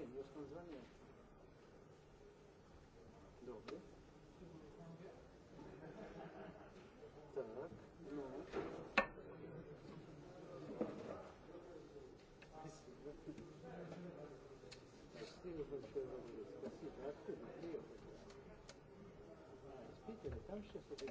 wiem, już tam dzwoniłem. Dobry. Tak, no. Спасибо большое вам. Спасибо. Откуда приехали? А, из Питера. Там сейчас это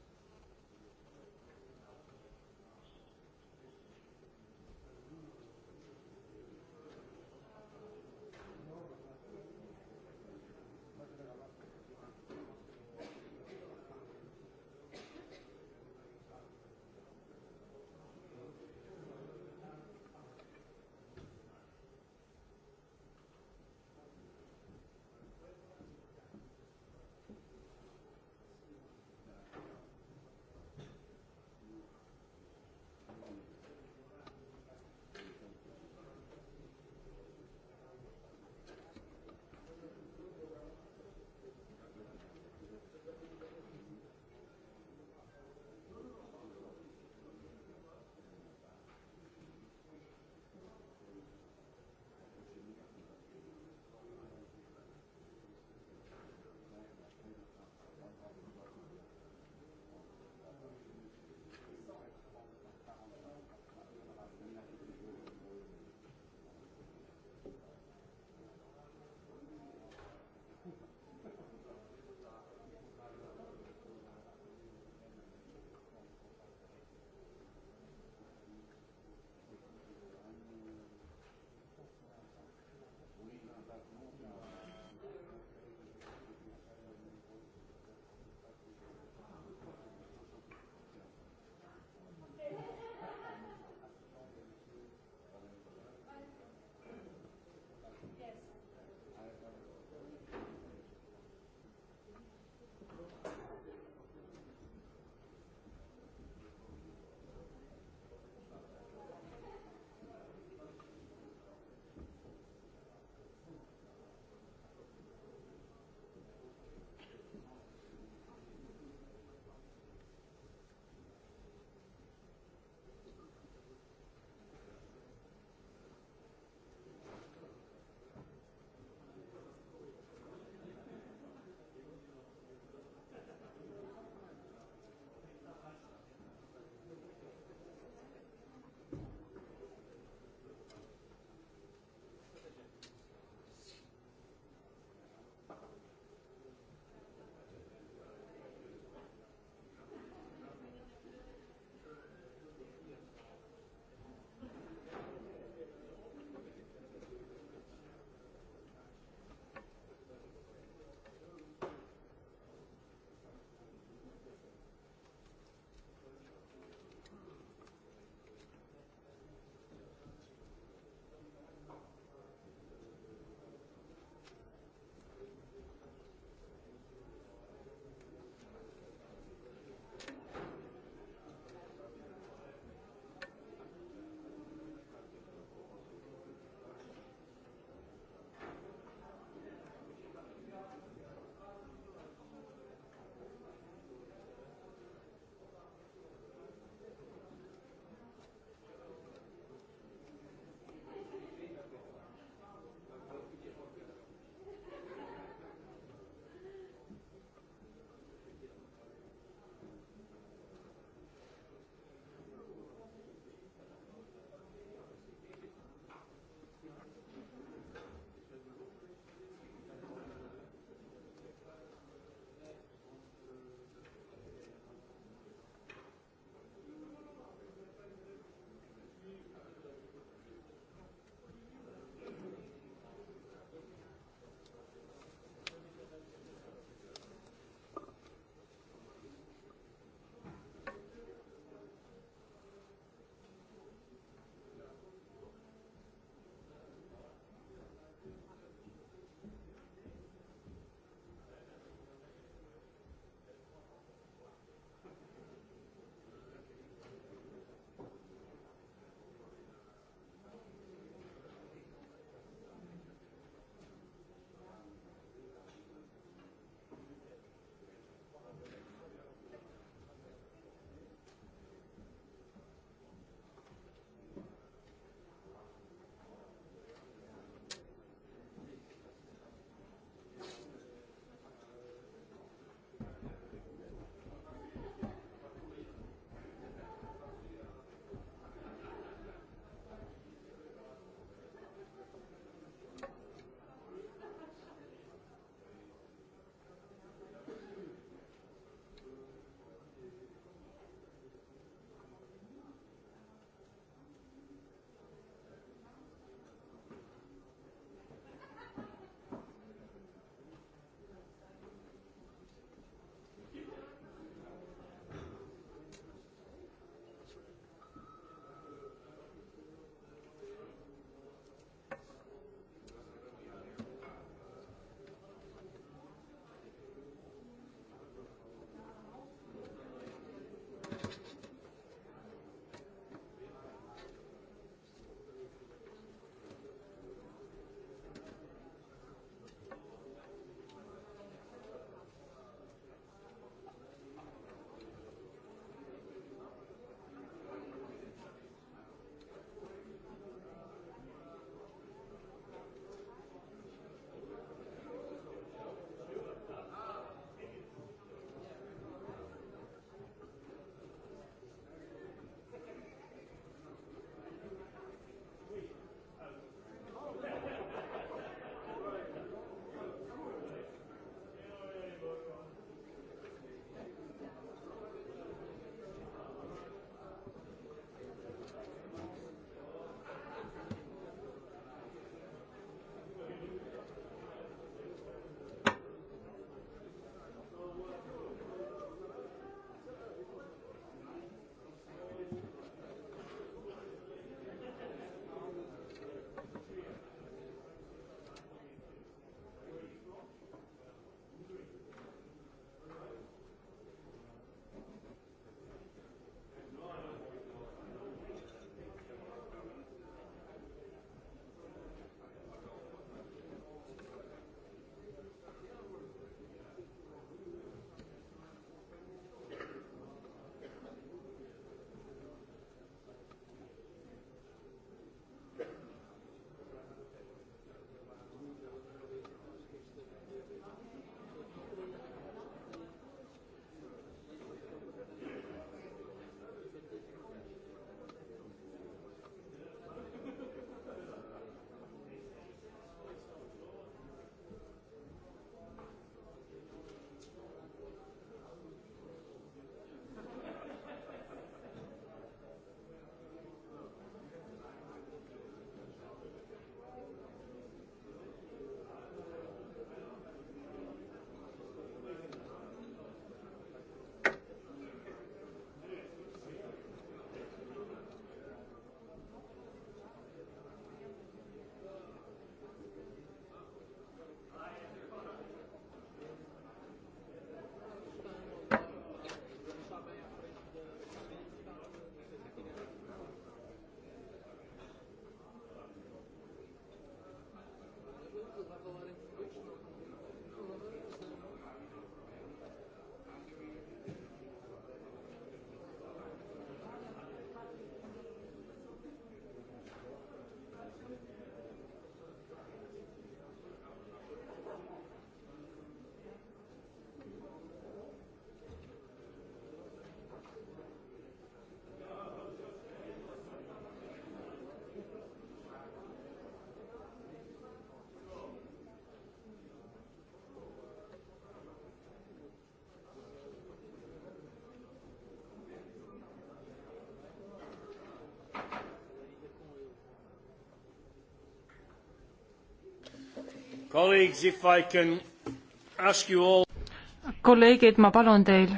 kolleegid, ma palun teil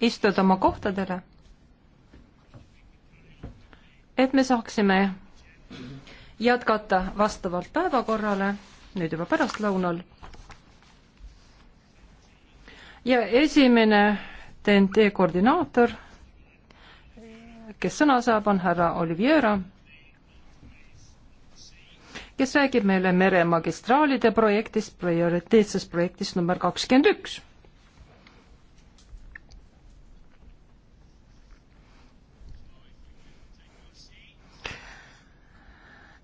istuda oma kohtadele, et me saaksime jätkata vastavalt päevakorrale, nüüd juba pärastlõunal. ja esimene TNT koordinaator, kes sõna saab, on härra Oliviera kes räägib meile meremagistraalide projektist, prioriteetsest projektist number kakskümmend üks.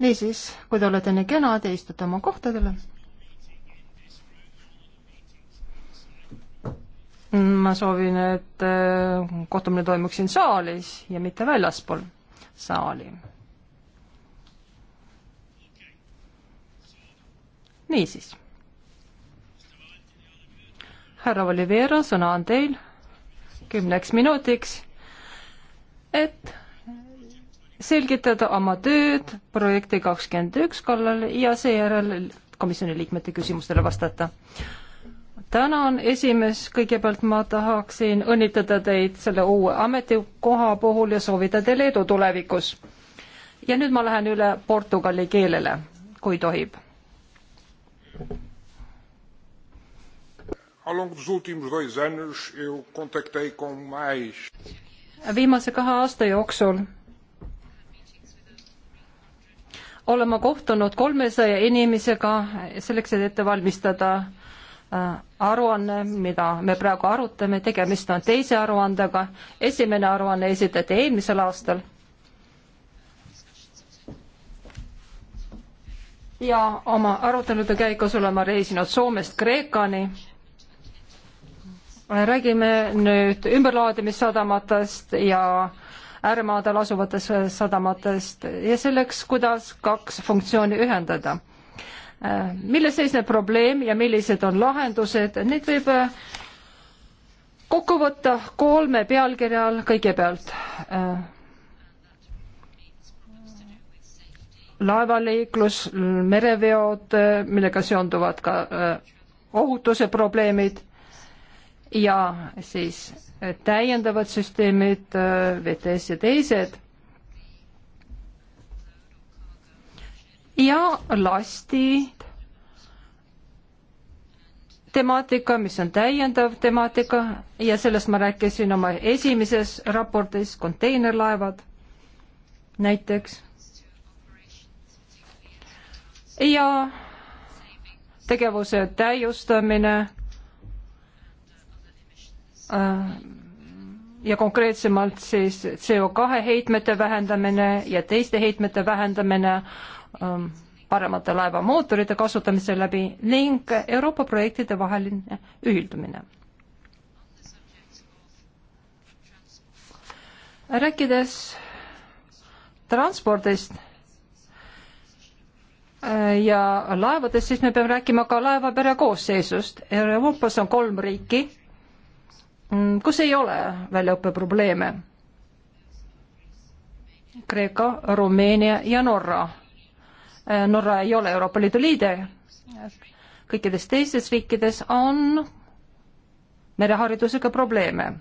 niisiis, kui te olete nii kenad ja istute oma kohtadele. ma soovin, et äh, kohtumine toimuks siin saalis ja mitte väljaspool saali niisiis. härra Olivero, sõna on teil kümneks minutiks, et selgitada oma tööd projekti kakskümmend üks kallal ja seejärel komisjoni liikmete küsimustele vastata. tänan, esimees, kõigepealt ma tahaksin õnnitleda teid selle uue ametikoha puhul ja soovida teile edu tulevikus. ja nüüd ma lähen üle portugali keelele, kui tohib Ao longo dos últimos dois anos eu contactei com mais viimase kahe aasta jooksul olen ma kohtunud kolmesaja inimesega selleks, et ette valmistada äh, aruanne, mida me praegu arutame, tegemist on teise aruandega. esimene aruanne esitati eelmisel aastal ja oma arutelude käigus olen ma reisinud Soomest Kreekani. räägime nüüd ümberlaadimissadamatest ja ääremaadel asuvatest sadamatest ja selleks, kuidas kaks funktsiooni ühendada. milles seisneb probleem ja millised on lahendused, neid võib kokku võtta kolme pealkirja all kõigepealt laevaliiklus, mereveod, millega seonduvad ka äh, ohutuse probleemid ja siis äh, täiendavad süsteemid, äh, VTS ja teised. ja lasti temaatika, mis on täiendav temaatika ja sellest ma rääkisin oma esimeses raportis, konteinerlaevad näiteks ja tegevuse täiustamine äh, ja konkreetsemalt siis CO2 heitmete vähendamine ja teiste heitmete vähendamine ähm, paremate laevamootorite kasutamise läbi ning Euroopa projektide vaheline ühildumine. rääkides transpordist ja laevadest, siis me peame rääkima ka laevapere koosseisust. Euroopas on kolm riiki, mm, kus ei ole väljaõppeprobleeme. Kreeka, Rumeenia ja Norra. Äh, Norra ei ole Euroopa Liidu liide. kõikides teistes riikides on mereharidusega probleeme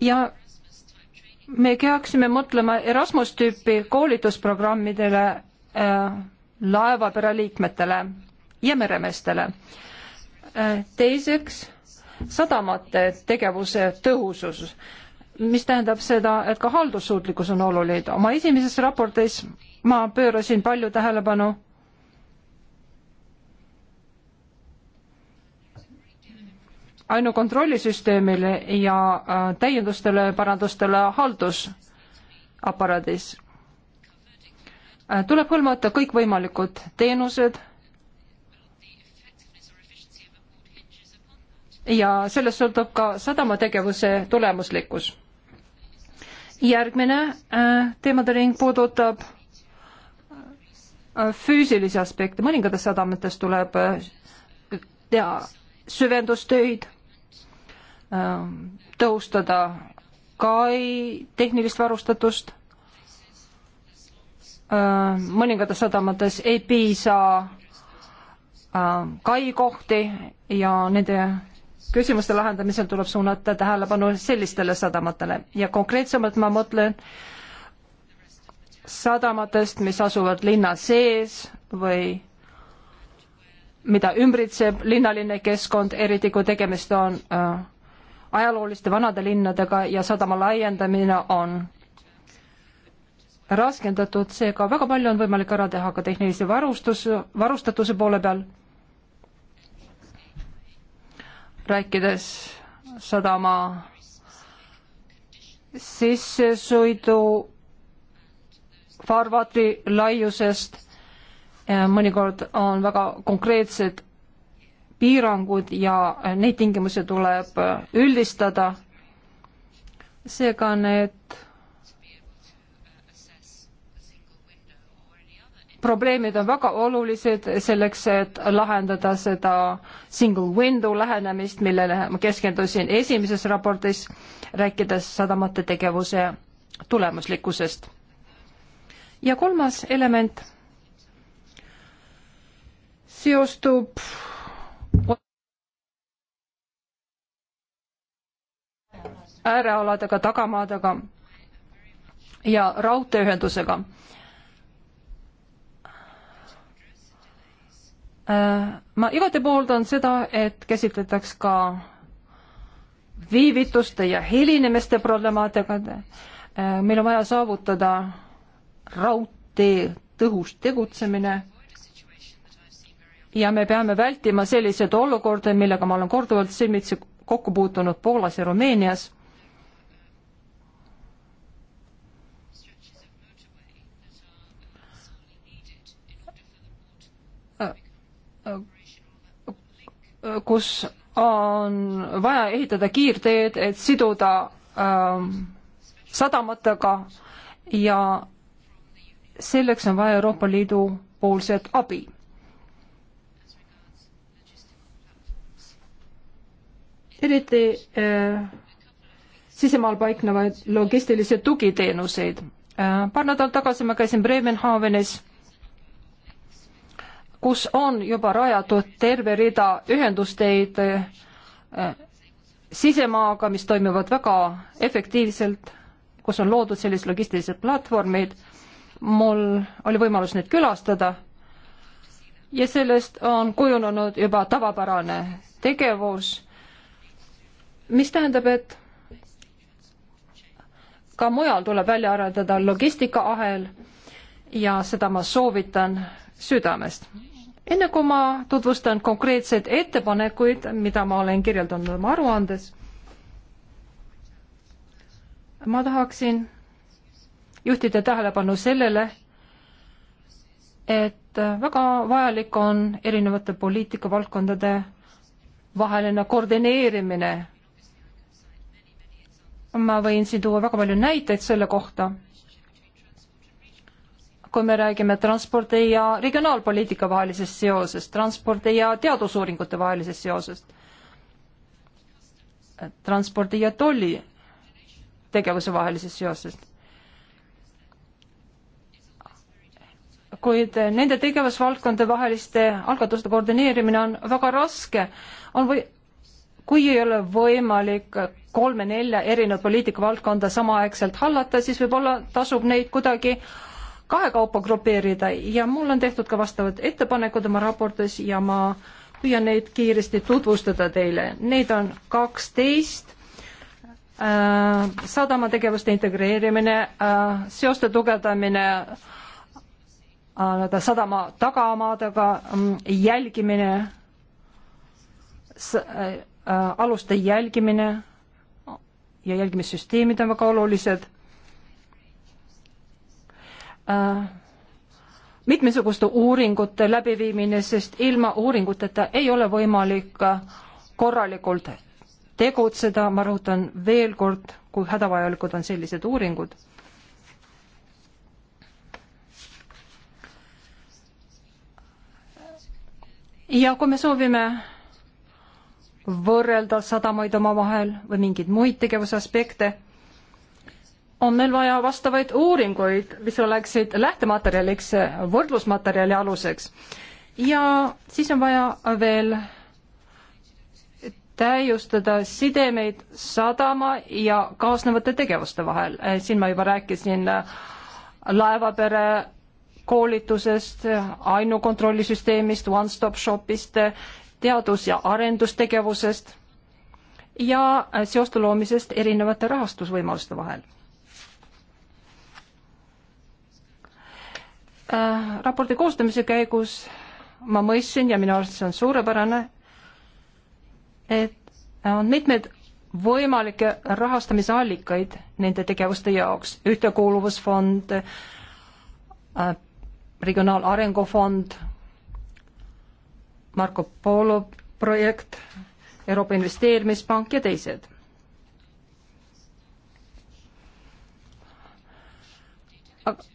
ja me peaksime mõtlema Erasmus tüüpi koolitusprogrammidele äh, laevapere liikmetele ja meremeestele äh,. teiseks, sadamate tegevuse tõhusus, mis tähendab seda, et ka haldussuutlikkus on oluline. oma esimeses raportis ma pöörasin palju tähelepanu äh, ainukontrollisüsteemile ja äh, täiendustele, parandustele haldusaparaadis. Äh, tuleb hõlmata kõikvõimalikud teenused ja sellest sõltub ka sadamategevuse tulemuslikkus. järgmine äh, teemade ring puudutab füüsilisi aspekte, mõningates sadamates tuleb teha süvendustöid Ähm, tõhustada kai tehnilist varustatust. Ähm, mõningates sadamates ei piisa ähm, kai kohti ja nende küsimuste lahendamisel tuleb suunata tähelepanu sellistele sadamatele ja konkreetsemalt ma mõtlen sadamatest, mis asuvad linna sees või mida ümbritseb linnaline keskkond, eriti kui tegemist on äh, ajalooliste vanade linnadega ja sadama laiendamine on raskendatud, seega väga palju on võimalik ära teha ka tehnilise varustus, varustatuse poole peal. rääkides sadama sissesõidu farvatri laiusest, eh, mõnikord on väga konkreetsed piirangud ja neid tingimusi tuleb üldistada. seega need probleemid on väga olulised selleks, et lahendada seda single window lähenemist, millele ma keskendusin esimeses raportis, rääkides sadamate tegevuse tulemuslikkusest. ja kolmas element seostub äärealadega, tagamaadega ja raudteeühendusega äh, ma igati pooldan seda, et käsitletaks ka viivituste ja helinemiste problemaatikaga. Äh, meil on vaja saavutada raudtee tõhus tegutsemine. ja me peame vältima selliseid olukordi, millega ma olen korduvalt silmitsi kokku puutunud Poolas ja Rumeenias. kus on vaja ehitada kiirteed, et siduda äh, sadamatega ja selleks on vaja Euroopa Liidu poolset abi. eriti äh, sisemaal paiknevaid logistilisi tugiteenuseid äh,. paar nädalat tagasi ma käisin Bremenhavenis kus on juba rajatud terve rida ühendusteid eh, sisemaaga, mis toimivad väga efektiivselt, kus on loodud sellised logistilised platvormid. mul oli võimalus neid külastada ja sellest on kujunenud juba tavapärane tegevus, mis tähendab, et ka mujal tuleb välja arendada logistikaahel ja seda ma soovitan südamest enne kui ma tutvustan konkreetseid ettepanekuid, mida ma olen kirjeldanud oma aruandes, ma tahaksin juhtida tähelepanu sellele, et väga vajalik on erinevate poliitikavaldkondade vaheline koordineerimine. ma võin siin tuua väga palju näiteid selle kohta kui me räägime transpordi ja regionaalpoliitika vahelisest seosest, transpordi ja teadusuuringute vahelisest seosest, transpordi ja tolli tegevuse vahelisest seosest. kuid nende tegevusvaldkondade vaheliste algatuste koordineerimine on väga raske, on või, kui ei ole võimalik kolme-nelja erinevat poliitikavaldkonda samaaegselt hallata, siis võib-olla tasub neid kuidagi äh, kahekaupa grupeerida ja mul on tehtud ka vastavad ettepanekud oma raportis ja ma püüan neid kiiresti tutvustada teile. Neid on kaksteist, äh, sadamategevuste integreerimine, äh, seoste tugevdamine, äh, nii-öelda sadama tagamaadega, mm, jälgimine, aluste jälgimine ja jälgimissüsteemid on väga olulised Äh, mitmesuguste uuringute läbiviimine, sest ilma uuringuteta ei ole võimalik äh, korralikult tegutseda, ma rõhutan veel kord, kui hädavajalikud on sellised uuringud. ja kui me soovime võrrelda sadamaid omavahel või mingeid muid tegevusaspekte, on meil vaja vastavaid uuringuid, mis oleksid lähtematerjaliks, võrdlusmaterjali aluseks. ja siis on vaja veel täiustada sidemeid sadama ja kaasnevate tegevuste vahel. Eh, siin ma juba rääkisin eh, laevapere koolitusest, ainukontrollisüsteemist, one-stop shopist, teadus- ja arendustegevusest ja eh, seoste loomisest erinevate rahastusvõimaluste vahel äh, raporti koostamise käigus ma mõistsin ja minu arust see on suurepärane, et on mitmeid võimalikke rahastamisallikaid nende tegevuste jaoks, ühtekuuluvusfond äh,, regionaalarengu fond, Marco Polo projekt, Euroopa Investeerimispank ja teised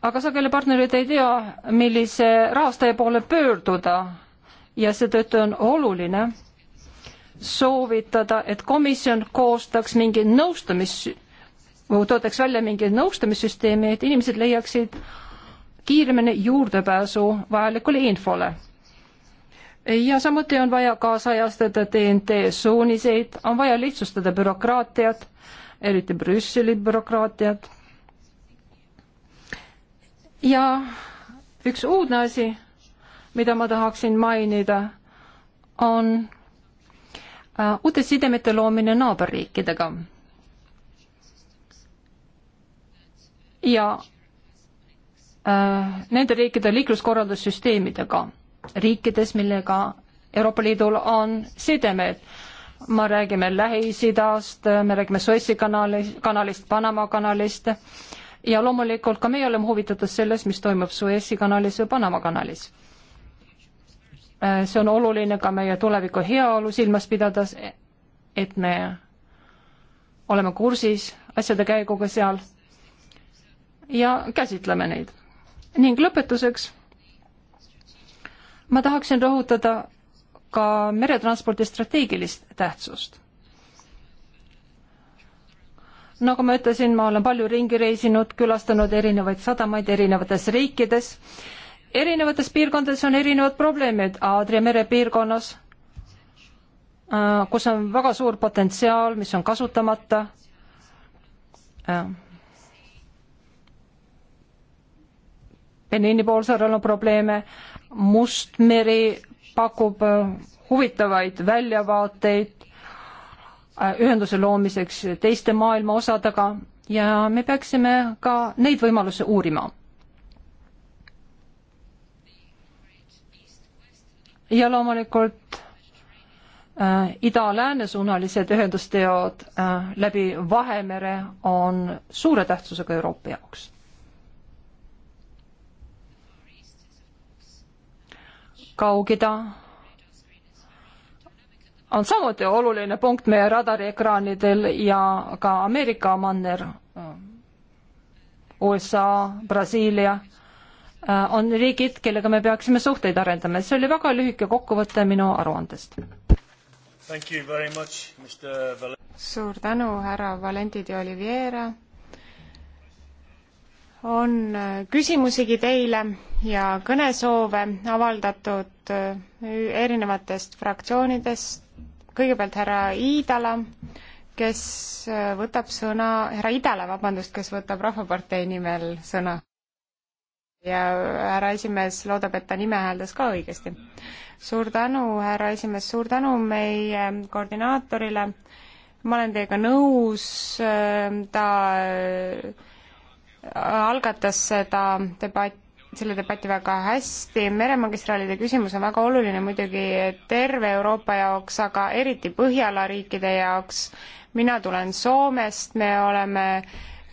aga sageli partnerid ei tea, millise rahastaja poole pöörduda ja seetõttu on oluline soovitada, et komisjon koostaks mingi nõustamis, toodaks välja mingi nõustamissüsteemi, et inimesed leiaksid kiiremini juurdepääsu vajalikule infole. ja samuti on vaja kaasajastada TNT suuniseid, on vaja lihtsustada bürokraatiat, eriti Brüsseli bürokraatiat ja üks uudne asi, mida ma tahaksin mainida, on äh, uute sidemete loomine naaberriikidega. ja äh, nende riikide liikluskorraldussüsteemidega, riikides, millega Euroopa Liidul on sidemed. me räägime Lähis-Idast, me räägime Suessi kanali, kanalist, Panama kanalist ja loomulikult ka meie oleme huvitatud sellest, mis toimub Suessi kanalis või Panama kanalis. Äh, see on oluline ka meie tuleviku heaolu silmas pidades, et me oleme kursis asjade käiguga seal ja käsitleme neid. ning lõpetuseks ma tahaksin rõhutada ka meretranspordi strateegilist tähtsust nagu ma ütlesin, ma olen palju ringi reisinud, külastanud erinevaid sadamaid erinevates riikides. erinevates piirkondades on erinevad probleemid, Aadria mere piirkonnas, äh, kus on väga suur potentsiaal, mis on kasutamata. Beniini äh, poolsaarel on probleeme, Mustmeri pakub äh, huvitavaid väljavaateid, Äh, ühenduse loomiseks teiste maailma osadega ja me peaksime ka neid võimalusi uurima. ja loomulikult äh, ida-lääne suunalised ühendusteod äh, läbi Vahemere on suure tähtsusega Euroopa jaoks Kaug-Ida on samuti oluline punkt meie radariekraanidel ja ka Ameerika manner, äh, USA, Brasiilia, äh, on riigid, kellega me peaksime suhteid arendama. see oli väga lühike kokkuvõte minu aruandest. suur tänu, härra Valenti de Oliveira. on äh, küsimusigi teile ja kõnesoove avaldatud erinevatest fraktsioonidest, kõigepealt härra Iidala, kes äh, võtab sõna, härra Idala, vabandust, kes võtab Rahvapartei nimel sõna. ja härra esimees loodab, et ta nime hääldas ka õigesti. suur tänu, härra esimees, suur tänu meie koordinaatorile, ma olen teiega nõus, äh, ta äh, algatas seda debatti selle debati väga hästi, meremagistraalide küsimus on väga oluline muidugi terve Euroopa jaoks, aga eriti Põhjala riikide jaoks. mina tulen Soomest, me oleme,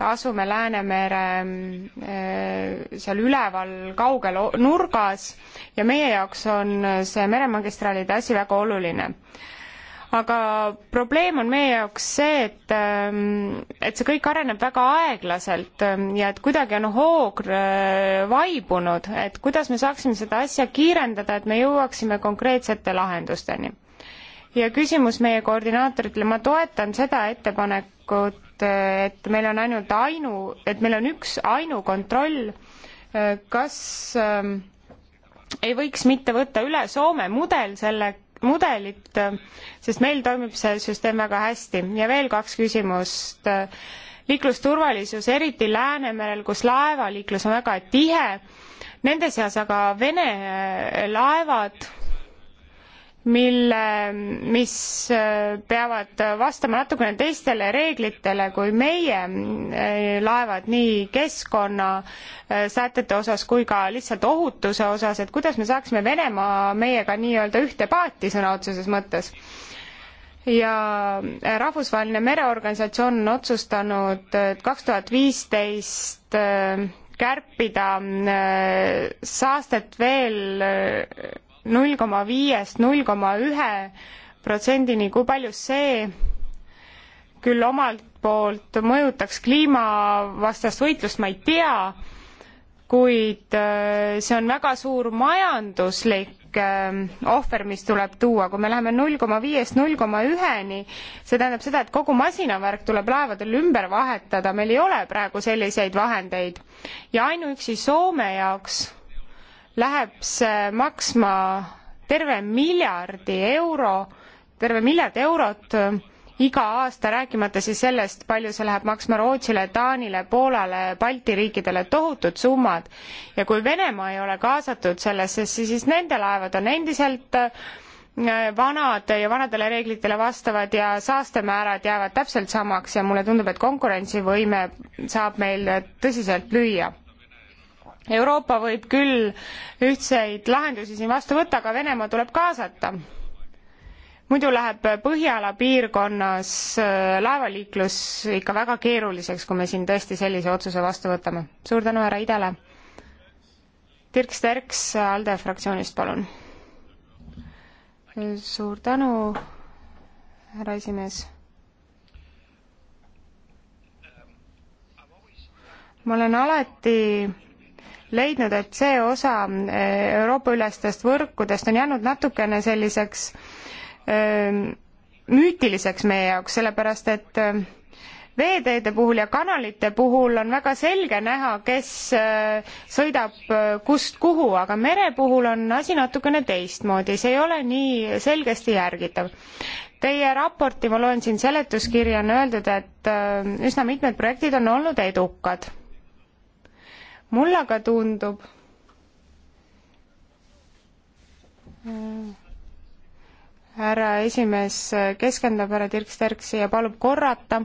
asume Läänemere äh, seal üleval kaugel nurgas ja meie jaoks on see meremagistraalide asi väga oluline aga probleem on meie jaoks see, et, ähm, et see kõik areneb väga aeglaselt ähm, ja et kuidagi on hoog äh, vaibunud, et kuidas me saaksime seda asja kiirendada, et me jõuaksime konkreetsete lahendusteni. ja küsimus meie koordinaatoritele, ma toetan seda ettepanekut, äh, et meil on ainult ainu, et meil on üks ainukontroll, äh, kas äh, ei võiks mitte võtta üle Soome mudel selle mudelit, äh, sest meil toimib see süsteem väga hästi. ja veel kaks küsimust. liiklusturvalisus, eriti Läänemerel, kus laevaliiklus on väga tihe, nende seas aga Vene laevad mille, mis äh, peavad vastama natukene teistele reeglitele kui meie äh, laevad nii keskkonnasätete äh, osas kui ka lihtsalt ohutuse osas, et kuidas me saaksime Venemaa meiega nii-öelda ühte paati sõna otseses mõttes. ja Rahvusvaheline Mereorganisatsioon on otsustanud, et kaks tuhat viisteist kärpida saastet veel null koma viiest null koma ühe protsendini, kui palju see küll omalt poolt mõjutaks kliimavastast võitlust, ma ei tea, kuid äh, see on väga suur majanduslik äh, ohver, mis tuleb tuua, kui me läheme null koma viiest null koma üheni, see tähendab seda, et kogu masinavärk tuleb laevadel ümber vahetada, meil ei ole praegu selliseid vahendeid. ja ainuüksi Soome jaoks läheb see maksma terve miljardi euro, terve miljard eurot äh, iga aasta, rääkimata siis sellest, palju see läheb maksma Rootsile, Taanile, Poolale, Balti riikidele, tohutud summad. ja kui Venemaa ei ole kaasatud sellesse, siis nende laevad on endiselt äh, vanad ja vanadele reeglitele vastavad ja saastemäärad jäävad täpselt samaks ja mulle tundub, et konkurentsivõime saab meil tõsiselt lüüa Euroopa võib küll ühtseid lahendusi siin vastu võtta, aga Venemaa tuleb kaasata. muidu läheb Põhjala piirkonnas äh, laevaliiklus ikka väga keeruliseks, kui me siin tõesti sellise otsuse vastu võtame. suur tänu härra Idele. Dirk Sterks ALDE fraktsioonist, palun. suur tänu, härra esimees. ma olen alati leidnud, et see osa eh, Euroopa-ülestest võrkudest on jäänud natukene selliseks eh, müütiliseks meie jaoks, sellepärast et eh, veeteede puhul ja kanalite puhul on väga selge näha, kes sõidab kust kuhu, aga mere puhul on asi natukene teistmoodi, see ei ole nii selgesti järgitav. Teie raporti ma loen siin seletuskirja, on öeldud, et üsna mitmed projektid on olnud edukad mulle aga tundub, härra esimees keskendub härra Dirk Sterksi ja palub korrata.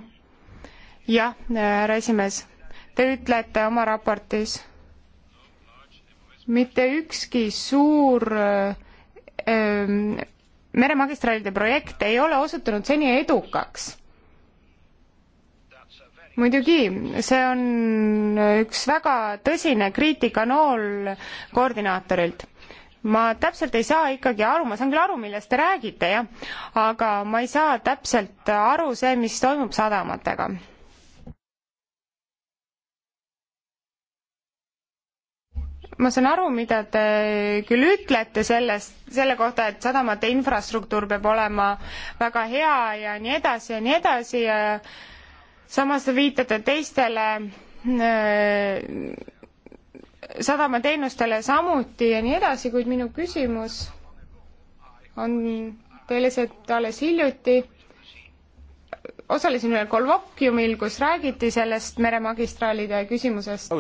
jah, härra esimees, te ütlete oma raportis, mitte ükski suur öö, ähm, meremagistraalide projekt ei ole osutunud seni edukaks muidugi, see on üks väga tõsine kriitikanool koordinaatorilt. ma täpselt ei saa ikkagi aru, ma saan küll aru, millest te räägite, jah, aga ma ei saa täpselt aru see, mis toimub sadamatega. ma saan aru, mida te küll ütlete sellest, selle kohta, et sadamate infrastruktuur peab olema väga hea ja nii edasi ja nii edasi ja samas te viitate teistele äh, sadamateenustele samuti ja nii edasi, kuid minu küsimus on teile see, et alles hiljuti osalesin ühel kolloquiumil, kus räägiti sellest meremagistraalide küsimusest.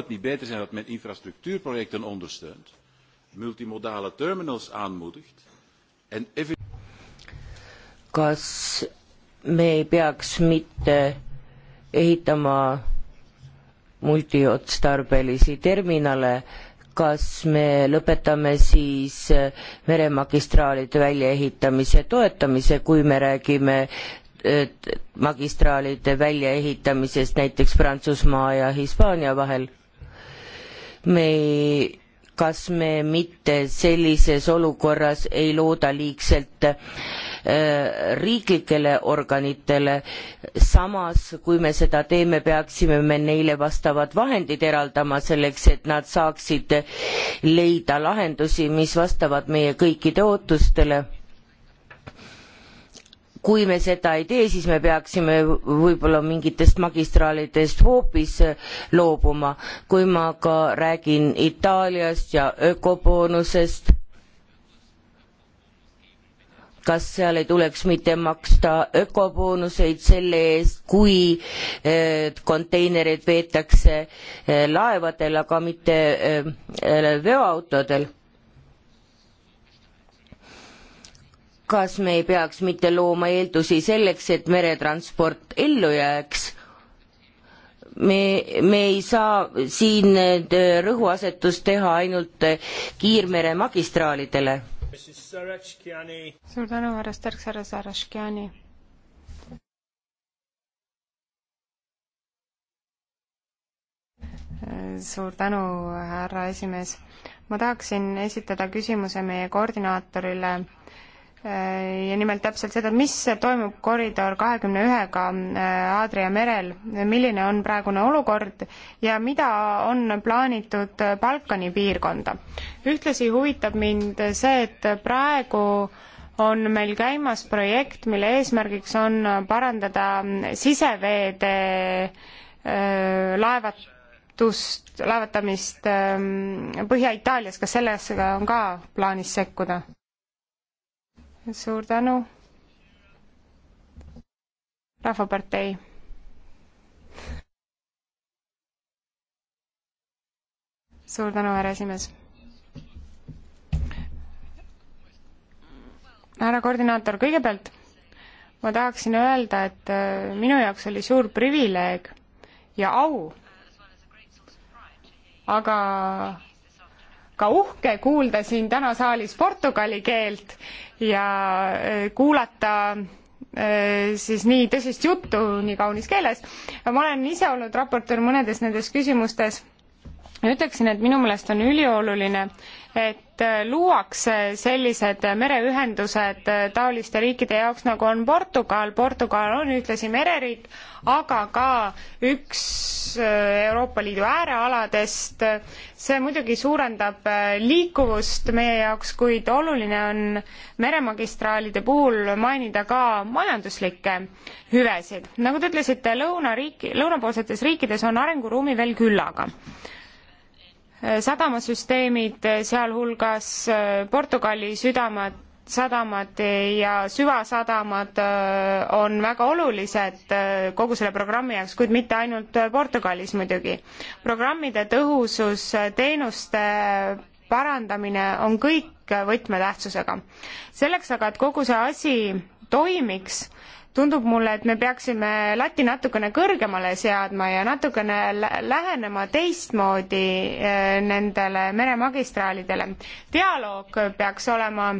kas me ei peaks mitte ehitama multiotstarbelisi terminale, kas me lõpetame siis meremagistraalide väljaehitamise toetamise, kui me räägime e, magistraalide väljaehitamisest näiteks Prantsusmaa ja Hispaania vahel. me ei, kas me mitte sellises olukorras ei looda liigselt äh, Äh, riiklikele organitele. samas, kui me seda teeme, peaksime me neile vastavad vahendid eraldama selleks, et nad saaksid leida lahendusi, mis vastavad meie kõikide ootustele kui me seda ei tee, siis me peaksime võib-olla mingitest magistraalidest hoopis loobuma. kui ma ka räägin Itaaliast ja ökoboonusest, kas seal ei tuleks mitte maksta ökoboonuseid selle eest, kui eh, konteinereid veetakse eh, laevadel, aga mitte eh, veoautodel? kas me ei peaks mitte looma eeldusi selleks, et meretransport ellu jääks? me, me ei saa siin rõhuasetust teha ainult kiirmere magistraalidele suur tänu, härra Sterks, härra Saraškiani. suur tänu, härra esimees. ma tahaksin esitada küsimuse meie koordinaatorile Äh, ja nimelt täpselt seda, mis toimub koridor kahekümne ühega äh, Aadria merel, milline on praegune olukord ja mida on plaanitud äh, Balkani piirkonda. ühtlasi huvitab mind see, et praegu on meil käimas projekt, mille eesmärgiks on parandada siseveede laevatust, laevatamist ähm, Põhja-Itaalias, kas sellesse on ka plaanis sekkuda? suur tänu. rahvapartei. suur tänu, härra esimees. härra koordinaator, kõigepealt ma tahaksin öelda, et äh, minu jaoks oli suur privileeg ja au, aga ka uhke kuulda siin täna saalis portugali keelt ja äh, kuulata äh, siis nii tõsist juttu nii kaunis keeles. ma olen ise olnud raportöör mõnedes nendes küsimustes ütleksin, et minu meelest on ülioluline, et äh, luuakse sellised mereühendused äh, taoliste riikide jaoks, nagu on Portugal. Portugal on ühtlasi mereriik, aga ka üks äh, Euroopa Liidu äärealadest. see muidugi suurendab liikuvust meie jaoks, kuid oluline on meremagistraalide puhul mainida ka majanduslikke hüvesid. nagu te ütlesite, lõunariiki, lõunapoolsetes riikides on arenguruumi veel küllaga sadamasüsteemid, sealhulgas äh, Portugali südamad, sadamad ja süvasadamad äh, on väga olulised äh, kogu selle programmi jaoks, kuid mitte ainult Portugalis muidugi. programmide tõhusus, teenuste parandamine on kõik võtmetähtsusega. selleks aga, et kogu see asi toimiks, tundub mulle, et me peaksime lati natukene kõrgemale seadma ja natukene lähenema teistmoodi äh, nendele meremagistraalidele. dialoog peaks olema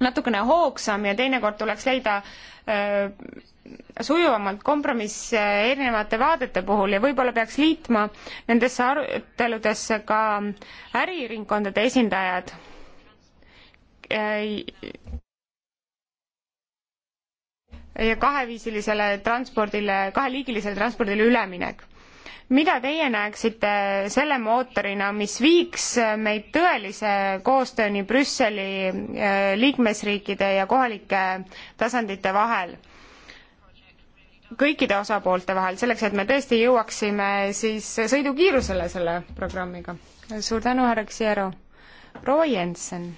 natukene hoogsam ja teinekord tuleks leida öö, äh, sujuvamalt kompromiss äh, erinevate vaadete puhul ja võib-olla peaks liitma nendesse aruteludesse ka äriringkondade esindajad kaheviisilisele transpordile, kaheliigilisele transpordile üleminek. mida teie näeksite selle mootorina, mis viiks meid tõelise koostööni Brüsseli äh, liikmesriikide ja kohalike tasandite vahel? kõikide osapoolte vahel, selleks et me tõesti jõuaksime siis sõidukiirusele selle programmiga. suur tänu, härra Xiero. proua Jensen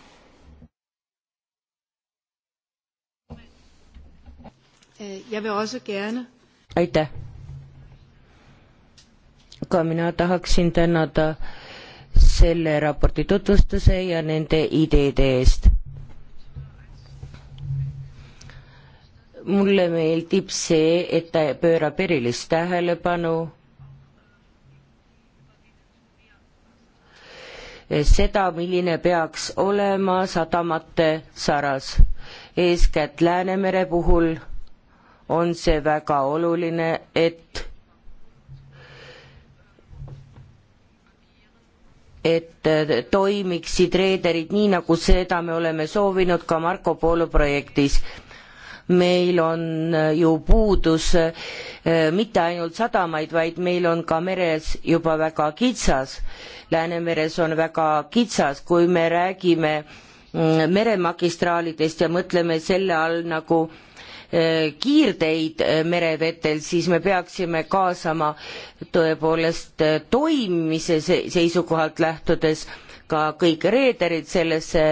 aitäh! ka mina tahaksin tänada selle raporti tutvustuse ja nende ideede eest. mulle meeldib see, et ta pöörab erilist tähelepanu seda, milline peaks olema sadamate saras, eeskätt Läänemere puhul on see väga oluline, et et toimiksid reederid nii, nagu seda me oleme soovinud ka Marco Polo projektis. meil on ju puudus eh, mitte ainult sadamaid, vaid meil on ka meres juba väga kitsas. Läänemeres on väga kitsas, kui me räägime mm, meremagistraalidest ja mõtleme selle all nagu äh, Eh, kiirteid eh, merevetel, siis me peaksime kaasama tõepoolest eh, toimimise seisukohalt lähtudes ka kõik reederid sellesse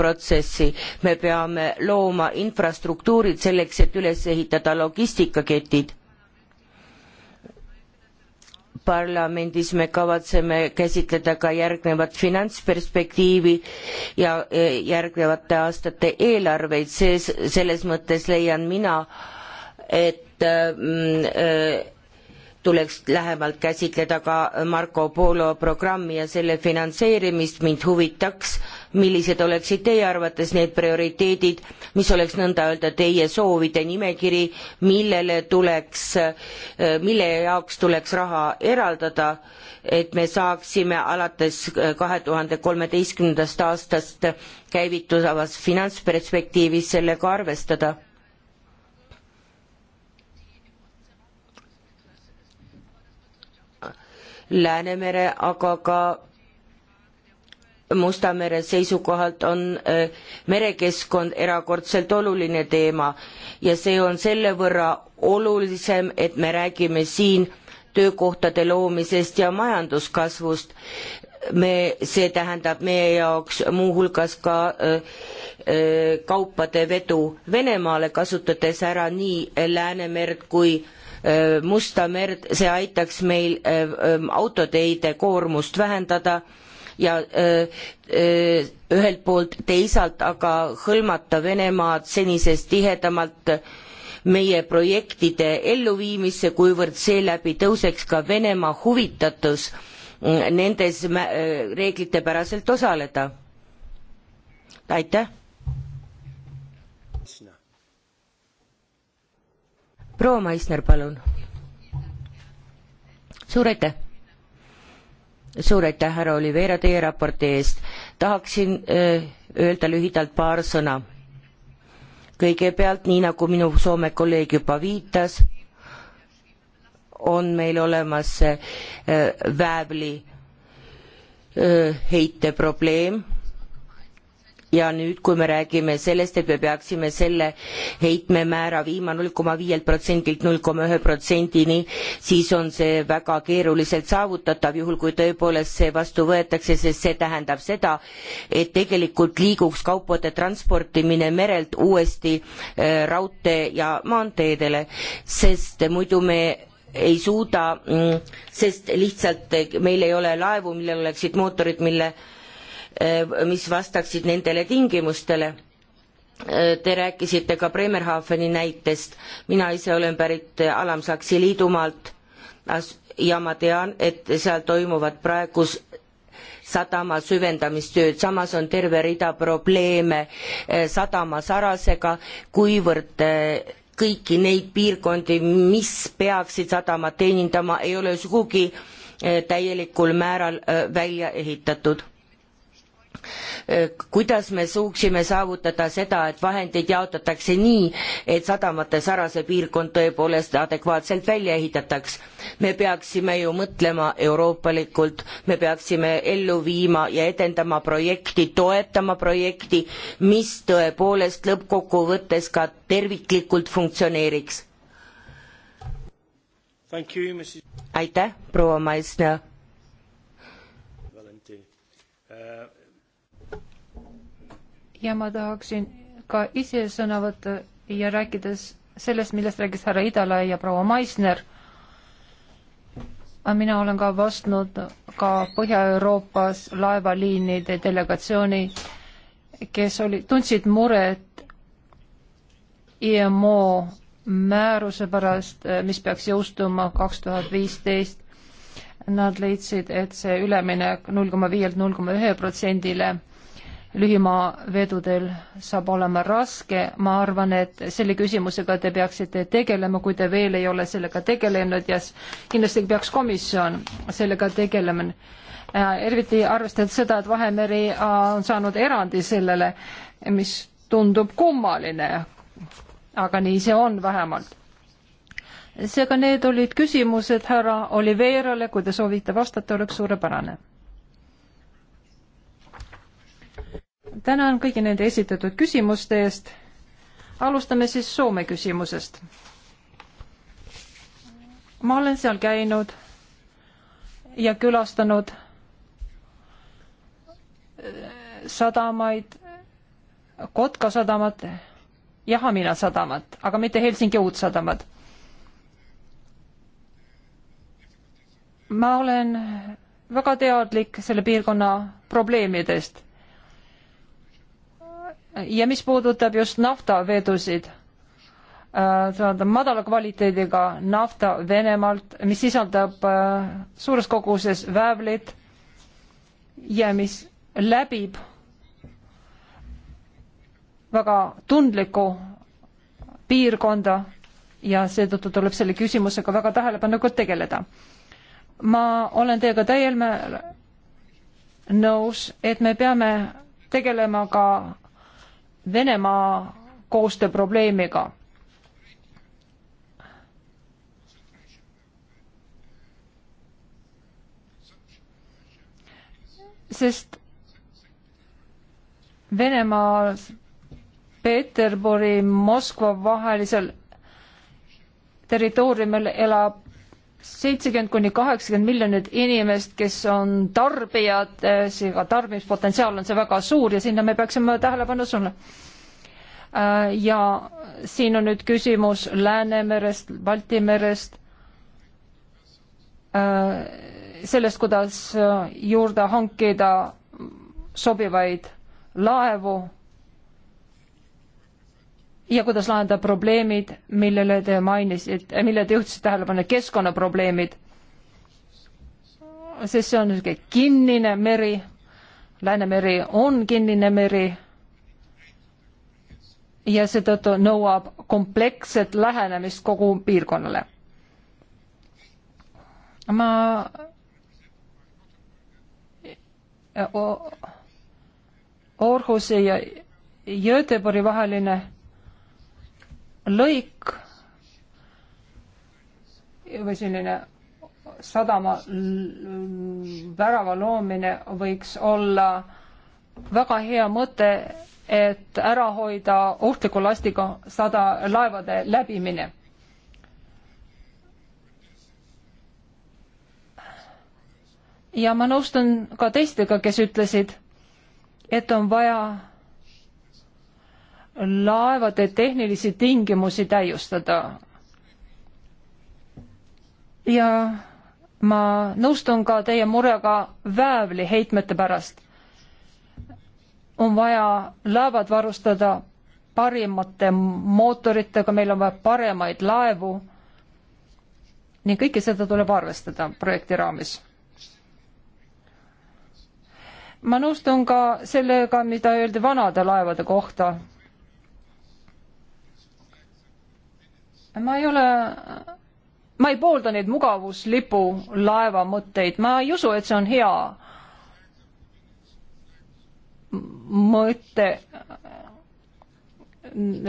protsessi, me peame looma infrastruktuurid selleks, et üles ehitada logistikaketid parlamendis me kavatseme käsitleda ka järgnevat finantsperspektiivi ja järgnevate aastate eelarveid, see, selles mõttes leian mina, et mm, äh, tuleks lähemalt käsitleda ka Marco Polo programmi ja selle finantseerimist, mind huvitaks äh, millised oleksid teie arvates need prioriteedid, mis oleks nõnda öelda teie soovide nimekiri, millele tuleks, äh, mille jaoks tuleks raha eraldada, et me saaksime alates äh, kahe tuhande kolmeteistkümnendast aastast käivituvas finantsperspektiivis sellega arvestada Läänemere, aga ka Musta mere seisukohalt on äh, merekeskkond erakordselt oluline teema ja see on selle võrra olulisem, et me räägime siin töökohtade loomisest ja majanduskasvust. me, see tähendab meie jaoks muuhulgas ka öö, äh, öö, äh, kaupade vedu Venemaale, kasutades ära nii Läänemerd kui öö, Musta merd, see aitaks meil autoteide koormust vähendada ja öö, öö, ühelt poolt, teisalt aga hõlmata Venemaad senisest tihedamalt meie projektide elluviimisse, kuivõrd seeläbi tõuseks ka Venemaa huvitatus nendes reeglitepäraselt osaleda. aitäh. proua Maisner, palun. suur aitäh suur aitäh, härra Oliveira, teie raporti eest. tahaksin öö, äh, öelda lühidalt paar sõna. kõigepealt, nii nagu minu Soome kolleeg juba viitas, on meil olemas see äh, väävli äh, heite probleem ja nüüd, kui me räägime sellest, et me peaksime selle heitmemäära viima null koma viielt protsendilt null koma ühe protsendini, siis on see väga keeruliselt saavutatav, juhul kui tõepoolest see vastu võetakse, sest see tähendab seda, et tegelikult liiguks kaupade transportimine merelt uuesti äh, raudtee ja maanteedele, sest muidu me ei suuda, mm, sest lihtsalt meil ei ole laevu, millel oleksid mootorid, mille Eh, mis vastaksid nendele tingimustele. Eh, te rääkisite ka Bremerhaveni näitest, mina ise olen pärit eh, Alam-Saksi liidumaalt ja ma tean, et seal toimuvad praegu sadama süvendamistööd, samas on terve rida probleeme sadama Sarasega, kuivõrd kõiki neid piirkondi, mis peaksid sadamat teenindama, ei ole sugugi täielikul määral välja ehitatud Äh, kuidas me suuksime saavutada seda, et vahendeid jaotatakse nii, et sadamate sarase piirkond tõepoolest adekvaatselt välja ehitataks. me peaksime ju mõtlema euroopalikult, me peaksime ellu viima ja edendama projekti, toetama projekti, mis tõepoolest lõppkokkuvõttes ka terviklikult funktsioneeriks. aitäh, proua Maisna ja ma tahaksin ka ise sõna võtta ja rääkides sellest, millest rääkis härra Idala ja proua Maisner. mina olen ka vastnud ka Põhja-Euroopas laevaliinide delegatsiooni, kes oli, tundsid muret IMO määruse pärast, mis peaks jõustuma kaks tuhat viisteist. Nad leidsid, et see üleminek null koma viielt null koma ühe protsendile lühimaavedudel saab olema raske, ma arvan, et selle küsimusega te peaksite tegelema, kui te veel ei ole sellega tegelenud ja kindlasti peaks komisjon sellega tegelema. Äh, eriti arvestades seda, et Vahemeri äh, on saanud erandi sellele, mis tundub kummaline, aga nii see on vähemalt. seega need olid küsimused härra Oliverale, kui te soovite vastata, oleks suurepärane tänan kõigi nende esitatud küsimuste eest. alustame siis Soome küsimusest. ma olen seal käinud ja külastanud äh, sadamaid, Kotka sadamat ja Hamina sadamat, aga mitte Helsingi uut sadamat. ma olen väga teadlik selle piirkonna probleemidest ja mis puudutab just naftavedusid, äh, tähendab madala kvaliteediga nafta Venemaalt, mis sisaldab äh, suures koguses väävlit ja mis läbib väga tundlikku piirkonda ja seetõttu tuleb selle küsimusega väga tähelepanelikult tegeleda. ma olen teiega täiel määral nõus, et me peame tegelema ka Venemaa koostööprobleemiga. sest Venemaa Peterburi, Moskva vahelisel territooriumil elab seitsekümmend kuni kaheksakümmend miljonit inimest, kes on tarbijad, seega tarbimispotentsiaal on see väga suur ja sinna me peaksime tähelepanu suunama. Äh, ja siin on nüüd küsimus Läänemerest, Balti merest, äh, sellest, kuidas äh, juurde hankida sobivaid laevu ja kuidas lahendada probleemid, millele te mainisite, millele te juhtisite tähelepanu, keskkonnaprobleemid. sest see on niisugune kinnine meri, Läänemeri on kinnine meri ja seetõttu nõuab kompleksset lähenemist kogu piirkonnale. ma Orhuse ja Göteborgi vaheline lõik või selline sadama värava loomine võiks olla väga hea mõte, et ära hoida ohtliku lastiga sada laevade läbimine ja ma nõustun ka teistega, kes ütlesid, et on vaja laevade tehnilisi tingimusi täiustada. ja ma nõustun ka teie murega väävli heitmete pärast. on vaja laevad varustada parimate mootoritega, meil on vaja paremaid laevu ning kõike seda tuleb arvestada projekti raames ma nõustun ka sellega, mida öeldi vanade laevade kohta ma ei ole, ma ei poolda neid mugavuslipulaeva mõtteid, ma ei usu, et see on hea mõte,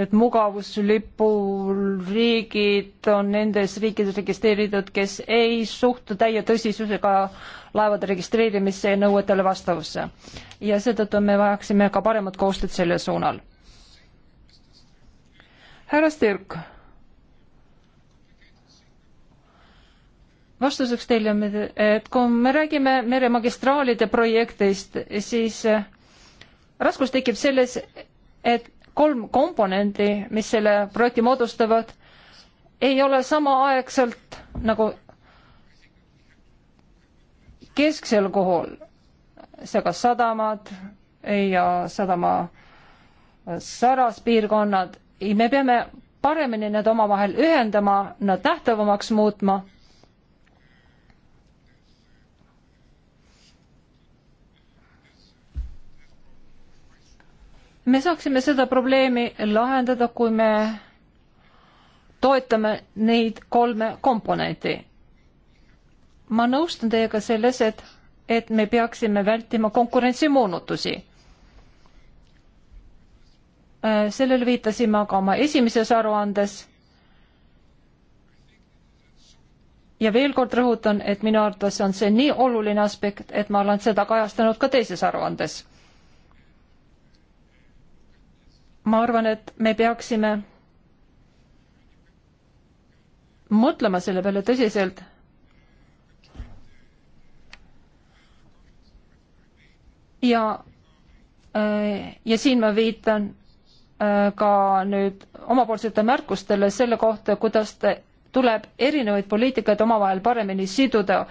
et mugavuslipuriigid on nendes riikides registreeritud, kes ei suhtu täie tõsisusega laevade registreerimisse ja nõuetele vastavusse. ja seetõttu me vajaksime ka paremat koostööd sellel suunal. härra Stürk vastuseks teile, et kui me räägime meremagistraalide projektist, siis äh, raskus tekib selles, et kolm komponendi, mis selle projekti moodustavad, ei ole samaaegselt nagu kesksel kohal, seega sadamad ja sadama äh, säraspiirkonnad, me peame paremini need omavahel ühendama, nad nähtavamaks muutma me saaksime seda probleemi lahendada, kui me toetame neid kolme komponenti. ma nõustun teiega selles, et, et me peaksime vältima konkurentsimoonutusi. sellele viitasin ma ka oma esimeses aruandes. ja veel kord rõhutan, et minu arvates on see nii oluline aspekt, et ma olen seda kajastanud ka teises aruandes ma arvan, et me peaksime mõtlema selle peale tõsiselt. ja, ja siin ma viitan äh, ka nüüd omapoolsete märkustele selle kohta, kuidas tuleb erinevaid poliitikaid omavahel paremini siduda.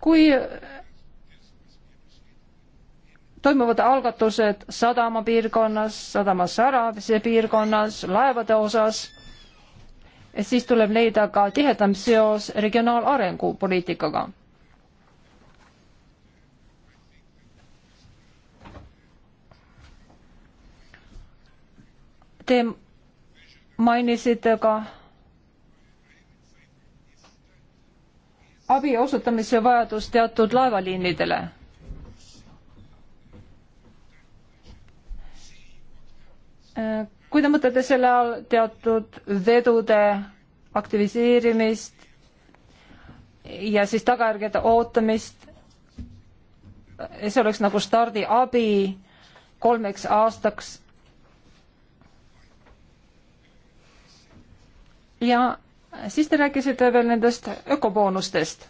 kui toimuvad algatused sadamapiirkonnas, sadama säramise piirkonnas, laevade osas, siis tuleb leida ka tihedam seos regionaalarengu poliitikaga. Te mainisite ka abi osutamise vajadust teatud laevaliinidele kui te mõtlete selle all teatud vedude aktiviseerimist ja siis tagajärgede ootamist, see oleks nagu stardiabi kolmeks aastaks. ja siis te rääkisite veel nendest ökoboonustest.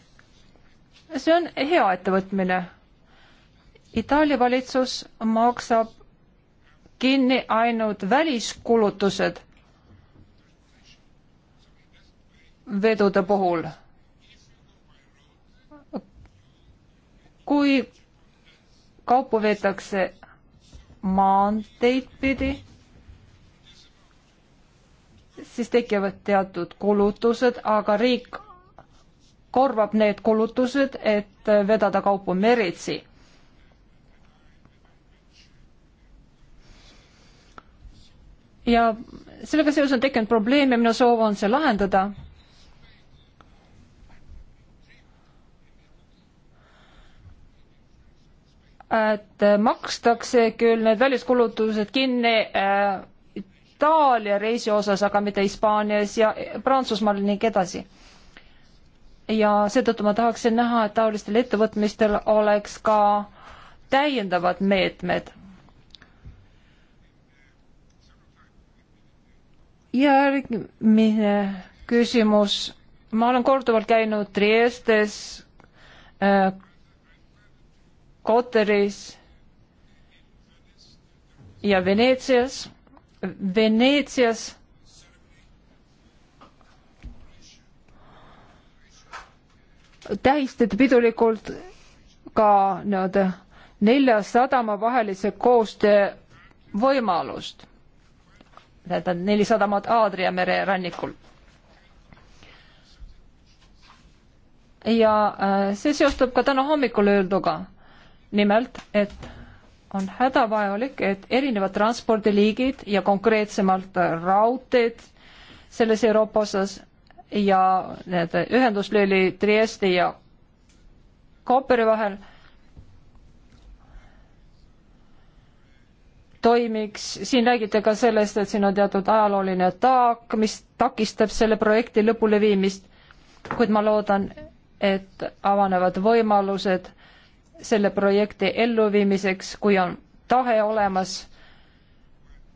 see on hea ettevõtmine. Itaalia valitsus maksab kinni ainult väliskulutused vedude puhul. kui kaupu veetakse maanteid pidi, siis tekivad teatud kulutused, aga riik korvab need kulutused, et vedada kaupu meritsi ja sellega seoses on tekkinud probleem ja minu soov on see lahendada. et makstakse küll need väliskulutused kinni äh, Itaalia reisi osas, aga mitte Hispaanias ja Prantsusmaal ning edasi. ja seetõttu ma tahaksin näha, et taolistel ettevõtmistel oleks ka täiendavad meetmed järgmine küsimus. ma olen korduvalt käinud Triestes äh,, Koteris ja Veneetsias. Veneetsias tähistati pidulikult ka nii-öelda nelja sadama vahelise koostöö võimalust tähendab neli sadamat Aadria mere rannikul. ja äh, see seostub ka täna hommikul öelduga. nimelt, et on hädavajalik, et erinevad transpordiliigid ja konkreetsemalt raudteed selles Euroopa osas ja need ühenduslüli Trieste ja Kooperi vahel toimiks, siin räägite ka sellest, et siin on teatud ajalooline taak, mis takistab selle projekti lõpuleviimist, kuid ma loodan, et avanevad võimalused selle projekti elluviimiseks, kui on tahe olemas,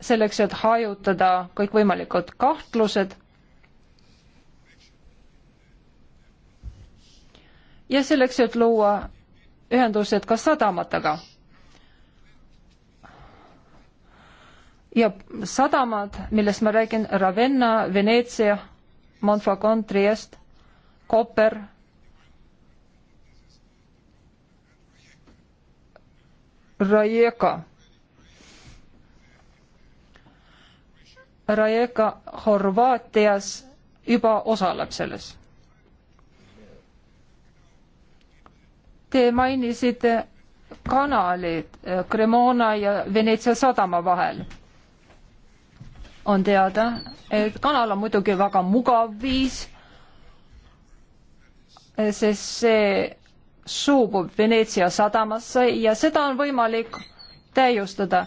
selleks, et hajutada kõikvõimalikud kahtlused ja selleks, et luua ühendused ka sadamatega ja sadamad, millest ma räägin, Ravenna, Veneetsia, Montfaucon, Triest, Koper. Rajeka. Rajeka Horvaatias juba osaleb selles. Te mainisite kanalid Cremona ja Veneetsia sadama vahel on teada, et kanal on muidugi väga mugav viis, sest see suubub Veneetsia sadamasse ja seda on võimalik täiustada.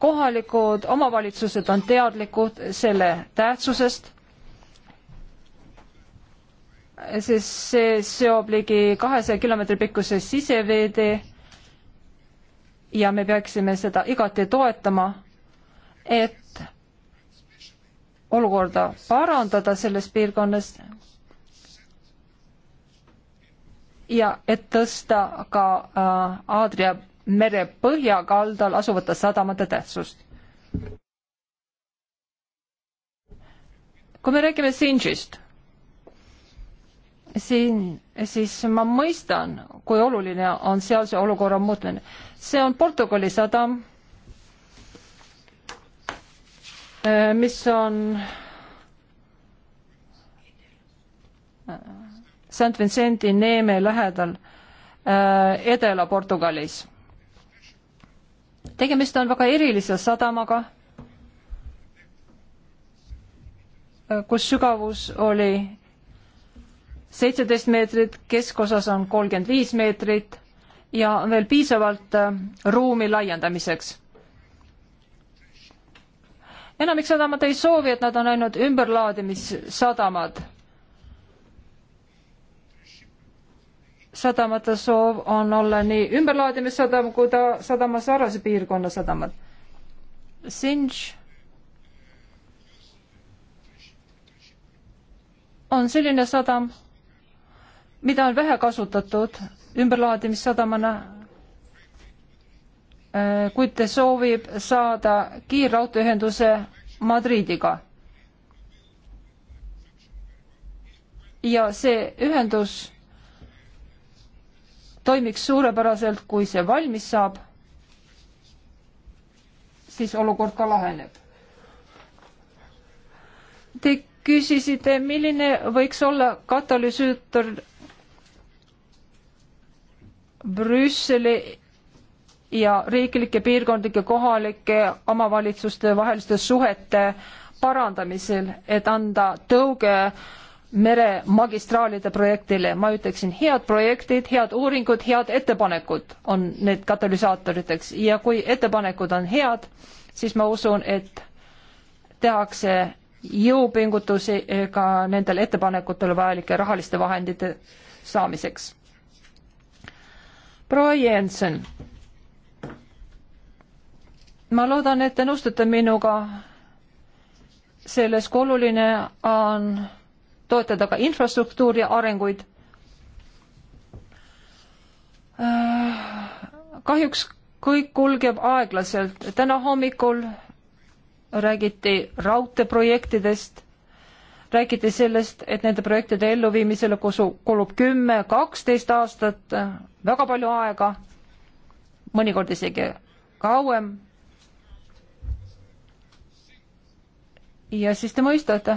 kohalikud omavalitsused on teadlikud selle tähtsusest, sest see seob ligi kahesaja kilomeetri pikkuse siseveetee ja me peaksime seda igati toetama et olukorda parandada selles piirkonnas ja et tõsta ka äh, Aadria mere põhjakaldal asuvate sadamate tähtsust. kui me räägime Sinžist, siin, siis ma mõistan, kui oluline on sealse olukorra muutmine. see on Portugali sadam Äh, mis on äh, St Vincendi neeme lähedal äh, Edela-Portugalis. tegemist on väga erilise sadamaga, kus sügavus oli seitseteist meetrit, keskosas on kolmkümmend viis meetrit ja veel piisavalt ruumi laiendamiseks enamik sadamad ei soovi, et nad on ainult ümberlaadimissadamad. sadamate soov on olla nii ümberlaadimissadam kui ta sadama sarnase piirkonna sadamad. Sinch on selline sadam, mida on vähe kasutatud ümberlaadimissadamana Äh, kuid ta soovib saada kiirraudteeühenduse Madridiga. ja see ühendus toimiks suurepäraselt, kui see valmis saab, siis olukord ka laheneb. Te küsisite, milline võiks olla katalüsüütor Brüsseli ja riiklike, piirkondlike, kohalike omavalitsuste vaheliste suhete parandamisel, et anda tõuge meremagistraalide projektile, ma ütleksin, head projektid, head uuringud, head ettepanekud on need katalüsaatoriteks ja kui ettepanekud on head, siis ma usun, et tehakse jõupingutusi ka nendel ettepanekutel vajalike rahaliste vahendite saamiseks. proua Jensen ma loodan, et te nõustute minuga selles, kui oluline on toetada ka infrastruktuuri arenguid. kahjuks kõik kulgeb aeglaselt. täna hommikul räägiti raudteeprojektidest, räägiti sellest, et nende projektide elluviimisele kulub kümme, kaksteist aastat, väga palju aega, mõnikord isegi kauem ja siis te mõistate,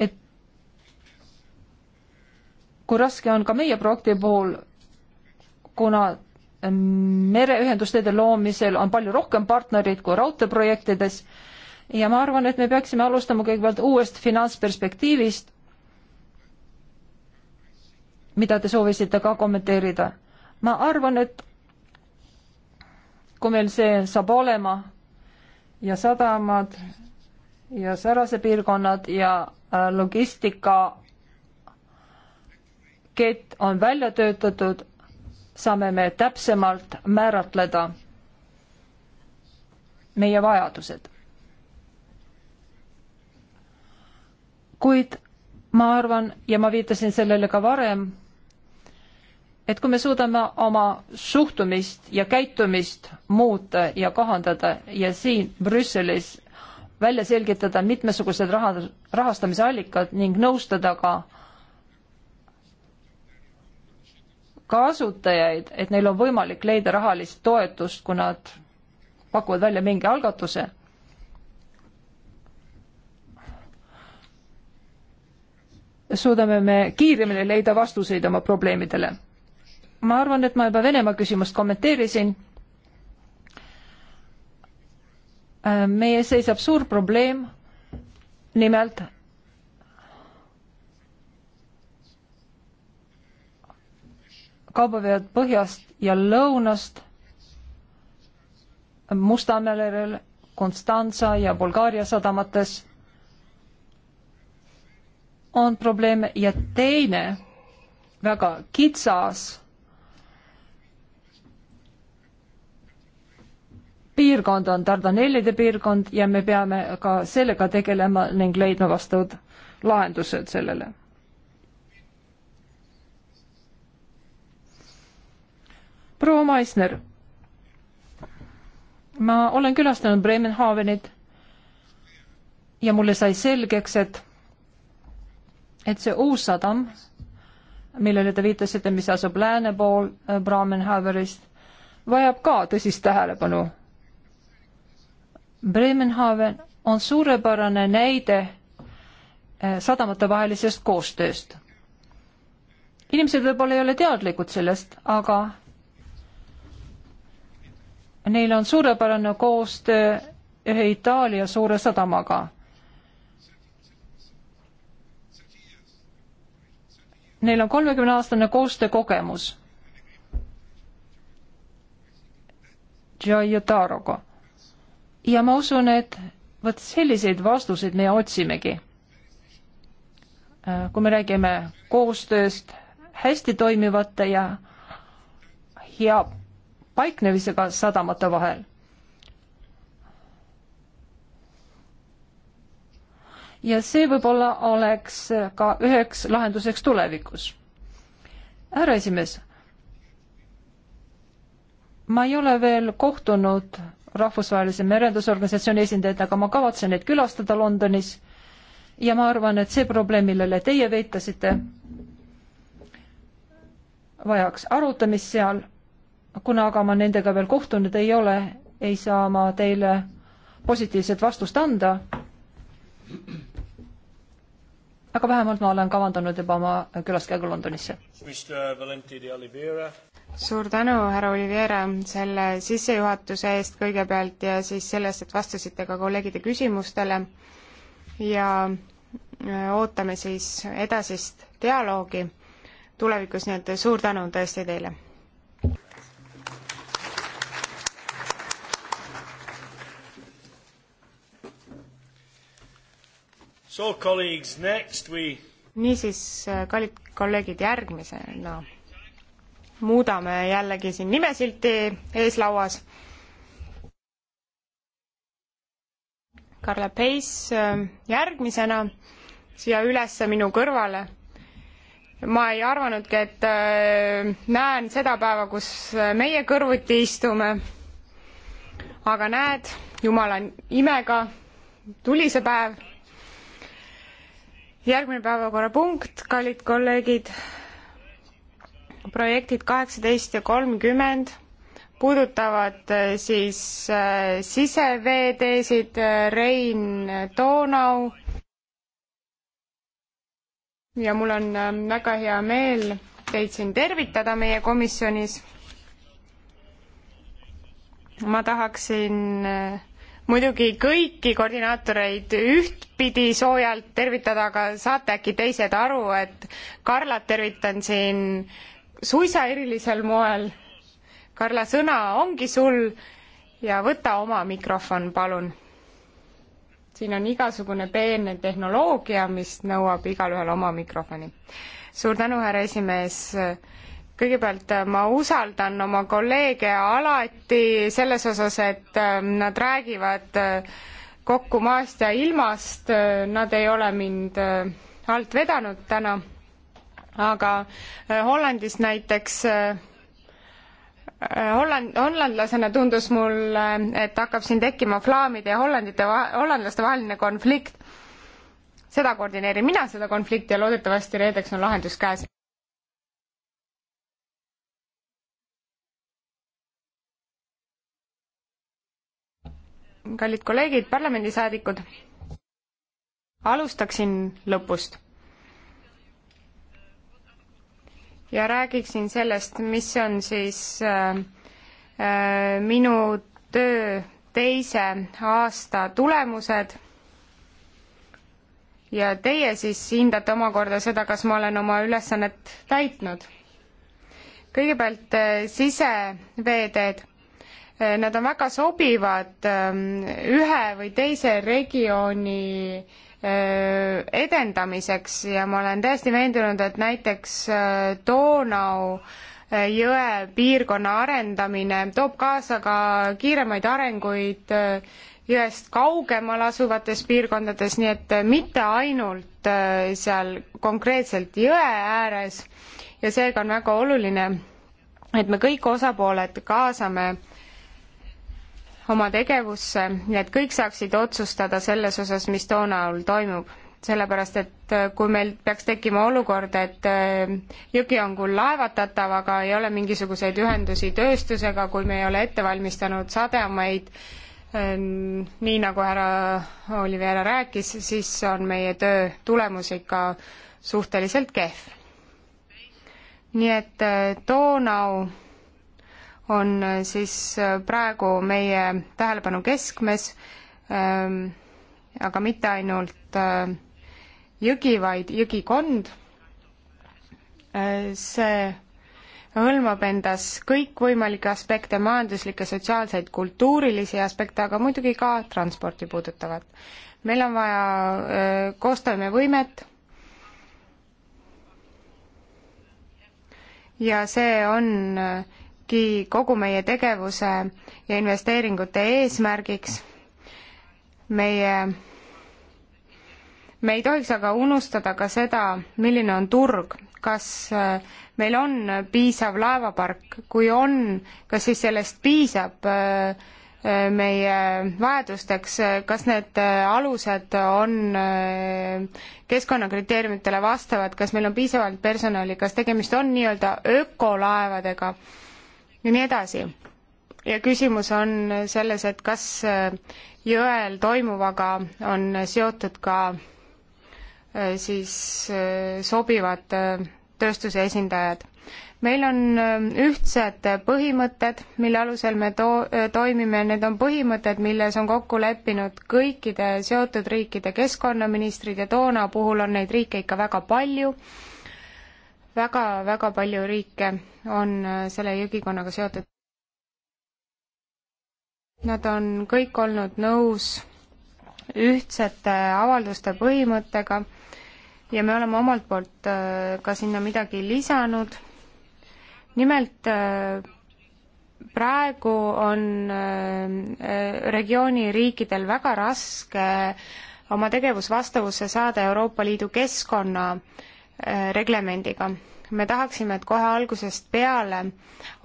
et kui raske on ka meie projekti puhul, kuna mereühendusteede loomisel on palju rohkem partnereid kui raudteeprojektides ja ma arvan, et me peaksime alustama kõigepealt uuest finantsperspektiivist, mida te soovisite ka kommenteerida. ma arvan, et kui meil see saab olema ja sadamad ja säärase piirkonnad ja äh, logistika kett on välja töötatud, saame me täpsemalt määratleda meie vajadused. kuid ma arvan ja ma viitasin sellele ka varem et kui me suudame oma suhtumist ja käitumist muuta ja kohandada ja siin Brüsselis välja selgitada mitmesugused raha, rahastamise allikad ning nõustada ka kasutajaid, et neil on võimalik leida rahalist toetust, kui nad pakuvad välja mingi algatuse. suudame me kiiremini leida vastuseid oma probleemidele ma arvan, et ma juba Venemaa küsimust kommenteerisin. meie ees seisab suur probleem, nimelt kaubaveod põhjast ja lõunast Mustamäe merel, Konstantsa ja Bulgaaria sadamates on probleeme ja teine väga kitsas piirkond on Dardanellide piirkond ja me peame ka sellega tegelema ning leidma vastavad lahendused sellele. proua Maisner, ma olen külastanud Bremenhavenit ja mulle sai selgeks, et, et see uus sadam, millele te viitasite, mis asub lääne pool äh, Bremenhavenist, vajab ka tõsist tähelepanu Bremenhaven on suurepärane näide eh, sadamatevahelisest koostööst. inimesed võib-olla ei ole teadlikud sellest, aga neil on suurepärane koostöö ühe Itaalia suure sadamaga. Neil on kolmekümne aastane koostöökogemus Giaiotaroga ja ma usun, et vot selliseid vastuseid me otsimegi. Äh, kui me räägime koostööst hästi toimivate ja hea paiknemisega sadamate vahel. ja see võib-olla oleks ka üheks lahenduseks tulevikus. härra esimees, ma ei ole veel kohtunud rahvusvahelise merendusorganisatsiooni esindajad, aga ma kavatsen neid külastada Londonis. ja ma arvan, et see probleem, millele teie viitasite, vajaks arutamist seal. kuna aga ma nendega veel kohtunud ei ole, ei saa ma teile positiivset vastust anda. aga vähemalt ma olen kavandanud juba oma külaskäigu Londonisse suur tänu, härra Oliveira, selle sissejuhatuse eest kõigepealt ja siis selle eest, et vastasite ka kolleegide küsimustele ja äh, ootame siis edasist dialoogi tulevikus, nii et suur tänu tõesti teile! niisiis, äh, kallid kolleegid, järgmisena no muudame jällegi siin nimesilti eeslauas. Karla Peis äh, järgmisena siia üles minu kõrvale. ma ei arvanudki, et äh, näen seda päeva, kus äh, meie kõrvuti istume. aga näed, jumala imega tuli see päev. järgmine päevakorrapunkt, kallid kolleegid projektid kaheksateist ja kolmkümmend puudutavad äh, siis äh, siseveeteesid äh, Rein-Donau. ja mul on ähm, väga hea meel teid siin tervitada meie komisjonis. ma tahaksin muidugi kõiki koordinaatoreid ühtpidi soojalt tervitada, aga saate äkki teised aru, et Karlat tervitan siin äh, suisa erilisel moel. Karla, sõna ongi sul ja võta oma mikrofon, palun. siin on igasugune peene tehnoloogia, mis nõuab igalühel oma mikrofoni. suur tänu, härra esimees kõigepealt äh, ma usaldan oma kolleege alati selles osas, et äh, nad räägivad äh, kokku maast ja ilmast, nad ei ole mind alt vedanud täna aga äh, Hollandis näiteks äh, äh, Holland, hollandlasena tundus mulle, et hakkab siin tekkima flaamide ja hollandite, hollandlaste vaheline konflikt. seda koordineerin mina, seda konflikti, ja loodetavasti reedeks on lahendus käes. kallid kolleegid, parlamendisaadikud, alustaksin lõpust ja räägiksin sellest, mis on siis äh, äh, minu töö teise aasta tulemused ja teie siis hindate omakorda seda, kas ma olen oma ülesannet täitnud. kõigepealt äh, siseveeteed. Äh, nad on väga sobivad ähm, ühe või teise regiooni äh, edendamiseks ja ma olen täiesti veendunud, et näiteks Donau jõe piirkonna arendamine toob kaasa ka kiiremaid arenguid jõest kaugemal asuvates piirkondades, nii et mitte ainult seal konkreetselt jõe ääres ja seega on väga oluline, et me kõik osapooled kaasame oma tegevusse ja et kõik saaksid otsustada selles osas, mis Donaul toimub. sellepärast, et äh, kui meil peaks tekkima olukord, et äh, jõgi on küll laevatatav, aga ei ole mingisuguseid ühendusi tööstusega, kui me ei ole ette valmistanud sademeid, ähm, nii nagu härra Olivera rääkis, siis on meie töö tulemus ikka suhteliselt kehv. nii et Donau äh, on äh, siis äh, praegu meie tähelepanu keskmes, ähm, aga mitte ainult äh, jõgi, vaid jõgikond. see hõlmab endas kõikvõimalikke aspekte, majanduslikke, sotsiaalseid, kultuurilisi aspekte, aga muidugi ka transporti puudutavat. meil on vaja koostoimevõimet ja see on olnudki kogu meie tegevuse ja investeeringute eesmärgiks. meie, me ei tohiks aga unustada ka seda, milline on turg, kas äh, meil on piisav laevapark, kui on, kas siis sellest piisab äh, äh, meie vajadusteks, kas need alused on keskkonnakriteeriumitele vastavad, kas meil on piisavalt personali, kas tegemist on nii-öelda ökolaevadega ja nii edasi. ja küsimus on selles, et kas äh, jõel toimuvaga on seotud ka äh, siis äh, sobivad tööstuse esindajad. meil on ühtsed põhimõtted, mille alusel me to-, toimime, need on põhimõtted, milles on kokku leppinud kõikide seotud riikide keskkonnaministrid ja toona puhul on neid riike ikka väga palju väga-väga palju riike on äh, selle jõgikonnaga seotud. Nad on kõik olnud nõus ühtsete avalduste põhimõttega ja me oleme omalt poolt äh, ka sinna midagi lisanud. nimelt äh, praegu on regiooni riikidel väga raske oma tegevus vastavusse saada Euroopa Liidu keskkonna äh, reglemendiga. me tahaksime, et kohe algusest peale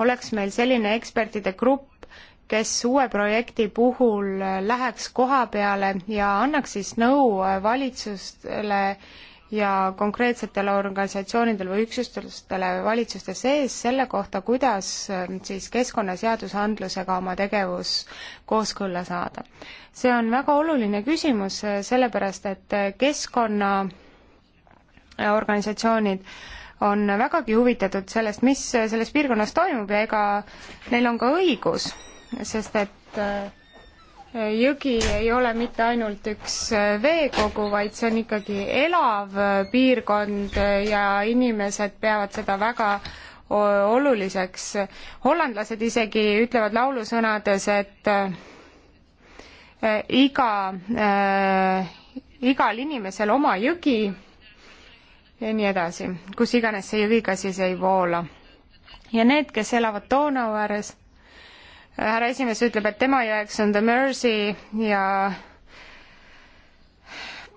oleks meil selline ekspertide grupp, kes uue projekti puhul läheks koha peale ja annaks siis nõu valitsustele ja konkreetsetele organisatsioonidele või üksustustele valitsuste sees selle kohta, kuidas ähm, siis keskkonnaseadusandlusega oma tegevus kooskõlla saada. see on väga oluline küsimus, äh, sellepärast et äh, keskkonna Äh, organisatsioonid on vägagi huvitatud sellest, mis selles piirkonnas toimub ja ega neil on ka õigus, sest et äh, jõgi ei ole mitte ainult üks äh, veekogu, vaid see on ikkagi elav piirkond ja inimesed peavad seda väga oluliseks. hollandlased isegi ütlevad laulusõnades, et iga äh,, igal inimesel oma jõgi ja nii edasi, kus iganes see jõgikasi ei voola. ja need, kes elavad Donau ääres, härra esimees ütleb, et tema jõeks on The Mersey ja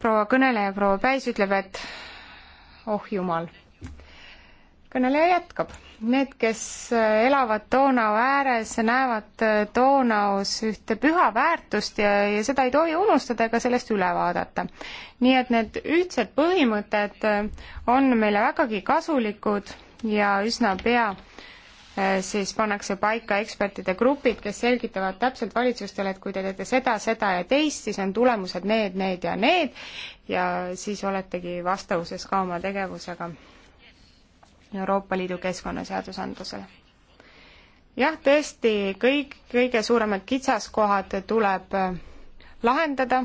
proua kõneleja, proua Päis ütleb, et oh jumal. kõneleja jätkab Need, kes elavad Donau ääres, näevad Donaus ühte püha väärtust ja, ja seda ei tohi unustada ega sellest üle vaadata. nii et need ühtsed põhimõtted on meile vägagi kasulikud ja üsna pea eh, siis pannakse paika ekspertide grupid, kes selgitavad täpselt valitsustele, et kui te teete seda, seda ja teist, siis on tulemused need, need ja need ja siis oletegi vastavuses ka oma tegevusega Euroopa Liidu keskkonnaseadusandlusele. jah, tõesti, kõik, kõige suuremad kitsaskohad tuleb äh, lahendada,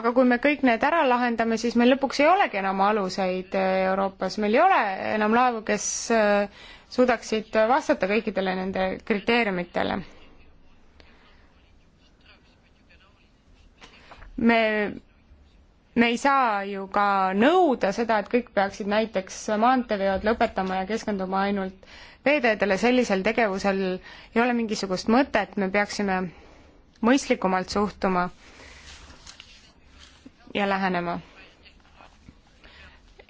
aga kui me kõik need ära lahendame, siis meil lõpuks ei olegi enam aluseid äh, Euroopas, meil ei ole enam laevu, kes äh, suudaksid vastata kõikidele nende kriteeriumitele me me ei saa ju ka nõuda seda, et kõik peaksid näiteks maanteeveod lõpetama ja keskenduma ainult veeteedele, sellisel tegevusel ei ole mingisugust mõtet, me peaksime mõistlikumalt suhtuma ja lähenema.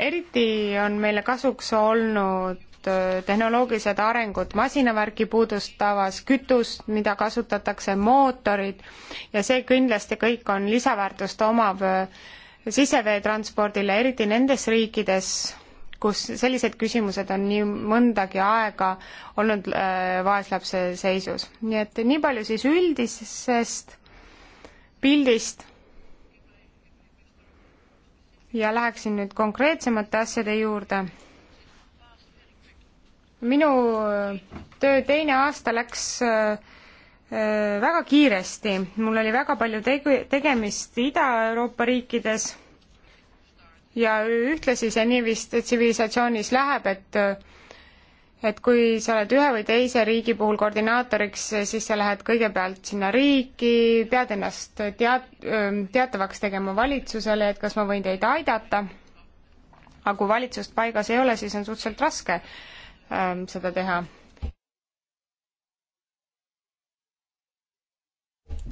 eriti on meile kasuks olnud äh, tehnoloogilised arengud masinavärki puudustavas, kütust, mida kasutatakse, mootorid ja see kindlasti kõik on lisaväärtust omav äh, siseveetranspordile, eriti nendes riikides, kus sellised küsimused on nii mõndagi aega olnud äh, vaeslapse seisus. nii et nii palju siis üldisest pildist. ja läheksin nüüd konkreetsemate asjade juurde. minu äh, töö teine aasta läks äh, Äh, väga kiiresti, mul oli väga palju tegu, tegemist Ida-Euroopa riikides ja ühtlasi see nii vist tsivilisatsioonis läheb, et et kui sa oled ühe või teise riigi puhul koordinaatoriks, siis sa lähed kõigepealt sinna riiki, pead ennast tead-, teatavaks tegema valitsusele, et kas ma võin teid aidata, aga kui valitsust paigas ei ole, siis on suhteliselt raske ähm, seda teha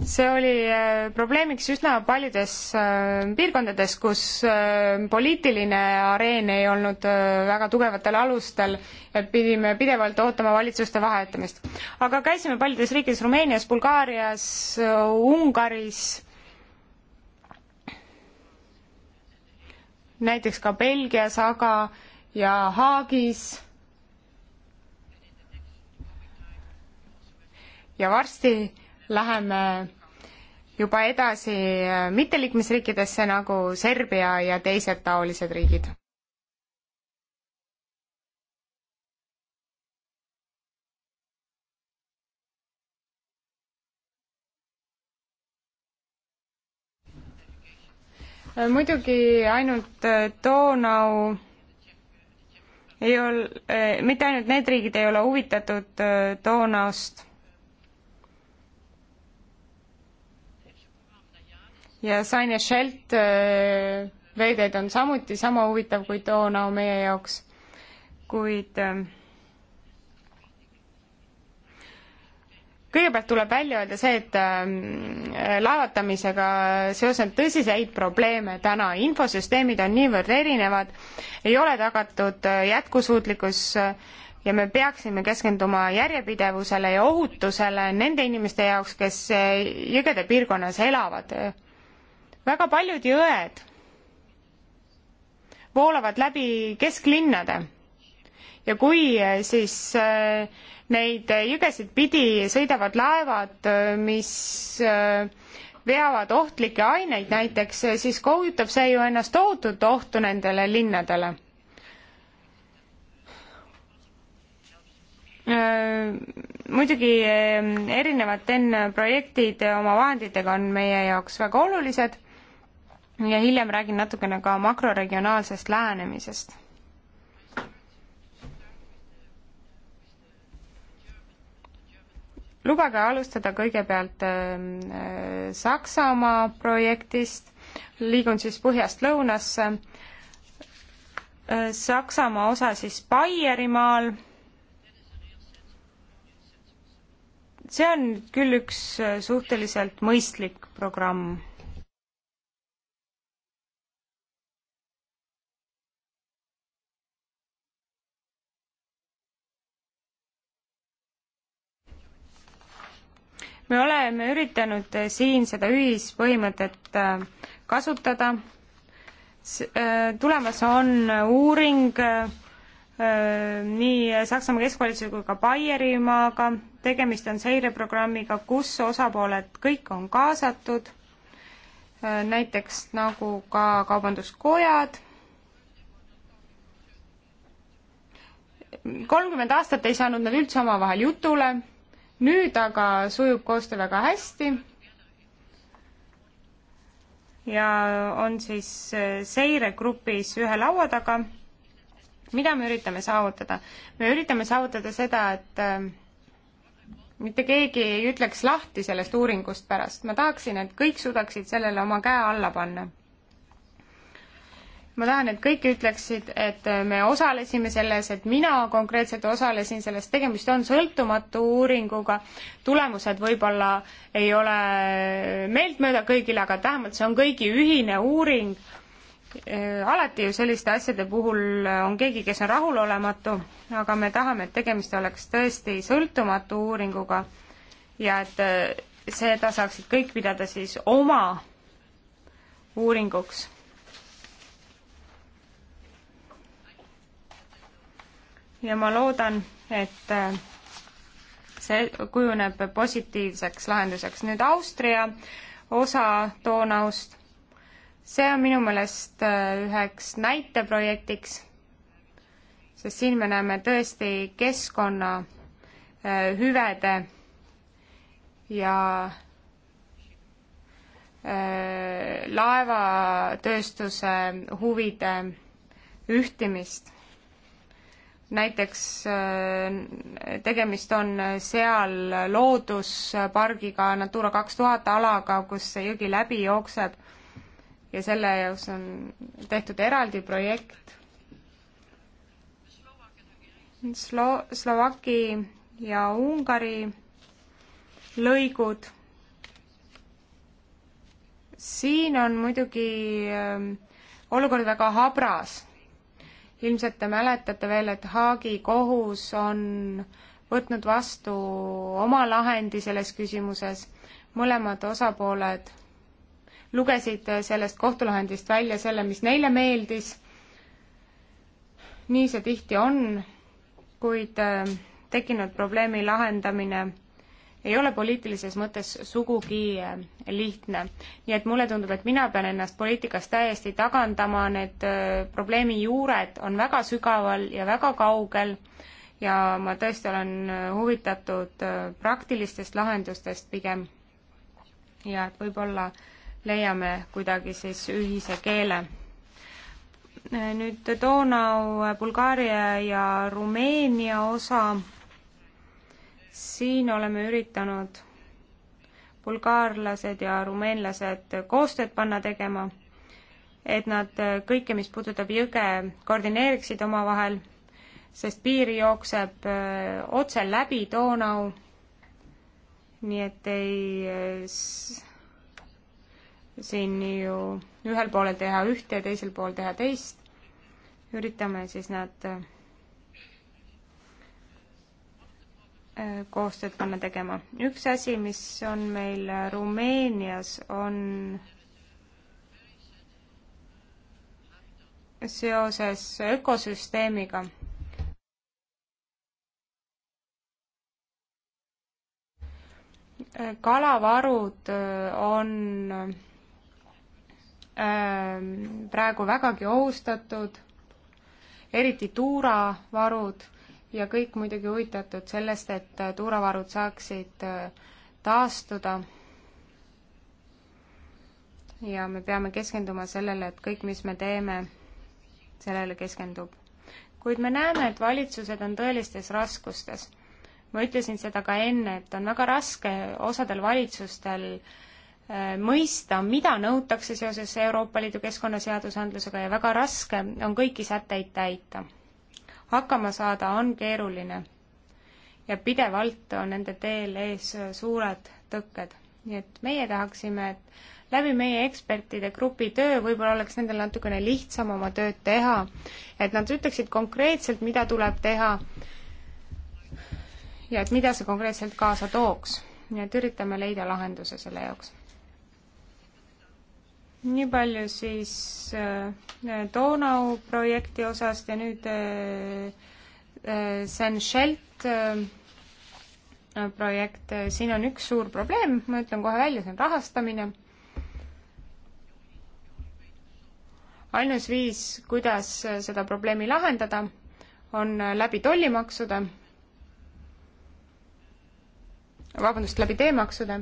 see oli äh, probleemiks üsna paljudes äh, piirkondades, kus äh, poliitiline areen ei olnud väga tugevatel alustel ja pidime pidevalt ootama valitsuste vahetamist. aga käisime paljudes riikides, Rumeenias, Bulgaarias, Ungaris, näiteks ka Belgias, aga ja Haagis ja varsti läheme juba edasi äh, mitteliikmesriikidesse nagu Serbia ja teised taolised riigid. Äh, muidugi ainult äh, Donau ei ol-, mitte ainult need riigid ei ole huvitatud Donaust ja Saine Schelt äh, veideid on samuti sama huvitav kui toona meie jaoks, kuid äh, kõigepealt tuleb välja öelda see, et äh, laevatamisega seoses on tõsiseid probleeme täna, infosüsteemid on niivõrd erinevad, ei ole tagatud jätkusuutlikkus ja me peaksime keskenduma järjepidevusele ja ohutusele nende inimeste jaoks, kes jõgede piirkonnas elavad väga paljud jõed voolavad läbi kesklinnade ja kui eh, siis eh, neid jõgesid pidi sõidavad laevad, eh, mis veavad ohtlikke aineid näiteks, siis kujutab see ju ennast tohutut ohtu nendele linnadele. muidugi erinevad TEN projektid oma vahenditega on meie jaoks väga olulised ja hiljem räägin natukene ka makroregionaalsest lähenemisest. lubage alustada kõigepealt ähm, äh, Saksamaa projektist, liigun siis põhjast lõunasse. Äh, Saksamaa osa siis Baierimaal see on küll üks äh, suhteliselt mõistlik programm. me oleme üritanud eh, siin seda ühispõhimõtet eh, kasutada. Eh, tulemas on uuring nii Saksamaa keskvalitsuse kui ka Baierimaaga, tegemist on seireprogrammiga, kus osapooled kõik on kaasatud, näiteks nagu ka kaubanduskojad kolmkümmend aastat ei saanud nad üldse omavahel jutule nüüd aga sujub koostöö väga hästi ja on siis äh, seiregrupis ühe laua taga. mida me üritame saavutada? me üritame saavutada seda, et äh, mitte keegi ei ütleks lahti sellest uuringust pärast. ma tahaksin, et kõik suudaksid sellele oma käe alla panna ma tahan, et kõik ütleksid, et me osalesime selles, et mina konkreetselt osalesin selles, tegemist on sõltumatu uuringuga, tulemused võib-olla ei ole meeltmööda kõigile, aga vähemalt see on kõigi ühine uuring. Äh, alati ju selliste asjade puhul on keegi, kes on rahulolematu, aga me tahame, et tegemist oleks tõesti sõltumatu uuringuga ja et äh, seda saaksid kõik pidada siis oma uuringuks ja ma loodan, et äh, see kujuneb positiivseks lahenduseks. nüüd Austria osa Donaust, see on minu meelest äh, üheks näiteprojektiks, sest siin me näeme tõesti keskkonna äh, hüvede ja laevatööstuse huvide ühtimist näiteks äh, tegemist on seal looduspargiga Natura kaks tuhat alaga, kus see jõgi läbi jookseb ja selle jaoks on tehtud eraldi projekt. Slo-, Slovaki ja Ungari lõigud. siin on muidugi äh, olukord väga habras ilmselt te mäletate veel, et Haagi kohus on võtnud vastu oma lahendi selles küsimuses, mõlemad osapooled lugesid sellest kohtulahendist välja selle, mis neile meeldis, nii see tihti on, kuid äh, tekkinud probleemi lahendamine ei ole poliitilises mõttes sugugi eh, lihtne. nii et mulle tundub, et mina pean ennast poliitikas täiesti tagandama, need eh, probleemi juured on väga sügaval ja väga kaugel ja ma tõesti olen eh, huvitatud praktilistest lahendustest pigem. ja et võib-olla leiame kuidagi siis ühise keele nüüd Donau, Bulgaaria ja Rumeenia osa siin oleme üritanud bulgaarlased ja rumeenlased koostööd panna tegema, et nad kõike, mis puudutab jõge, koordineeriksid omavahel, sest piir jookseb äh, otse läbi Donau, nii et ei äh, siin ju ühel poolel teha ühte ja teisel pool teha teist, üritame siis nad äh, koostööd panna tegema. üks asi, mis on meil Rumeenias, on seoses ökosüsteemiga. kalavarud äh, on ähm, praegu vägagi ohustatud, eriti tuuravarud ja kõik muidugi huvitatud sellest, et tuuravarud saaksid äh, taastuda. ja me peame keskenduma sellele, et kõik, mis me teeme, sellele keskendub. kuid me näeme, et valitsused on tõelistes raskustes. ma ütlesin seda ka enne, et on väga raske osadel valitsustel äh, mõista, mida nõutakse seoses Euroopa Liidu keskkonnaseadusandlusega ja väga raske on kõiki sätteid täita hakkama saada on keeruline ja pidevalt on nende teel ees suured tõkked. nii et meie tahaksime, et läbi meie ekspertide grupi töö võib-olla oleks nendel natukene lihtsam oma tööd teha, et nad ütleksid konkreetselt, mida tuleb teha ja et mida see konkreetselt kaasa tooks. nii et üritame leida lahenduse selle jaoks nii palju siis äh, Donau projekti osast ja nüüd äh, äh, Senšelt projekt, siin on üks suur probleem, ma ütlen kohe välja, see on rahastamine. ainus viis, kuidas seda probleemi lahendada, on läbi tollimaksude, vabandust, läbi teemaksude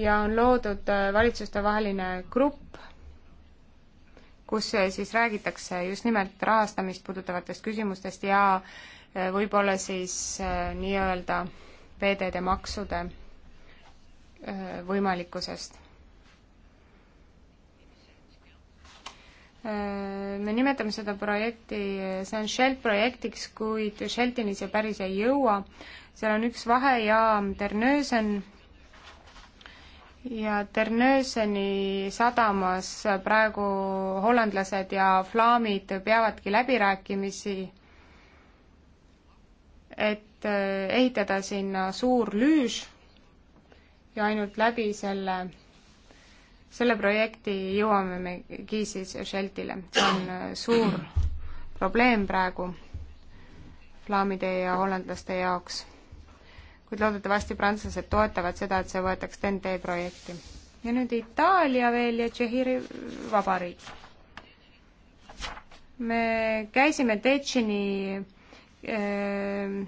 ja on loodud äh, valitsustevaheline grupp, kus äh, siis räägitakse just nimelt rahastamist puudutavatest küsimustest ja äh, võib-olla siis nii-öelda veeteede maksude võimalikkusest. me nimetame seda projekti, see on Shell projektiks, kuid Sheltini see päris ei jõua. seal on üks vahe ja Ternöösen ja Ternöseni sadamas praegu hollandlased ja flaamid peavadki läbirääkimisi, et äh, ehitada sinna suur lüüž ja ainult läbi selle, selle projekti jõuame megi siis Sheltile. see on äh, suur probleem praegu flaamide ja hollandlaste jaoks kuid loodetavasti prantslased toetavad seda, et see võetaks TNT projekti. ja nüüd Itaalia veel ja Tšehhi Vabariik. me käisime Tetšini äh,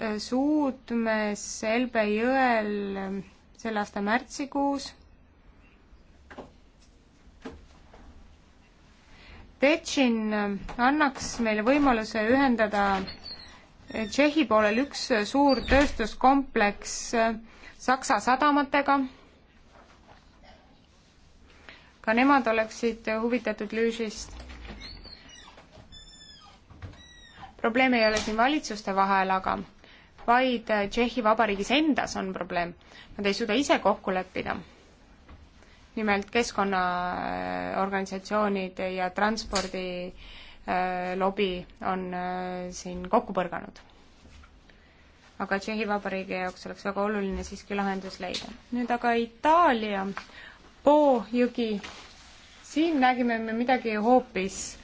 äh suudmes Elbe jõel selle aasta märtsikuus Tetšin annaks meile võimaluse ühendada Tšehhi poolel üks suur tööstuskompleks äh, Saksa sadamatega. ka nemad oleksid huvitatud lüüsist. probleem ei ole siin valitsuste vahel, aga vaid Tšehhi Vabariigis endas on probleem. Nad ei suuda ise kokku leppida. nimelt keskkonnaorganisatsioonid ja transpordi äh, Äh, lobi on äh, siin kokku põrganud. aga Tšehhi Vabariigi jaoks oleks väga oluline siiski lahendus leida. nüüd aga Itaalia, Po jõgi, siin nägime me midagi hoopis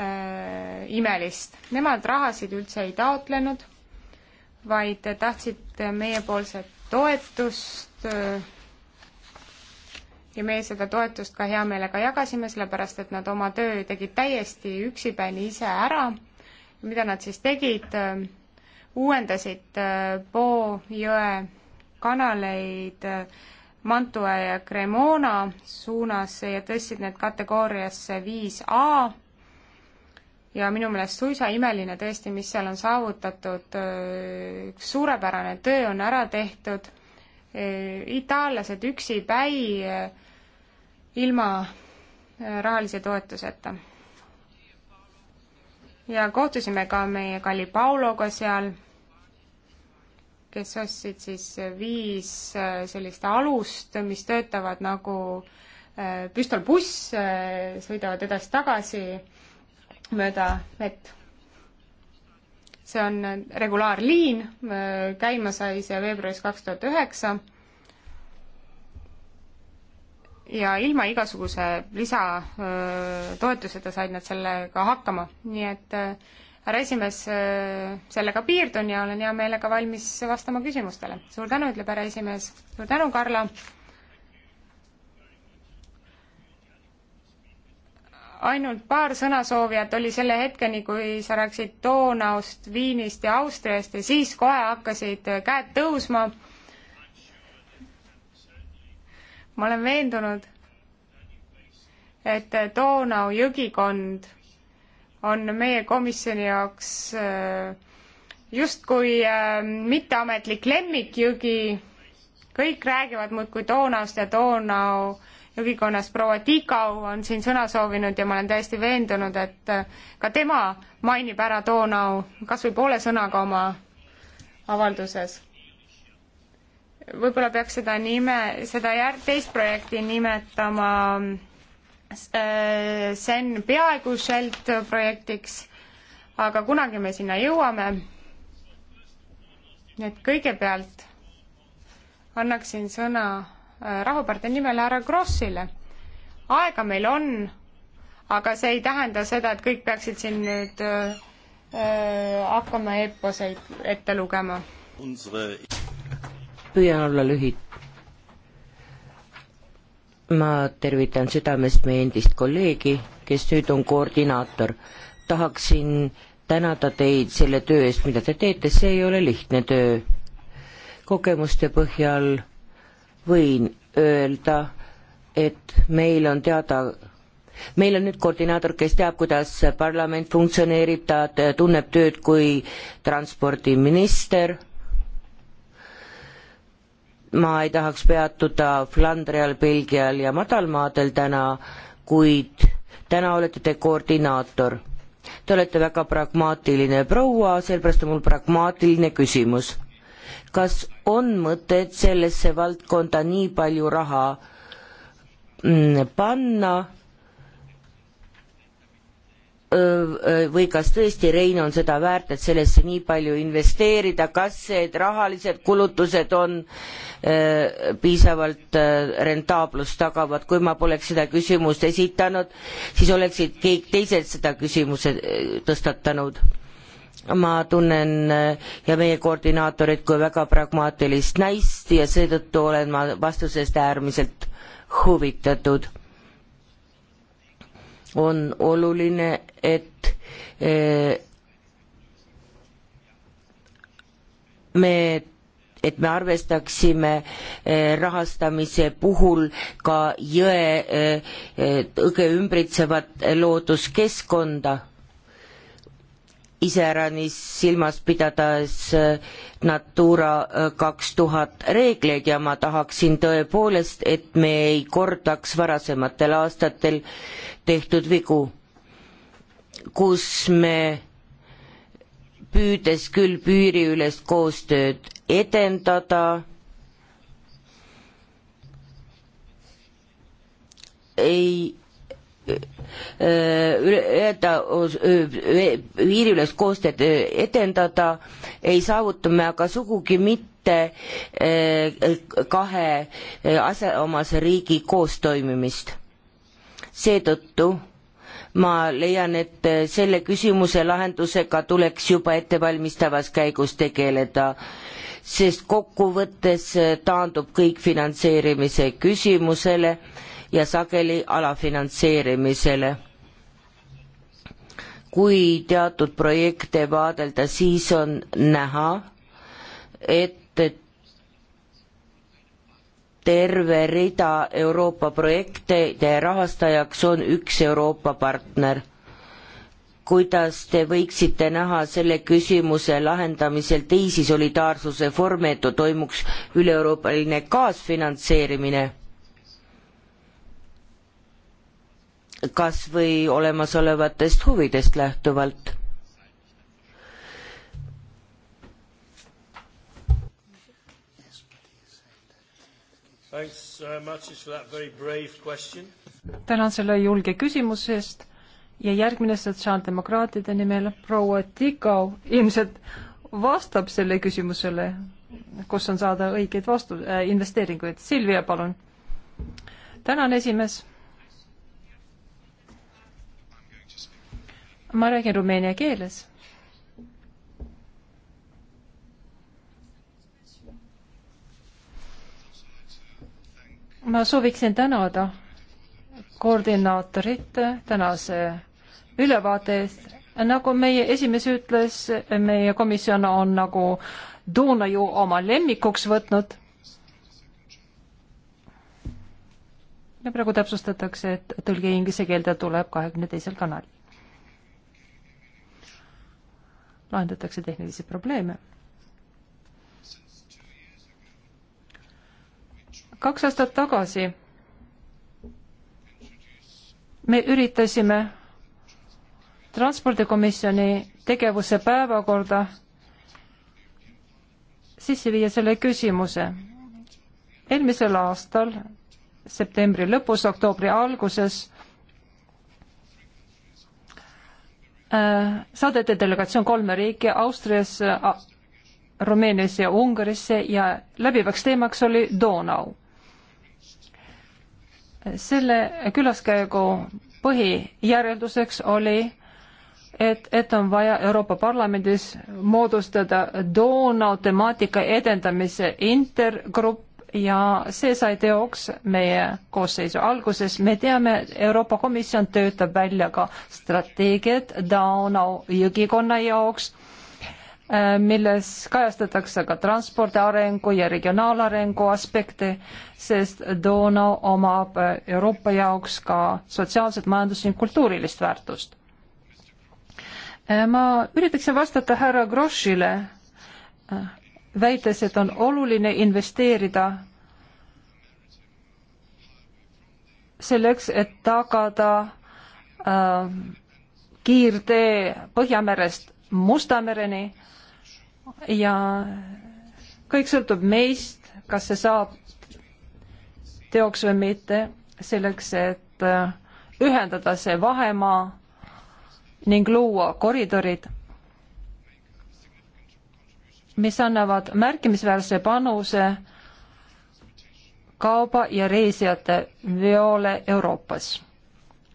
äh, imelist. Nemad rahasid üldse ei taotlenud, vaid tahtsid meiepoolset toetust äh, ja meie seda toetust ka hea meelega jagasime, sellepärast et nad oma töö tegid täiesti üksipäini ise ära. mida nad siis tegid? uuendasid äh, Po jõe kanaleid äh, Mantua ja Cremona suunas ja tõstsid need kategooriasse viis A ja minu meelest suisa imeline tõesti, mis seal on saavutatud, äh, suurepärane töö on ära tehtud, itaallased üksipäi ilma äh, rahalise toetuseta. ja kohtusime ka meie kalli Pauloga seal, kes ostsid siis äh, viis äh, sellist alust, mis töötavad nagu püstolbuss, sõidavad edasi-tagasi mööda vett. see on regulaarliin, käima sai see veebruaris kaks tuhat üheksa ja ilma igasuguse lisatoetuseta said nad sellega hakkama, nii et äh, härra esimees, äh, sellega piirdun ja olen hea meelega valmis vastama küsimustele. suur tänu, ütleb härra esimees. suur tänu, Karla. ainult paar sõnasoovijat oli selle hetkeni, kui sa rääkisid Donaust, Viinist ja Austriast ja siis kohe hakkasid käed tõusma ma olen veendunud, et Donau jõgikond on meie komisjoni jaoks äh, justkui äh, mitteametlik lemmikjõgi, kõik räägivad muudkui Donaust ja Donau jõgikonnast, proua Tikau on siin sõna soovinud ja ma olen täiesti veendunud, et äh, ka tema mainib ära Donau kas või poole sõnaga oma avalduses võib-olla peaks seda nime, seda järg-, teist projekti nimetama äh, Sen peaaegu Shelt projektiks, aga kunagi me sinna jõuame. nii et kõigepealt annaksin sõna äh, Rahupartei nimel härra Krossile. aega meil on, aga see ei tähenda seda, et kõik peaksid siin nüüd äh, äh hakkama eposeid ette lugema püüan olla lühid-. ma tervitan südamest meie endist kolleegi, kes nüüd on koordinaator. tahaksin tänada teid selle töö eest, mida te teete, see ei ole lihtne töö. kogemuste põhjal võin öelda, et meil on teada meil on nüüd koordinaator, kes teab, kuidas parlament funktsioneerib, ta tunneb tööd kui transpordiminister ma ei tahaks peatuda Flandrial, Belgial ja Madalmaadel täna, kuid täna olete te koordinaator. Te olete väga pragmaatiline proua, sellepärast on mul pragmaatiline küsimus. kas on mõtet sellesse valdkonda nii palju raha mm, panna, või kas tõesti Rein on seda väärt, et sellesse nii palju investeerida, kas need rahalised kulutused on äh, piisavalt äh, rentaablust tagavad, kui ma poleks seda küsimust esitanud, siis oleksid kõik teised seda küsimuse tõstatanud. ma tunnen äh, ja meie koordinaatorit kui väga pragmaatilist naist ja seetõttu olen ma vastusest äärmiselt huvitatud on oluline, et eh, me, et me arvestaksime eh, rahastamise puhul ka jõe, jõge eh, ümbritsevat looduskeskkonda iseäranis silmas pidades äh, Natura äh, kaks tuhat reegleid ja ma tahaksin tõepoolest, et me ei kordaks varasematel aastatel tehtud vigu, kus me püüdes küll piiriülest koostööd edendada, ei ületa, piiriülest koostööd edendada, ei saavuta me aga sugugi mitte eh, kahe asjaomase riigi koostoimimist. seetõttu ma leian, et selle küsimuse lahendusega tuleks juba ettevalmistavas käigus tegeleda, sest kokkuvõttes taandub kõik finantseerimise küsimusele ja sageli alafinantseerimisele. kui teatud projekte vaadelda, siis on näha, et terve rida Euroopa projektide rahastajaks on üks Euroopa partner kuidas te võiksite näha selle küsimuse lahendamisel teisi solidaarsuse vorme, et toimuks üleeuroopaline kaasfinantseerimine? kas või olemasolevatest huvidest lähtuvalt. tänan selle julge küsimuse eest ja järgmine sotsiaaldemokraatide nimel proua Tikau ilmselt vastab selle küsimusele, kus on saada õigeid vastu- äh,, investeeringuid. Silvia, palun. tänan, esimees ma räägin rumeenia keeles. ma sooviksin tänada koordinaatorit tänase ülevaate eest. nagu meie esimees ütles, meie komisjon on nagu Duunaju oma lemmikuks võtnud. ja praegu täpsustatakse, et tõlge inglise keelde tuleb kahekümne teisel kanalil. lahendatakse tehnilisi probleeme. kaks aastat tagasi me üritasime transpordikomisjoni tegevuse päevakorda sisse viia selle küsimuse. eelmisel aastal septembri lõpus, oktoobri alguses Äh, saadeti delegatsioon kolme riiki Austriasse, äh, Rumeeniasse ja Ungarisse ja läbivaks teemaks oli Donau. selle külaskäigu põhijärelduseks oli, et, et on vaja Euroopa Parlamendis moodustada Donau temaatika edendamise intergrupp, ja see sai teoks meie koosseisu alguses. me teame, Euroopa Komisjon töötab välja ka strateegiat Donau jõgikonna jaoks, äh, milles kajastatakse ka transpordi arengu ja regionaalarengu aspekte, sest Donau omab äh, Euroopa jaoks ka sotsiaalset, majandus- ning kultuurilist väärtust. Äh, ma üritaksin vastata härra Groschile väites, et on oluline investeerida selleks, et tagada äh, kiirtee Põhjamerest Musta mereni ja kõik sõltub meist, kas see saab teoks või mitte, selleks et äh, ühendada see vahemaa ning luua koridorid mis annavad märkimisväärse panuse kauba ja reisijate veole Euroopas.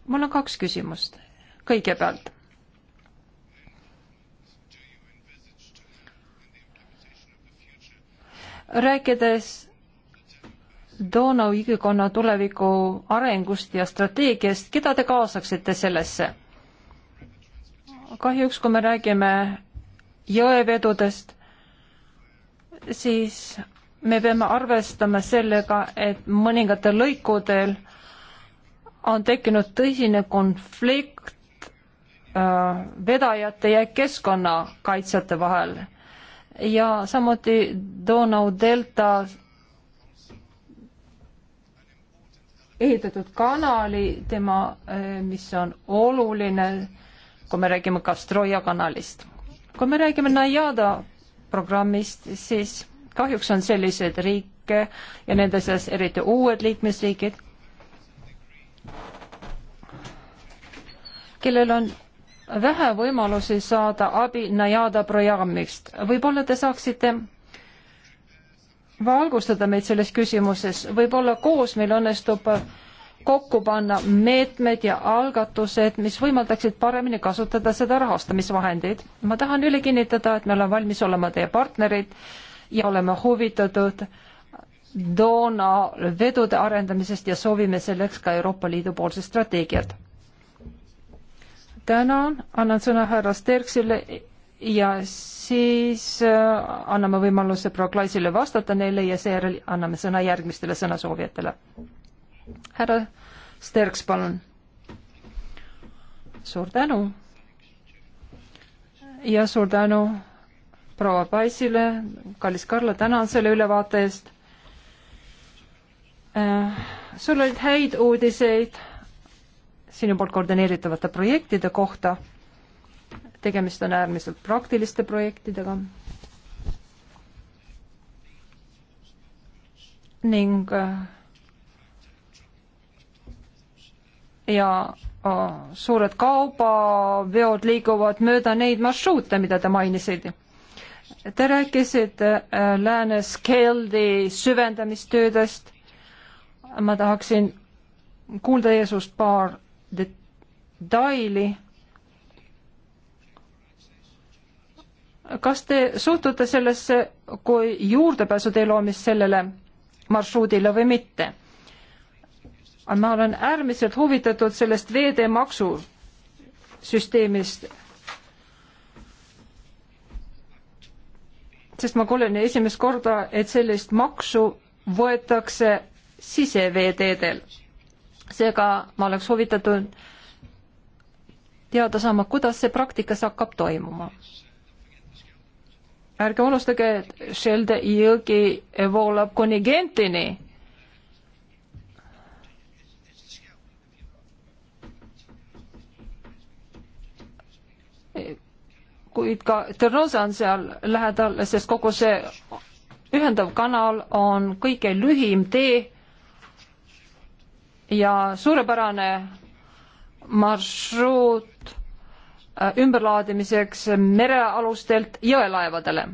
mul on kaks küsimust. kõigepealt, rääkides Donau jõgikonna tuleviku arengust ja strateegiast, keda te kaasaksite sellesse? kahjuks, kui me räägime jõevedudest, siis me peame arvestama sellega, et mõningatel lõikudel on tekkinud tõsine konflikt äh, vedajate ja keskkonnakaitsjate vahel ja samuti Donau delta ehitatud kanali, tema, äh, mis on oluline, kui me räägime Kastroja kanalist. kui me räägime Najada programmist, siis kahjuks on selliseid riike ja nende seas eriti uued liikmesriigid, kellel on vähe võimalusi saada abi Najada programmist. võib-olla te saaksite valgustada meid selles küsimuses, võib-olla koos meil õnnestub kokku panna meetmed ja algatused, mis võimaldaksid paremini kasutada seda rahastamisvahendeid. ma tahan üle kinnitada, et me oleme valmis olema teie partnerid ja oleme huvitatud Doona vedude arendamisest ja soovime selleks ka Euroopa Liidu poolset strateegiat. tänan, annan sõna härra Sterksile ja siis äh, anname võimaluse proklaisile vastata neile ja seejärel anname sõna järgmistele sõnasoovijatele härra Sterks, palun. suur tänu. ja suur tänu proua Paisile, kallis Karla, tänan selle ülevaate eest äh,. sul olid häid uudiseid sinu poolt koordineeritavate projektide kohta. tegemist on äärmiselt praktiliste projektidega. ning äh, ja äh, suured kaubaveod liiguvad mööda neid marsruute, mida te mainisite. Te rääkisite äh, läänes keeldi süvendamistöödest. ma tahaksin kuulda teie suust paar detaili. kas te suhtute sellesse kui juurdepääsutee loomist sellele marsruudile või mitte? ma olen äärmiselt huvitatud sellest veeteemaksu süsteemist. sest ma kuulen esimest korda, et sellist maksu võetakse siseveeteedel. seega ma oleks huvitatud teada saama, kuidas see praktikas hakkab toimuma. ärge unustage, et Šelde jõgi voolab kuni Gentini kuid ka Tõrnosa on seal lähedal, sest kogu see ühendav kanal on kõige lühim tee ja suurepärane marsruut äh, ümberlaadimiseks merealustelt jõelaevadele.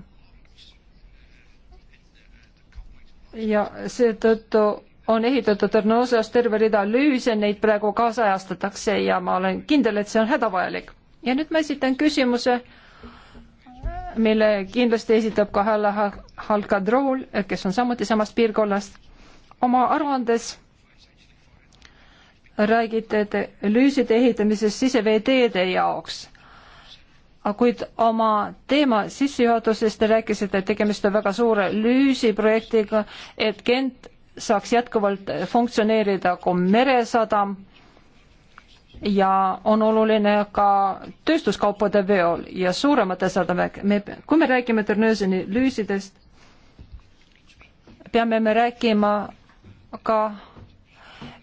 ja seetõttu on ehitatud Arnosas terve rida lüüse, neid praegu kaasajastatakse ja ma olen kindel, et see on hädavajalik. ja nüüd ma esitan küsimuse mille kindlasti esitab ka Halla Halkadrool, kes on samuti samast piirkonnast. oma aruandes räägite te lüüside ehitamisest siseveeteede jaoks. kuid oma teema sissejuhatuses te rääkisite, et tegemist on väga suure lüüsiprojektiga, et Gent saaks jätkuvalt funktsioneerida kui meresadam ja on oluline ka tööstuskaupade veol ja suuremate sadame, me, kui me räägime Ternööseni lüüsidest, peame me rääkima ka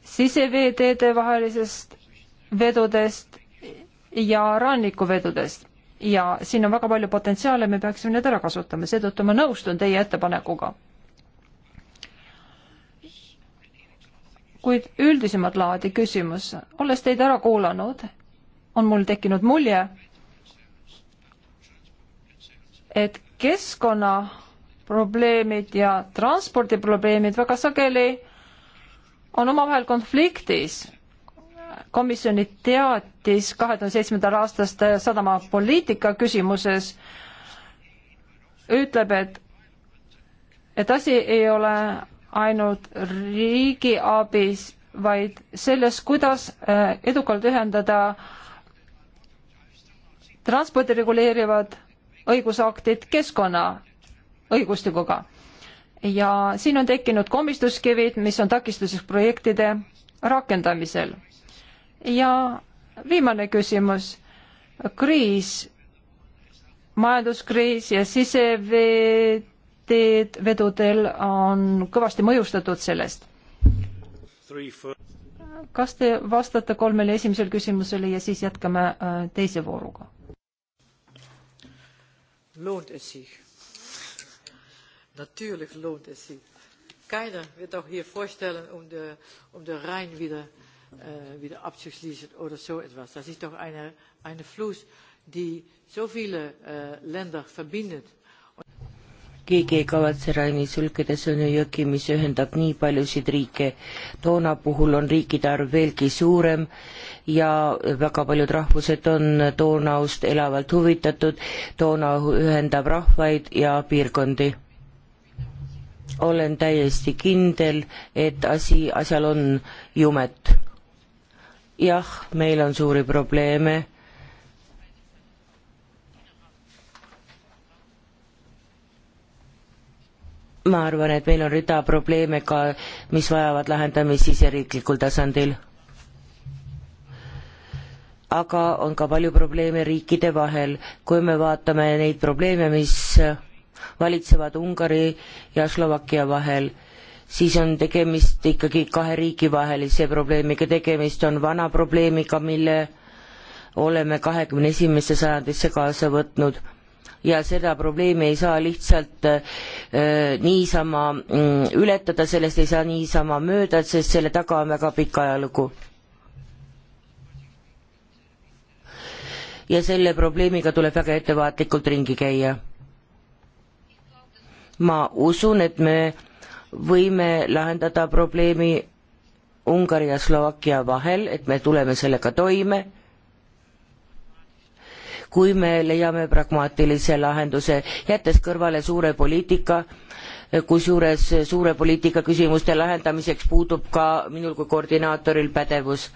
siseveeteede vahelisest vedudest ja rannikuvedudest ja siin on väga palju potentsiaale, me peaksime need ära kasutama, seetõttu ma nõustun teie ettepanekuga kuid üldisemat laadi küsimus. olles teid ära kuulanud, on mul tekkinud mulje, et keskkonnaprobleemid ja transpordiprobleemid väga sageli on omavahel konfliktis. komisjoni teatis kahe tuhande seitsmendal aastast sadamapoliitika küsimuses ütleb, et, et asi ei ole ainult riigiabis, vaid selles, kuidas äh, edukalt ühendada transpordi reguleerivad õigusaktid keskkonna õigustikuga. ja siin on tekkinud komistuskivid, mis on takistuseks projektide rakendamisel. ja viimane küsimus, kriis, majanduskriis ja sisevee teedvedudel on kõvasti mõjustatud sellest. kas te vastate kolmele esimesele küsimusele ja siis jätkame äh, teise vooruga? Lohnt es sich? Natürlich lohnt es sich. Keiner wird auch hier vorstellen, um den um de Rhein wieder, äh, eh, wieder abzuschließen oder oh, so etwas. Das ist doch eine, eine Fluss, die so viele äh, Länder verbindet keegi ei kavatse Raini sulgeda, see on ju jõgi, mis ühendab nii paljusid riike. toona puhul on riikide arv veelgi suurem ja väga paljud rahvused on Donaust elavalt huvitatud, Dona ühendab rahvaid ja piirkondi. olen täiesti kindel, et asi, asjal on jumet. jah, meil on suuri probleeme ma arvan, et meil on rida probleeme ka, mis vajavad lahendamist siseriiklikul tasandil. aga on ka palju probleeme riikide vahel, kui me vaatame neid probleeme, mis valitsevad Ungari ja Slovakkia vahel, siis on tegemist ikkagi kahe riigi vahelise probleemiga, tegemist on vana probleemiga, mille oleme kahekümne esimesse sajandisse kaasa võtnud ja seda probleemi ei saa lihtsalt äh, niisama mm, ületada, sellest ei saa niisama mööda, sest selle taga on väga pikk ajalugu. ja selle probleemiga tuleb väga ettevaatlikult ringi käia. ma usun, et me võime lahendada probleemi Ungari ja Slovakkia vahel, et me tuleme sellega toime kui me leiame pragmaatilise lahenduse, jättes kõrvale suure poliitika, kusjuures suure poliitika küsimuste lahendamiseks puudub ka minul kui koordinaatoril pädevus.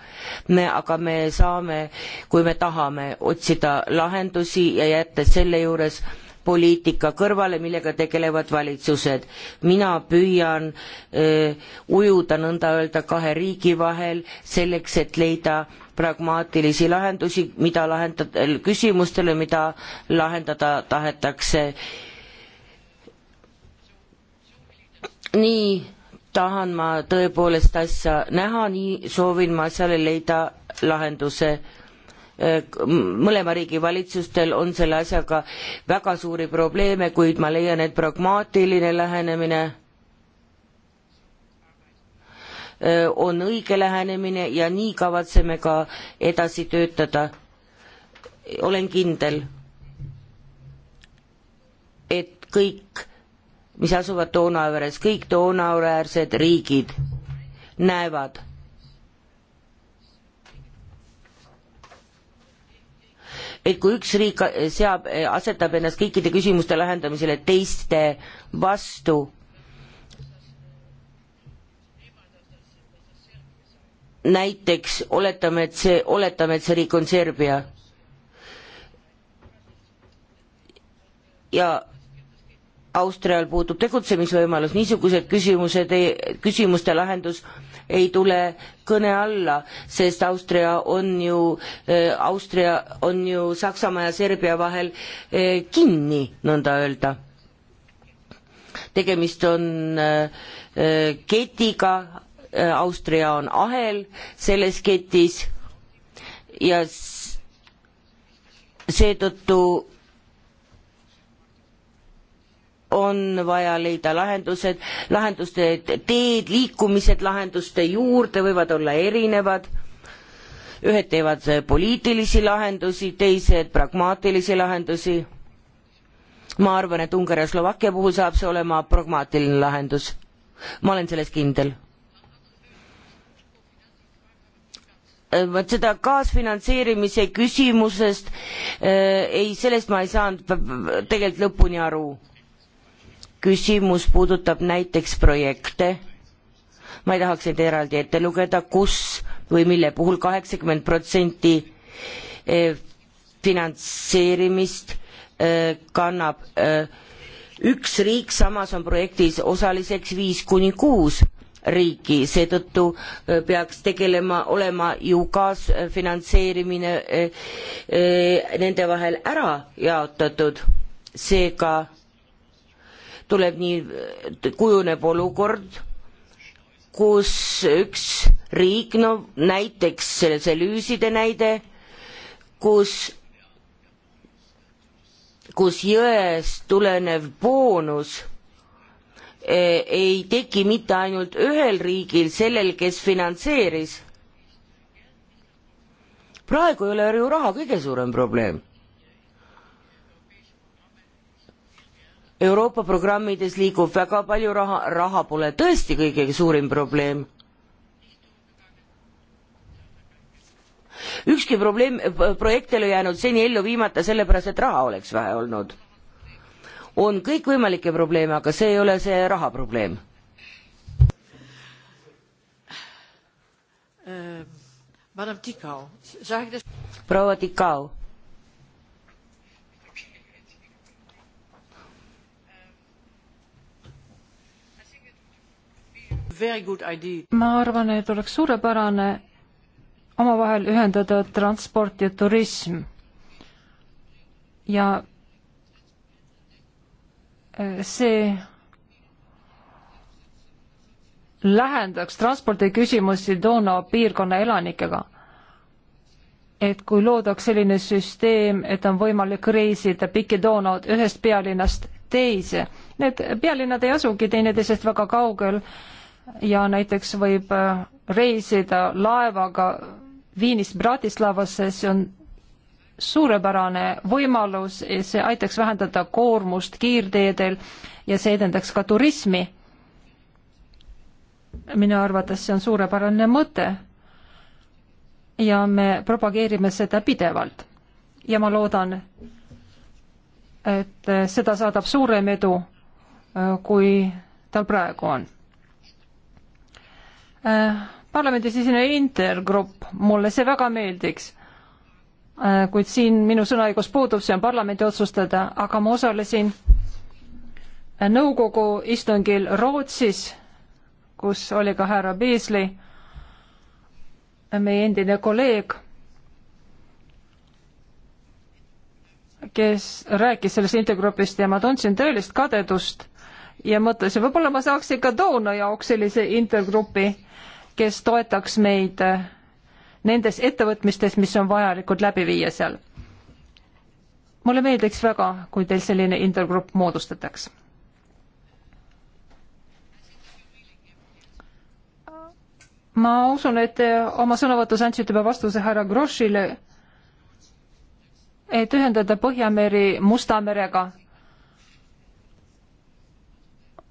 me, aga me saame, kui me tahame, otsida lahendusi ja jättes selle juures poliitika kõrvale, millega tegelevad valitsused. mina püüan öö, ujuda nõnda öelda kahe riigi vahel selleks, et leida pragmaatilisi lahendusi, mida lahendada, küsimustele, mida lahendada tahetakse. nii tahan ma tõepoolest asja näha, nii soovin ma asjale leida lahenduse äh, mõlema riigi valitsustel on selle asjaga väga suuri probleeme, kuid ma leian, et pragmaatiline lähenemine on õige lähenemine ja nii kavatseme ka edasi töötada. olen kindel, et kõik, mis asuvad Donauveres, kõik Donauäärsed riigid näevad et kui üks riik seab, asetab ennast kõikide küsimuste lahendamisele teiste vastu, näiteks oletame, et see, oletame, et see riik on Serbia. ja Austrial puudub tegutsemisvõimalus, niisugused küsimused, küsimuste lahendus ei tule kõne alla, sest Austria on ju, äh, Austria on ju Saksamaa ja Serbia vahel äh, kinni, nõnda öelda. tegemist on äh, ketiga, Äh, Austria on ahel selles ketis ja seetõttu on vaja leida lahendused, lahenduste teed, liikumised lahenduste juurde võivad olla erinevad, ühed teevad poliitilisi lahendusi, teised pragmaatilisi lahendusi. ma arvan, et Ungari ja Slovakkia puhul saab see olema pragmaatiline lahendus. ma olen selles kindel Äh, vot seda kaasfinantseerimise küsimusest äh, ei, sellest ma ei saanud tegelikult lõpuni aru. küsimus puudutab näiteks projekte, ma ei tahaks neid eraldi ette lugeda, kus või mille puhul kaheksakümmend protsenti äh, finantseerimist kannab üks riik, samas on projektis osaliseks viis kuni kuus riiki, seetõttu äh, peaks tegelema, olema ju kaasfinantseerimine äh, äh, nende vahel ära jaotatud, seega tuleb nii, kujuneb olukord, kus üks riik, no näiteks selle Selüüside näide, kus, kus jõest tulenev boonus Eh, ei teki mitte ainult ühel riigil, sellel, kes finantseeris. praegu ei ole ju raha kõige suurem probleem. Euroopa programmides liigub väga palju raha, raha pole tõesti kõige suurim probleem. ükski probleem, projekt ei ole jäänud seni ellu viimata sellepärast, et raha oleks vähe olnud on kõikvõimalikke probleeme, aga see ei ole see raha probleem. Äh, proua Tikau. ma arvan, et oleks suurepärane omavahel ühendada transport ja turism ja see lähendaks transpordiküsimusi Donau piirkonna elanikega. et kui loodaks selline süsteem, et on võimalik reisida pikki Donaud ühest pealinnast teise. Need pealinnad ei asugi teineteisest väga kaugel ja näiteks võib äh, reisida laevaga Viinist Bratislavasse, see on suurepärane võimalus, see aitaks vähendada koormust kiirteedel ja see edendaks ka turismi. minu arvates see on suurepärane mõte. ja me propageerime seda pidevalt ja ma loodan, et seda saadab suurem edu, kui tal praegu on äh,. parlamendisisene intergrupp, mulle see väga meeldiks Äh, kuid siin minu sõnaõigus puudub, see on parlamendi otsustada, aga ma osalesin äh, nõukogu istungil Rootsis, kus oli ka härra Beasley, äh, meie endine kolleeg, kes rääkis sellest intergrupist ja ma tundsin tõelist kadedust ja mõtlesin, võib-olla ma saaks ikka toona jaoks sellise intergrupi, kes toetaks meid äh, nendes ettevõtmistes, mis on vajalikud läbi viia seal. mulle meeldiks väga, kui teil selline intergrupp moodustataks. ma usun, et oma sõnavõtus andsite juba vastuse härra Grossile, et ühendada Põhjameri Musta merega.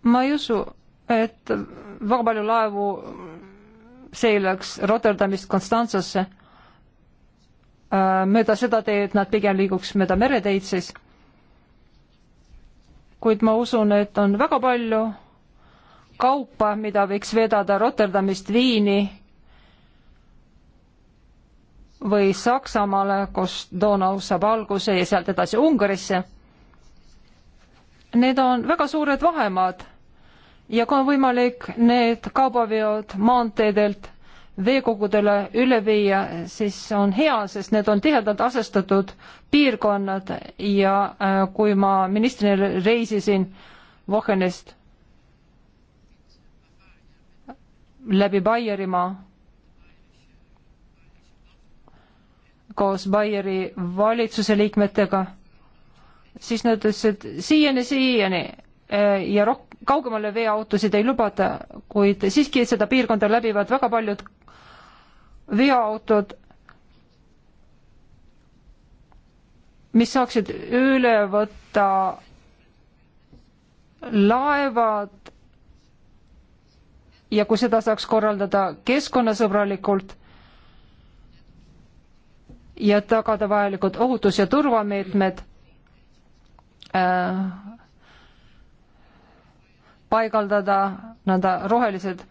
ma ei usu, et väga palju laevu see läks Rotterdamist Konstantsosse äh, mööda seda teed, nad pigem liiguks mööda mereteid siis. kuid ma usun, et on väga palju kaupa, mida võiks vedada Rotterdamist Viini või Saksamaale, kus Donau saab alguse ja sealt edasi Ungarisse. Need on väga suured vahemaad ja kui on võimalik need kaubaveod maanteedelt veekogudele üle viia, siis on hea, sest need on tihedalt asestatud piirkonnad ja äh, kui ma ministrina reisisin Vohenist läbi Baierimaa koos Baieri valitsuse liikmetega, siis nad ütlesid siiani, siiani äh, ja rohkem kaugemale veoautosid ei lubata, kuid siiski seda piirkonda läbivad väga paljud veoautod, mis saaksid üle võtta laevad ja kui seda saaks korraldada keskkonnasõbralikult ja tagada vajalikud ohutus- ja turvameetmed äh,, paigaldada nõnda rohelised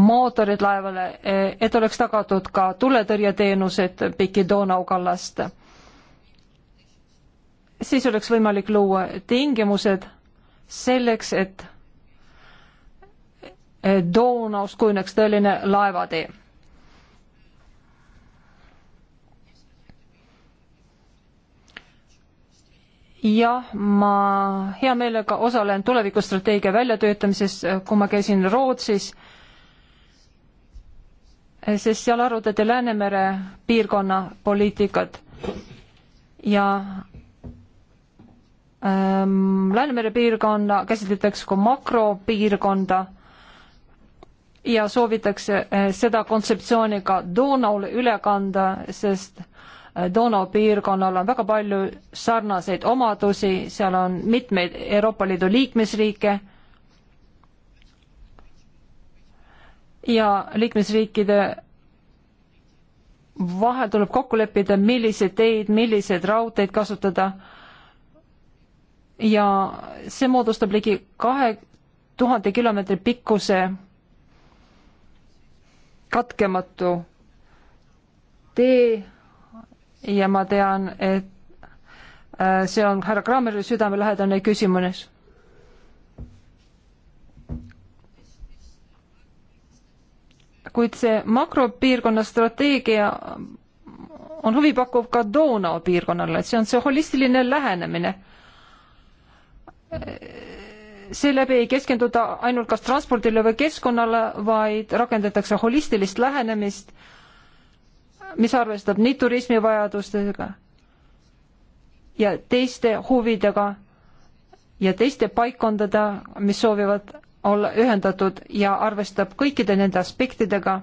mootorid laevale, e, et oleks tagatud ka tuletõrjeteenused Piki-Donau kallast. siis oleks võimalik luua tingimused selleks, et Donaus kujuneks tõeline laevatee jah, ma hea meelega osalen tulevikustrateegia väljatöötamises, kui ma käisin Rootsis, sest seal arutati Läänemere piirkonna poliitikat ja ähm, Läänemere piirkonna käsitletakse kui makropiirkonda ja soovitakse äh, seda kontseptsiooni ka Donaule üle kanda, sest Äh, Donau piirkonnal on väga palju sarnaseid omadusi, seal on mitmeid Euroopa Liidu liikmesriike ja liikmesriikide vahel tuleb kokku leppida, milliseid teid, milliseid raudteid kasutada ja see moodustab ligi kahe tuhande kilomeetri pikkuse katkematu tee ja ma tean, et äh, see on härra Krammerile südamelähedane küsimus. kuid see makropiirkonna strateegia on huvipakkuv ka Donau piirkonnale, et see on see holistiline lähenemine. seeläbi ei keskenduda ainult kas transpordile või keskkonnale, vaid rakendatakse holistilist lähenemist äh, mis arvestab nii turismivajadustega ja teiste huvidega ja teiste paikkondade, mis soovivad olla ühendatud ja arvestab kõikide nende aspektidega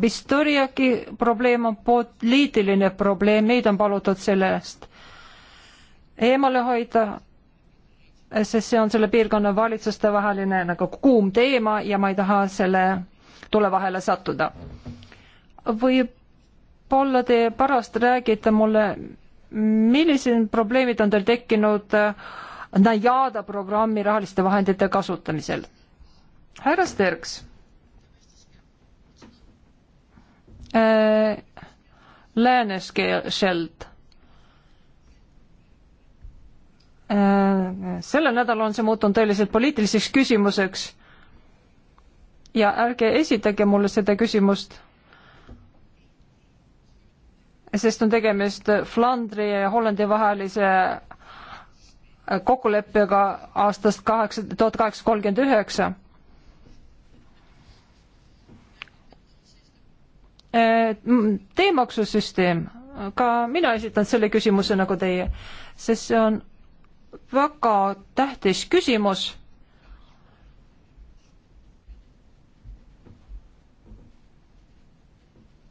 Bistoriaki probleem on poliitiline probleem, meid on palutud selle eest eemale hoida, sest see on selle piirkonna valitsuste vaheline nagu kuum teema ja ma ei taha selle tule vahele sattuda. võib-olla te pärast räägite mulle, millised probleemid on teil tekkinud äh, Najada programmi rahaliste vahendite kasutamisel? härra Sterks Äh, lääneskeelselt. Äh, sellel nädalal on see muutunud tõeliselt poliitiliseks küsimuseks. ja ärge esitage mulle seda küsimust, sest on tegemist Flandri ja Hollandi vahelise kokkuleppega aastast kaheksa, tuhat kaheksasada kolmkümmend üheksa Äh, teemaksusüsteem, ka mina esitan selle küsimuse nagu teie, sest see on väga tähtis küsimus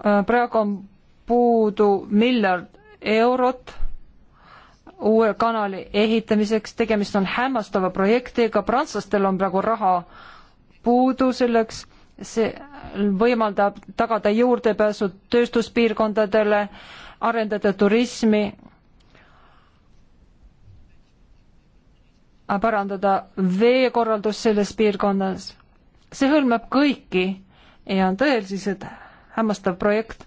äh, praegu on puudu miljard eurot uue kanali ehitamiseks, tegemist on hämmastava projektiga, prantslastel on praegu raha puudu selleks, see võimaldab tagada juurdepääsu tööstuspiirkondadele, arendada turismi, parandada veekorraldust selles piirkonnas. see hõlmab kõiki ja on tõeliselt hämmastav projekt.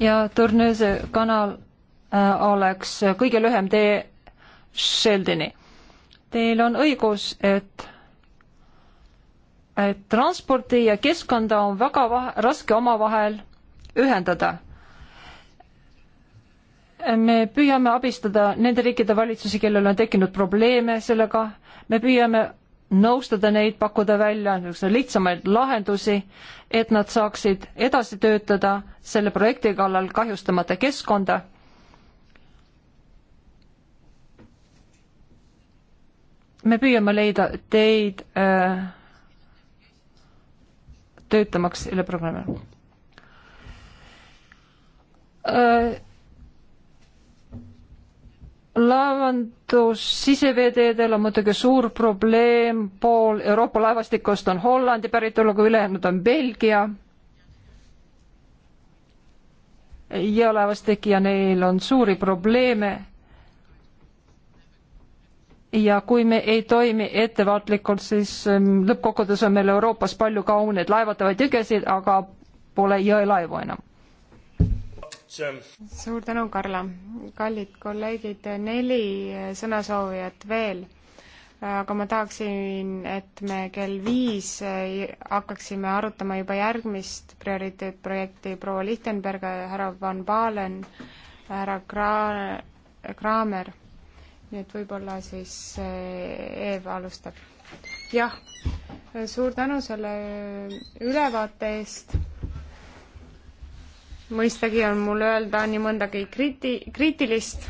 ja Tornööse kanal äh, oleks kõige lühem tee Sheldoni. Teil on õigus, et et transporti ja keskkonda on väga vahe, raske omavahel ühendada. me püüame abistada nende riikide valitsusi, kellel on tekkinud probleeme sellega, me püüame nõustada neid, pakkuda välja niisuguseid lihtsamaid lahendusi, et nad saaksid edasi töötada selle projekti kallal, kahjustamata keskkonda. me püüame leida teid äh, töötamaks üle programmi. Äh, laevandus siseveeteedel on muidugi suur probleem, pool Euroopa laevastikust on Hollandi päritolu, aga ülejäänud on Belgia. ja laevastik ja neil on suuri probleeme ja kui me ei toimi ettevaatlikult, siis ähm, lõppkokkuvõttes on meil Euroopas palju kauneid laevatavaid jõgesid, aga pole jõelaevu enam. suur tänu, Karla. kallid kolleegid, neli sõnasoovijat veel. aga ma tahaksin, et me kell viis äh, hakkaksime arutama juba järgmist prioriteetprojekti proua Lichtenberg, härra Van Balen, härra Kra-, Kraamer nii et võib-olla siis eh, Eve alustab. jah, suur tänu selle ülevaate eest. mõistagi on mul öelda nii mõndagi kriti-, kriitilist.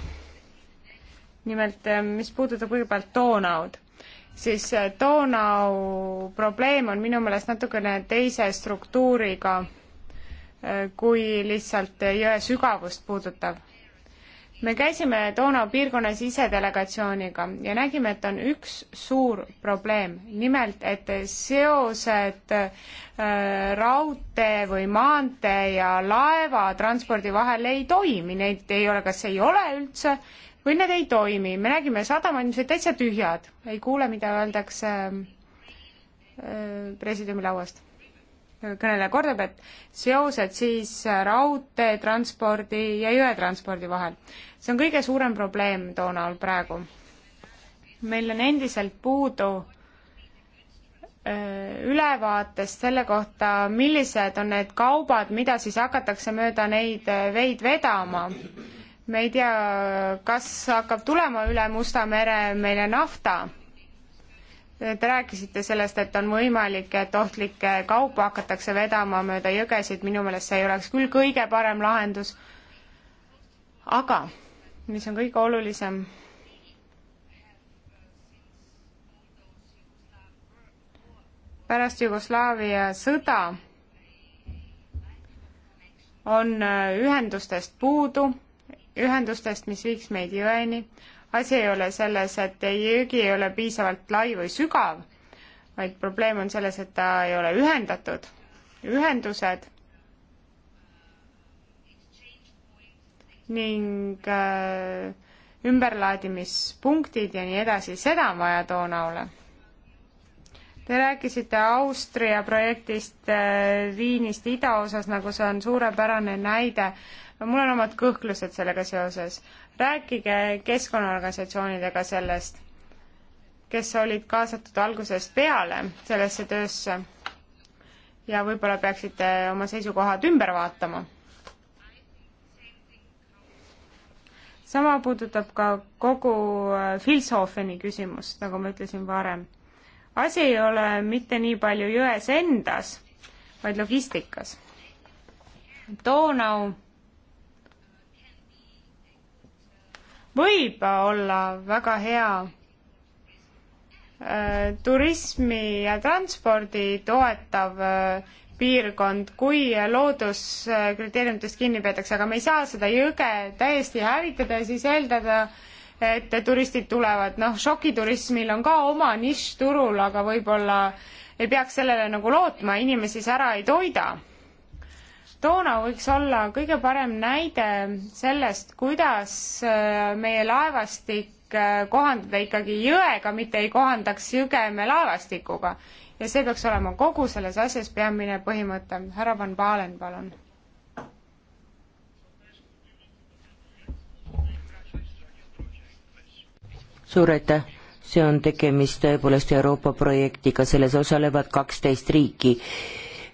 nimelt, eh, mis puudutab kõigepealt Donaud, siis Donau eh, probleem on minu meelest natukene teise struktuuriga kui lihtsalt jõe sügavust puudutav me käisime toona piirkonnas ise delegatsiooniga ja nägime, et on üks suur probleem, nimelt et seosed äh, raudtee või maantee ja laevatranspordi vahel ei toimi, neid ei ole, kas ei ole üldse või need ei toimi. me nägime sadamaid, mis olid täitsa tühjad, ei kuule, mida öeldakse äh, presidendi lauast kõneleja kordab, et seosed siis raudteetranspordi ja jõetranspordi vahel. see on kõige suurem probleem Doonal praegu. meil on endiselt puudu ülevaatest selle kohta, millised on need kaubad, mida siis hakatakse mööda neid veid vedama. me ei tea, kas hakkab tulema üle Musta mere meile nafta Te rääkisite sellest, et on võimalik, et ohtlikke kaupu hakatakse vedama mööda jõgesid, minu meelest see ei oleks küll kõige parem lahendus. aga mis on kõige olulisem, pärast Jugoslaavia sõda on ühendustest puudu, ühendustest, mis viiks meid jõeni, asi ei ole selles, et jõgi ei ole piisavalt lai või sügav, vaid probleem on selles, et ta ei ole ühendatud. ühendused ning äh, ümberlaadimispunktid ja nii edasi, seda on vaja Donaule. Te rääkisite Austria projektist äh, Viinist idaosas, nagu see on suurepärane näide. mul on omad kõhklused sellega seoses rääkige keskkonnaorganisatsioonidega sellest, kes olid kaasatud algusest peale sellesse töösse ja võib-olla peaksite oma seisukohad ümber vaatama. sama puudutab ka kogu Filsofeni äh, küsimust, nagu ma ütlesin varem. asi ei ole mitte nii palju jões endas, vaid logistikas. Donau võib olla väga hea äh, turismi ja transpordi toetav äh, piirkond, kui looduskriteeriumitest kinni peetakse, aga me ei saa seda jõge täiesti hävitada ja siis eeldada, et turistid tulevad, noh, šokiturismil on ka oma nišš turul, aga võib-olla ei peaks sellele nagu lootma, inimesi see ära ei toida toona võiks olla kõige parem näide sellest, kuidas äh, meie laevastik äh, kohandada ikkagi jõega, mitte ei kohandaks jõgeme laevastikuga. ja see peaks olema kogu selles asjas peamine põhimõte. härra Van Balen, palun. suur aitäh, see on tegemist tõepoolest Euroopa projektiga, selles osalevad kaksteist riiki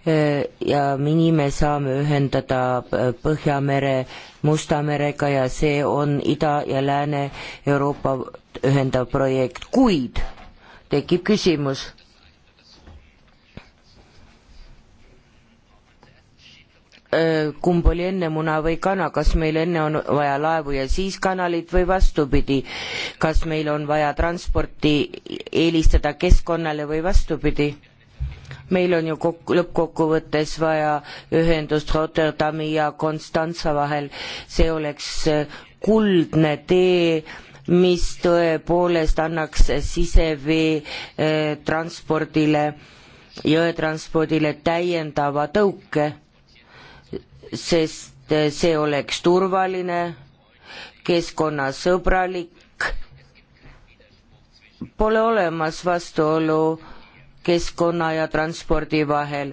Äh, ja nii me saame ühendada äh, Põhjamere Musta merega ja see on Ida- ja Lääne-Euroopa ühendav projekt, kuid tekib küsimus, äh, kumb oli enne muna või kana, kas meil enne on vaja laevu ja siis kanalit või vastupidi, kas meil on vaja transporti eelistada keskkonnale või vastupidi meil on ju kokku, lõppkokkuvõttes vaja ühendust Rotterdami ja Konstantsa vahel, see oleks äh, kuldne tee, mis tõepoolest annaks sisevee eh, transpordile, jõetranspordile täiendava tõuke, sest äh, see oleks turvaline, keskkonnasõbralik, pole olemas vastuolu keskkonna ja transpordi vahel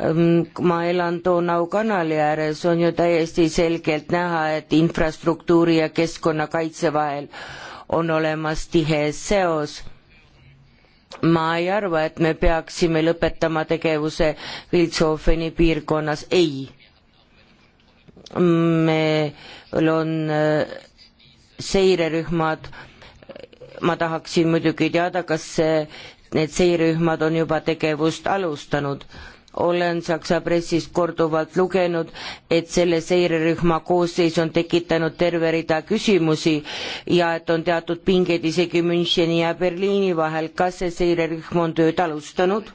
ehm, ma elan Donau kanali ääres, on ju täiesti selgelt näha, et infrastruktuuri ja keskkonnakaitse vahel on olemas tihe seos. ma ei arva, et me peaksime lõpetama tegevuse Viltsofeni piirkonnas, ei. meil on äh, seirerühmad, ma tahaksin muidugi teada, kas see need seirühmad on juba tegevust alustanud. olen Saksa pressist korduvalt lugenud, et selle seirerühma koosseis on tekitanud terve rida küsimusi ja et on teatud pinged isegi Müncheni ja Berliini vahel, kas see seirerühm on tööd alustanud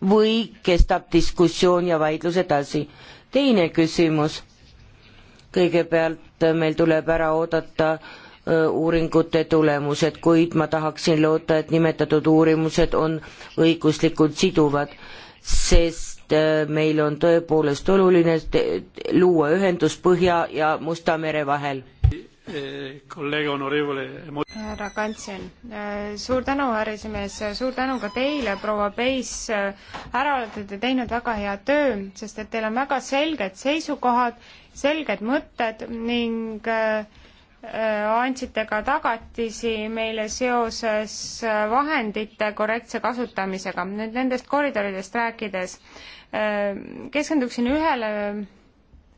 või kestab diskussioon ja vaidlus edasi. teine küsimus, kõigepealt meil tuleb ära oodata Äh, uuringute tulemused, kuid ma tahaksin loota, et nimetatud uurimused on õiguslikult siduvad, sest äh, meil on tõepoolest oluline luua ühendus Põhja ja Musta mere vahel. härra Kantsin, äh, suur tänu, härra esimees, suur tänu ka teile, proua Peis, ära olete te teinud väga hea töö, sest et teil on väga selged seisukohad, selged mõtted ning äh, Äh, andsite ka tagatisi meile seoses äh, vahendite korrektse kasutamisega. nüüd nendest koridoridest rääkides äh, keskenduksin ühele,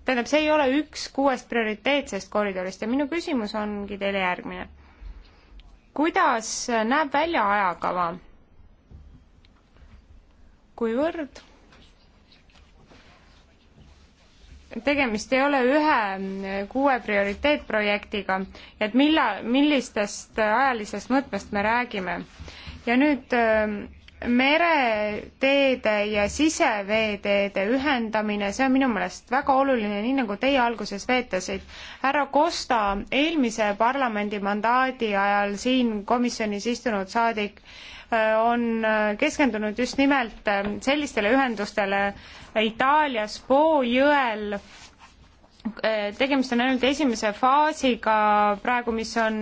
tähendab, see ei ole üks kuuest prioriteetsest koridorist ja minu küsimus ongi teile järgmine. kuidas näeb välja ajakava? kuivõrd tegemist ei ole ühe kuue prioriteetprojektiga, et millal, millistest ajalisest mõõtmest me räägime. ja nüüd äh, mereteede ja siseveeteede ühendamine, see on minu meelest väga oluline, nii nagu teie alguses veetasid. härra Costa, eelmise parlamendi mandaadi ajal siin komisjonis istunud saadik, Äh, on äh, keskendunud just nimelt äh, sellistele ühendustele Itaalias Po jõel. tegemist on ainult esimese faasiga praegu, mis on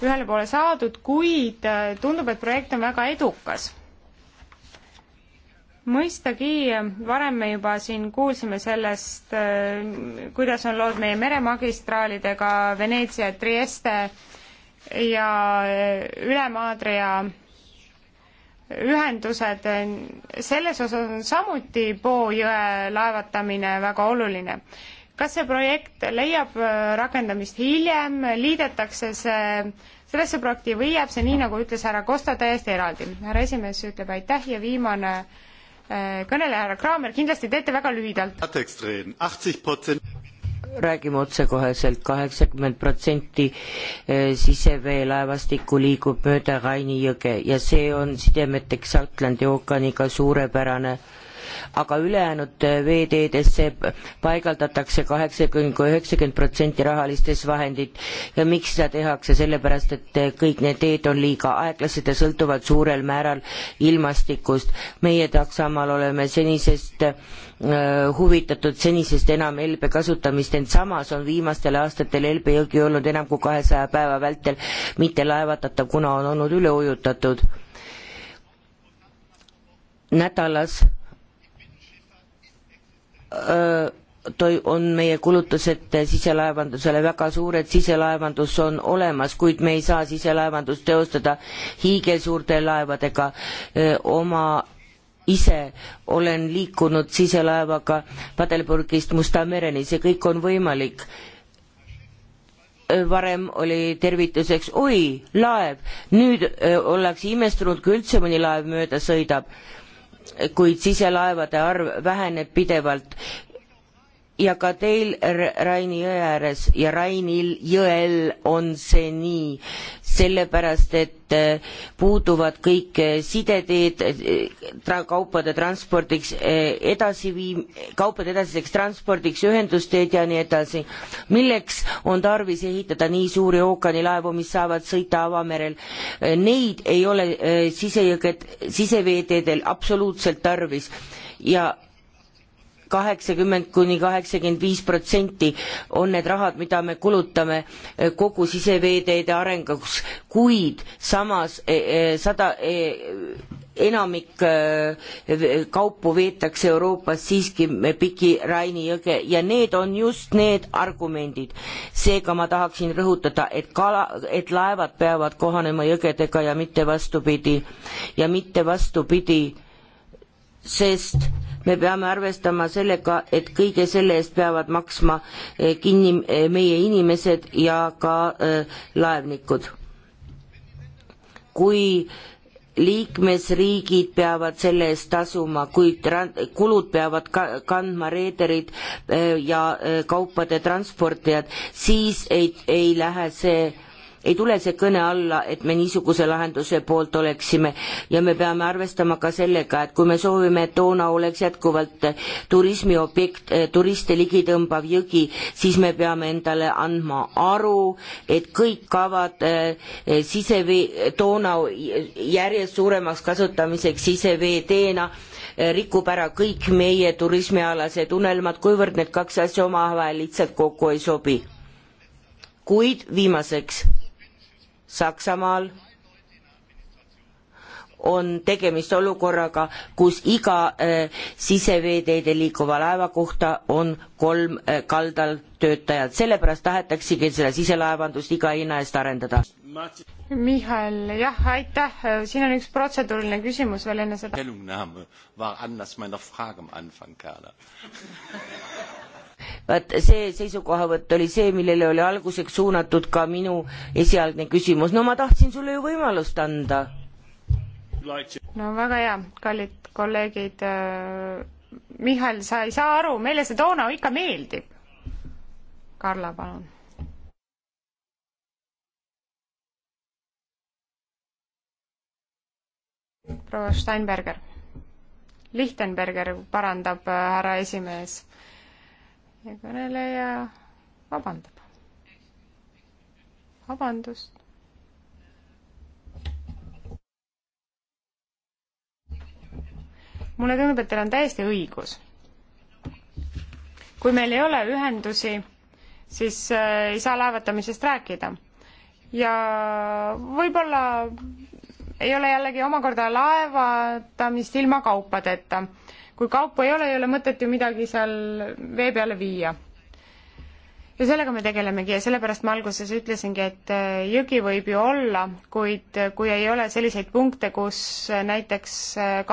ühele poole saadud, kuid tundub, et projekt on väga edukas. mõistagi, varem me juba siin kuulsime sellest, kuidas on lood meie meremagistraalidega Veneetsia, Trieste ja üle Maadria ühendused, selles osas on samuti Poo jõe laevatamine väga oluline. kas see projekt leiab äh, rakendamist hiljem, liidetakse see sellesse projekti või jääb see nii, nagu ütles härra Kosta, täiesti eraldi? härra esimees ütleb aitäh ja viimane äh, kõneleja, härra Kraamer, kindlasti teete väga lühidalt räägime otsekoheselt, kaheksakümmend protsenti eh, siseveelaevastikku liigub mööda Raini jõge ja see on sidemeteks Atlandi ookeaniga suurepärane äh, aga ülejäänud äh, veeteedesse paigaldatakse kaheksakümmend kuni üheksakümmend protsenti rahalistest vahendit ja miks seda tehakse, sellepärast et äh, kõik need teed on liiga aeglased ja sõltuvad suurel määral ilmastikust. meie Saksamaal oleme senisest äh, huvitatud senisest enam elbe kasutamist, ent samas on viimastel aastatel Elbe jõgi olnud enam kui kahesaja päeva vältel mitte laevatatav, kuna on olnud üle ujutatud. nädalas Äh, toi-, on meie kulutused siselaevandusele väga suured, siselaevandus on olemas, kuid me ei saa siselaevandust teostada hiigelsuurte laevadega äh, oma ise olen liikunud siselaevaga Padelburgist Musta mereni, see kõik on võimalik. Äh, varem oli tervituseks oi, laev, nüüd öö, ollakse imestunud, kui üldse mõni laev mööda sõidab kuid siselaevade arv väheneb pidevalt ja ka teil Raini jõe ääres ja Rainil jõel on see nii, sellepärast et eh, puuduvad kõik eh, sideteed eh, tra kaupade transpordiks edasiviim-, kaupade edasiseks transpordiks, ühendusteed ja nii edasi. milleks on tarvis ehitada nii suuri ookeanilaevu, mis saavad sõita avamerel? Neid ei ole sisejõged, siseveeteedel absoluutselt tarvis ja kaheksakümmend kuni kaheksakümmend viis protsenti on need rahad, mida me kulutame eh, kogu siseveeteede arenguks, kuid samas eh, eh, sada enamik kaupu veetakse Euroopas siiski piki Raini jõge ja need on just need argumendid. seega ma tahaksin rõhutada, et kala, et laevad peavad kohanema jõgedega ja mitte vastupidi ja mitte vastupidi sest me peame arvestama sellega, et kõige selle eest peavad maksma eh, kinni eh, meie inimesed ja ka eh, laevnikud. kui liikmesriigid peavad selle eest tasuma, kuid kulud peavad ka kandma reederid ja kaupade transportijad, siis ei, ei lähe see ei tule see kõne alla, et me niisuguse lahenduse poolt oleksime ja me peame arvestama ka sellega, et kui me soovime, et Doona oleks jätkuvalt turismiobjekt, turiste ligi tõmbav jõgi, siis me peame endale andma aru, et kõik kavad eh, sisevee, Doona järjest suuremaks kasutamiseks siseveeteena eh, rikub ära kõik meie turismialased unelmad, kuivõrd need kaks asja omavahel lihtsalt kokku ei sobi. kuid viimaseks Saksamaal on tegemist olukorraga, kus iga äh, siseveeteede liikuva laeva kohta on kolm äh, kaldal töötajat, sellepärast tahetaksegi seda siselaevandust iga hinna eest arendada. Mihhail, jah, aitäh, siin on üks protseduuriline küsimus veel enne seda vaat see seisukohavõtt oli see, millele oli alguseks suunatud ka minu esialgne küsimus. no ma tahtsin sulle ju võimalust anda. no väga hea, kallid kolleegid. Mihhail, sa ei saa aru, meile see toona ikka meeldib. Karla, palun proua Steinberger. Lichtenberger parandab äh, härra esimees ja kõneleja vabandab. vabandust. mulle tundub, et teil on täiesti õigus. kui meil ei ole ühendusi, siis äh, ei saa laevatamisest rääkida. ja võib-olla ei ole jällegi omakorda laevatamist ilma kaupadeta kui kaupu ei ole, ei ole mõtet ju midagi seal vee peale viia. ja sellega me tegelemegi ja sellepärast ma alguses ütlesingi, et äh, jõgi võib ju olla, kuid äh, kui ei ole selliseid punkte, kus äh, näiteks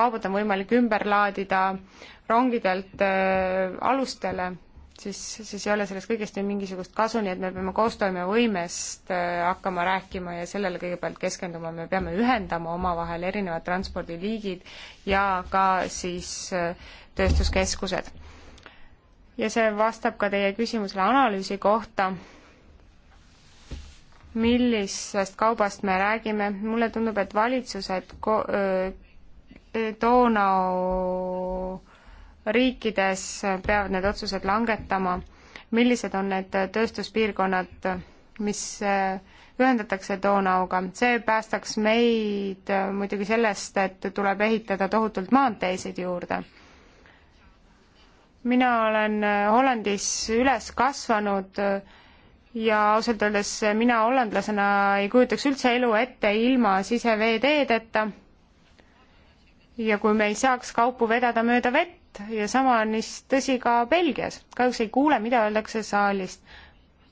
kaubad on võimalik ümber laadida rongidelt alustele, siis, siis ei ole sellest kõigest ju mingisugust kasu, nii et me peame koostoimevõimest äh, hakkama rääkima ja sellele kõigepealt keskenduma, me peame ühendama omavahel erinevad transpordiliigid ja ka siis äh, tööstuskeskused. ja see vastab ka teie küsimusele analüüsi kohta, millisest kaubast me räägime, mulle tundub, et valitsused ko-, Donau riikides peavad need otsused langetama, millised on need tööstuspiirkonnad, mis eh, ühendatakse Donauga, see päästaks meid eh, muidugi sellest, et tuleb ehitada tohutult maanteesid juurde. mina olen eh, Hollandis üles kasvanud ja ausalt öeldes mina hollandlasena ei kujutaks üldse elu ette ilma siseveeteedeta ja kui me ei saaks kaupu vedada mööda vett, Saksamaalt ja sama on vist tõsi ka Belgias. kahjuks ei kuule, mida öeldakse saalist.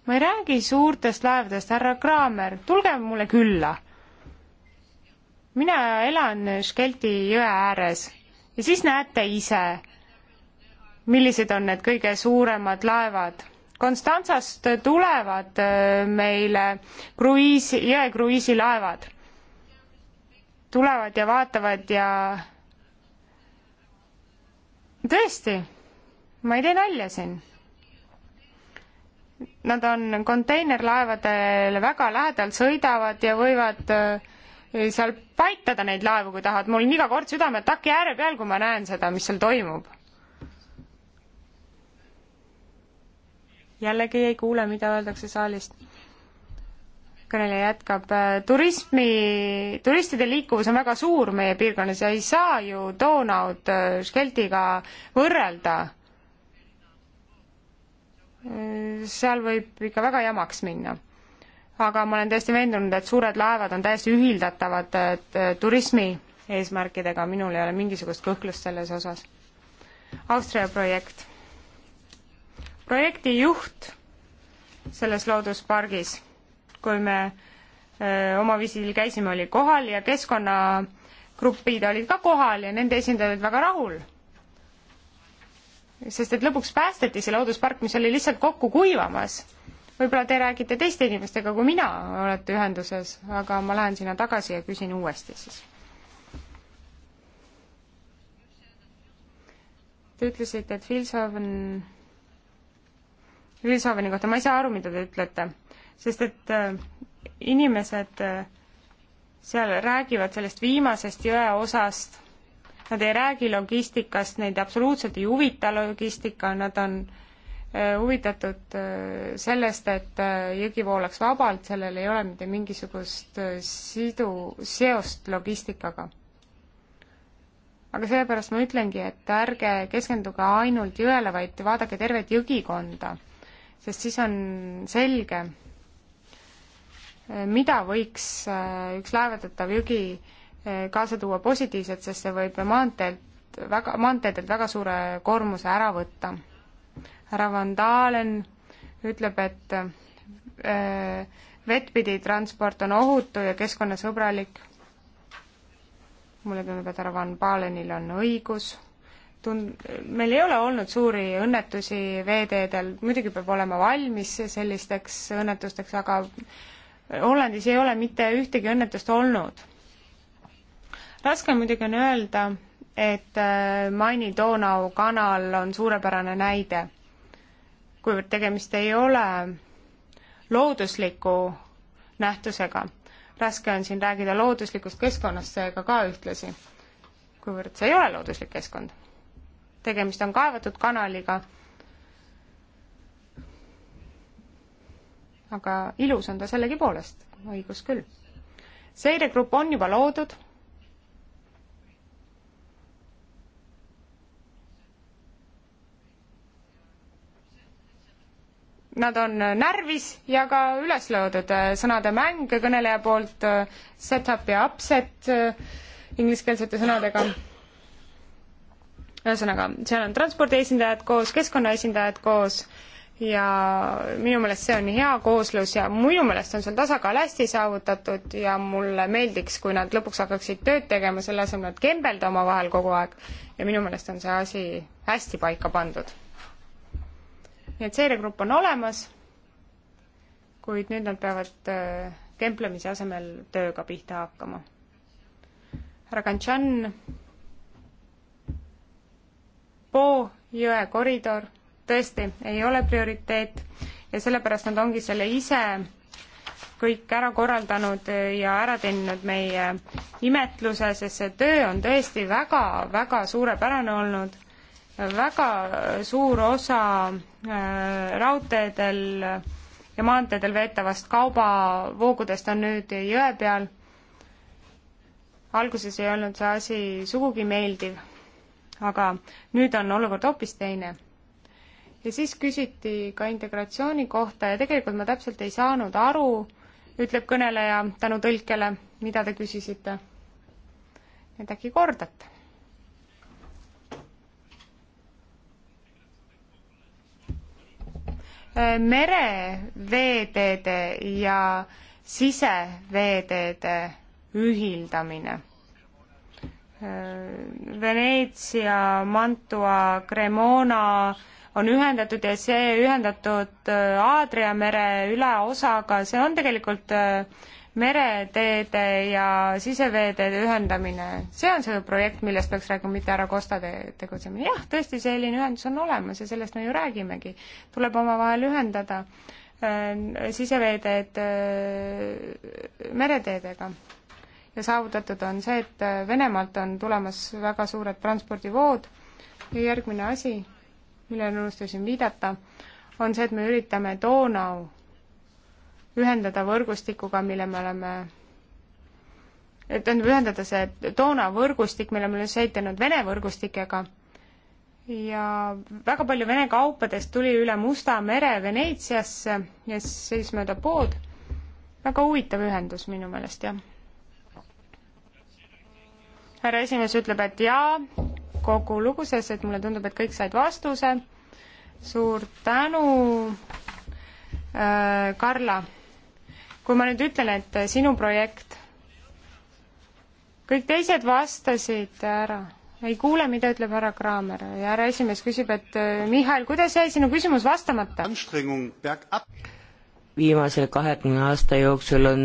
ma ei räägi suurtest laevadest, härra Kraamer, tulge mulle külla. mina elan Škelti jõe ääres ja siis näete ise, millised on need kõige suuremad laevad Konstantsast tulevad äh, meile kruiis, jõekruiisilaevad. tulevad ja vaatavad ja tõesti, ma ei tee nalja siin. Nad on konteinerlaevadele väga lähedal, sõidavad ja võivad äh, seal paitada neid laevu, kui tahavad. mul on iga kord südameataki ääre peal, kui ma näen seda, mis seal toimub. jällegi ei kuule, mida öeldakse saalist kõneleja jätkab, äh, turismi, turistide liikuvus on väga suur meie piirkonnas ja ei saa ju Donaud Škeltiga äh, võrrelda. Äh, seal võib ikka väga jamaks minna. aga ma olen täiesti veendunud, et suured laevad on täiesti ühildatavad turismi eesmärkidega, minul ei ole mingisugust kõhklust selles osas. Austria projekt. projekti juht selles looduspargis kui me oma visiidil käisime, oli kohal ja keskkonnagrupid olid ka kohal ja nende esindajad olid väga rahul. sest et lõpuks päästeti see looduspark, mis oli lihtsalt kokku kuivamas. võib-olla te räägite teiste inimestega kui mina, olete ühenduses, aga ma lähen sinna tagasi ja küsin uuesti siis. Te ütlesite, et Filsov on Vilsoveni kohta, ma ei saa aru, mida te ütlete sest et äh, inimesed äh, seal räägivad sellest viimasest jõe osast, nad ei räägi logistikast, neid absoluutselt ei huvita logistika, nad on äh, huvitatud sellest, et jõgi voolaks vabalt, sellel ei ole mitte mingisugust sidu, seost logistikaga. aga sellepärast ma ütlengi, et ärge keskenduge ainult jõele, vaid vaadake tervet jõgikonda, sest siis on selge, mida võiks äh, üks laevatatav jõgi äh, kaasa tuua positiivset, sest see võib maanteelt väga, maanteedelt väga suure koormuse ära võtta. härra Van Dalen ütleb, et äh, vettpidi transport on ohutu ja keskkonnasõbralik. mulle tundub, et härra Van Balenil on õigus tund-, meil ei ole olnud suuri õnnetusi veeteedel, muidugi peab olema valmis sellisteks õnnetusteks, aga Hollandis ei ole mitte ühtegi õnnetust olnud. raske muidugi on öelda, et äh, Maini-Donau kanal on suurepärane näide, kuivõrd tegemist ei ole loodusliku nähtusega. raske on siin rääkida looduslikust keskkonnast seega ka ühtlasi, kuivõrd see ei ole looduslik keskkond. tegemist on kaevatud kanaliga aga ilus on ta sellegipoolest, õigus küll. seiregrupp on juba loodud. Nad on närvis ja ka üles löödud äh, sõnade mäng kõneleja poolt äh, set up ja upset äh, ingliskeelsete sõnadega ühesõnaga, seal on transpordi esindajad koos, keskkonna esindajad koos ja minu meelest see on hea kooslus ja minu meelest on seal tasakaal hästi saavutatud ja mulle meeldiks, kui nad lõpuks hakkaksid tööd tegema, selle asemel, et kembelda omavahel kogu aeg. ja minu meelest on see asi hästi paika pandud. nii et seeregrupp on olemas, kuid nüüd nad peavad äh, kemplemise asemel tööga pihta hakkama. härra Kantšan, Poo jõe koridor tõesti ei ole prioriteet ja sellepärast nad ongi selle ise kõik ära korraldanud ja ära teeninud meie imetluse, sest see töö on tõesti väga-väga suurepärane olnud. väga suur osa äh, raudteedel ja maanteedel veetavast kaubavoogudest on nüüd jõe peal. alguses ei olnud see asi sugugi meeldiv, aga nüüd on olukord hoopis teine ja siis küsiti ka integratsiooni kohta ja tegelikult ma täpselt ei saanud aru, ütleb kõneleja tänu tõlkele, mida te küsisite. et äkki kordate? Äh, mereveeteede ja siseveeteede ühildamine äh, Veneetsia, Mantua, Cremona, on ühendatud ja see ühendatud äh, Aadria mere üleosaga, see on tegelikult äh, mereteede ja siseveeteede ühendamine, see on see projekt, millest peaks rääkima, mitte härra Kosta te-, tegutsemine. jah, tõesti, selline ühendus on olemas ja sellest me ju räägimegi. tuleb omavahel ühendada äh, siseveeteed mereteedega. ja saavutatud on see, et Venemaalt on tulemas väga suured transpordivood ja järgmine asi, millele unustasin viidata, on see, et me üritame Donau ühendada võrgustikuga, mille me oleme tähendab, ühendada see Doona võrgustik, mille me oleme üles ehitanud Vene võrgustikega ja väga palju Vene kaupadest tuli üle Musta mere Veneetsiasse ja siis mööda pood. väga huvitav ühendus minu meelest, jah. härra esimees ütleb, et jaa, kogu lugu, sest et mulle tundub, et kõik said vastuse. suur tänu äh,, Karla. kui ma nüüd ütlen, et sinu projekt, kõik teised vastasid ära ei kuule, mida ütleb härra Kraamer ja härra esimees küsib, et äh, Mihhail, kuidas jäi sinu küsimus vastamata? viimase kahekümne aasta jooksul on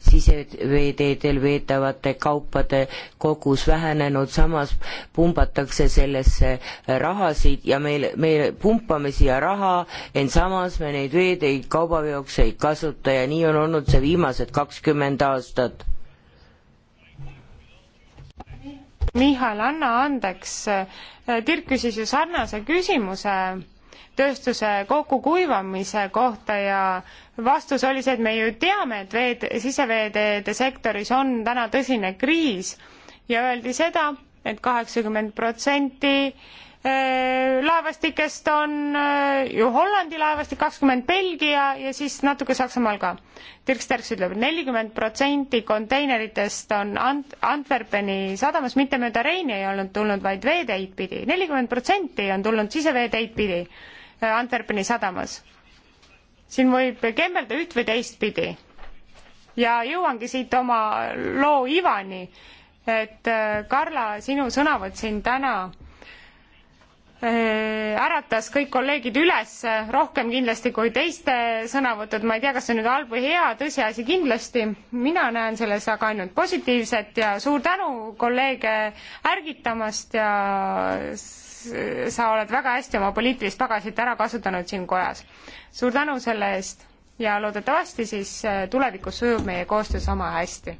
siseveeteedel veetavate kaupade kogus vähenenud, samas pumbatakse sellesse rahasid ja meil, me pumpame siia raha, ent samas me neid veeteid kaubaveoks ei kasuta ja nii on olnud see viimased kakskümmend aastat. Mihhail, anna andeks, äh, Dirk küsis ju sarnase küsimuse tööstuse kokkukuivamise kohta ja vastus oli see, et me ju teame, et veed, siseveeteede sektoris on täna tõsine kriis ja öeldi seda et, et kaheksakümmend protsenti Äh, laevastikest on äh, ju Hollandi laevastik, kakskümmend Belgia ja siis natuke Saksamaal ka. Dirk Sterks ütleb et, et nelikümmend protsenti konteineritest on Ant-, Antwerpeni sadamas, mitte mööda Reini ei olnud tulnud, vaid veeteid pidi. nelikümmend protsenti on tulnud siseveeteid pidi äh, Antwerpeni sadamas. siin võib kembelda üht või teistpidi. ja jõuangi siit oma loo ivani, et Karla, sinu sõnavõtt siin täna Äh, äratas kõik kolleegid üles rohkem kindlasti kui teiste sõnavõtud, ma ei tea, kas see on nüüd halb või hea, tõsiasi kindlasti, mina näen selles aga ainult positiivset ja suur tänu kolleege ärgitamast ja sa oled väga hästi oma poliitilist pagasit ära kasutanud siin kojas. suur tänu selle eest ja loodetavasti siis tulevikus sujub meie koostöö sama hästi.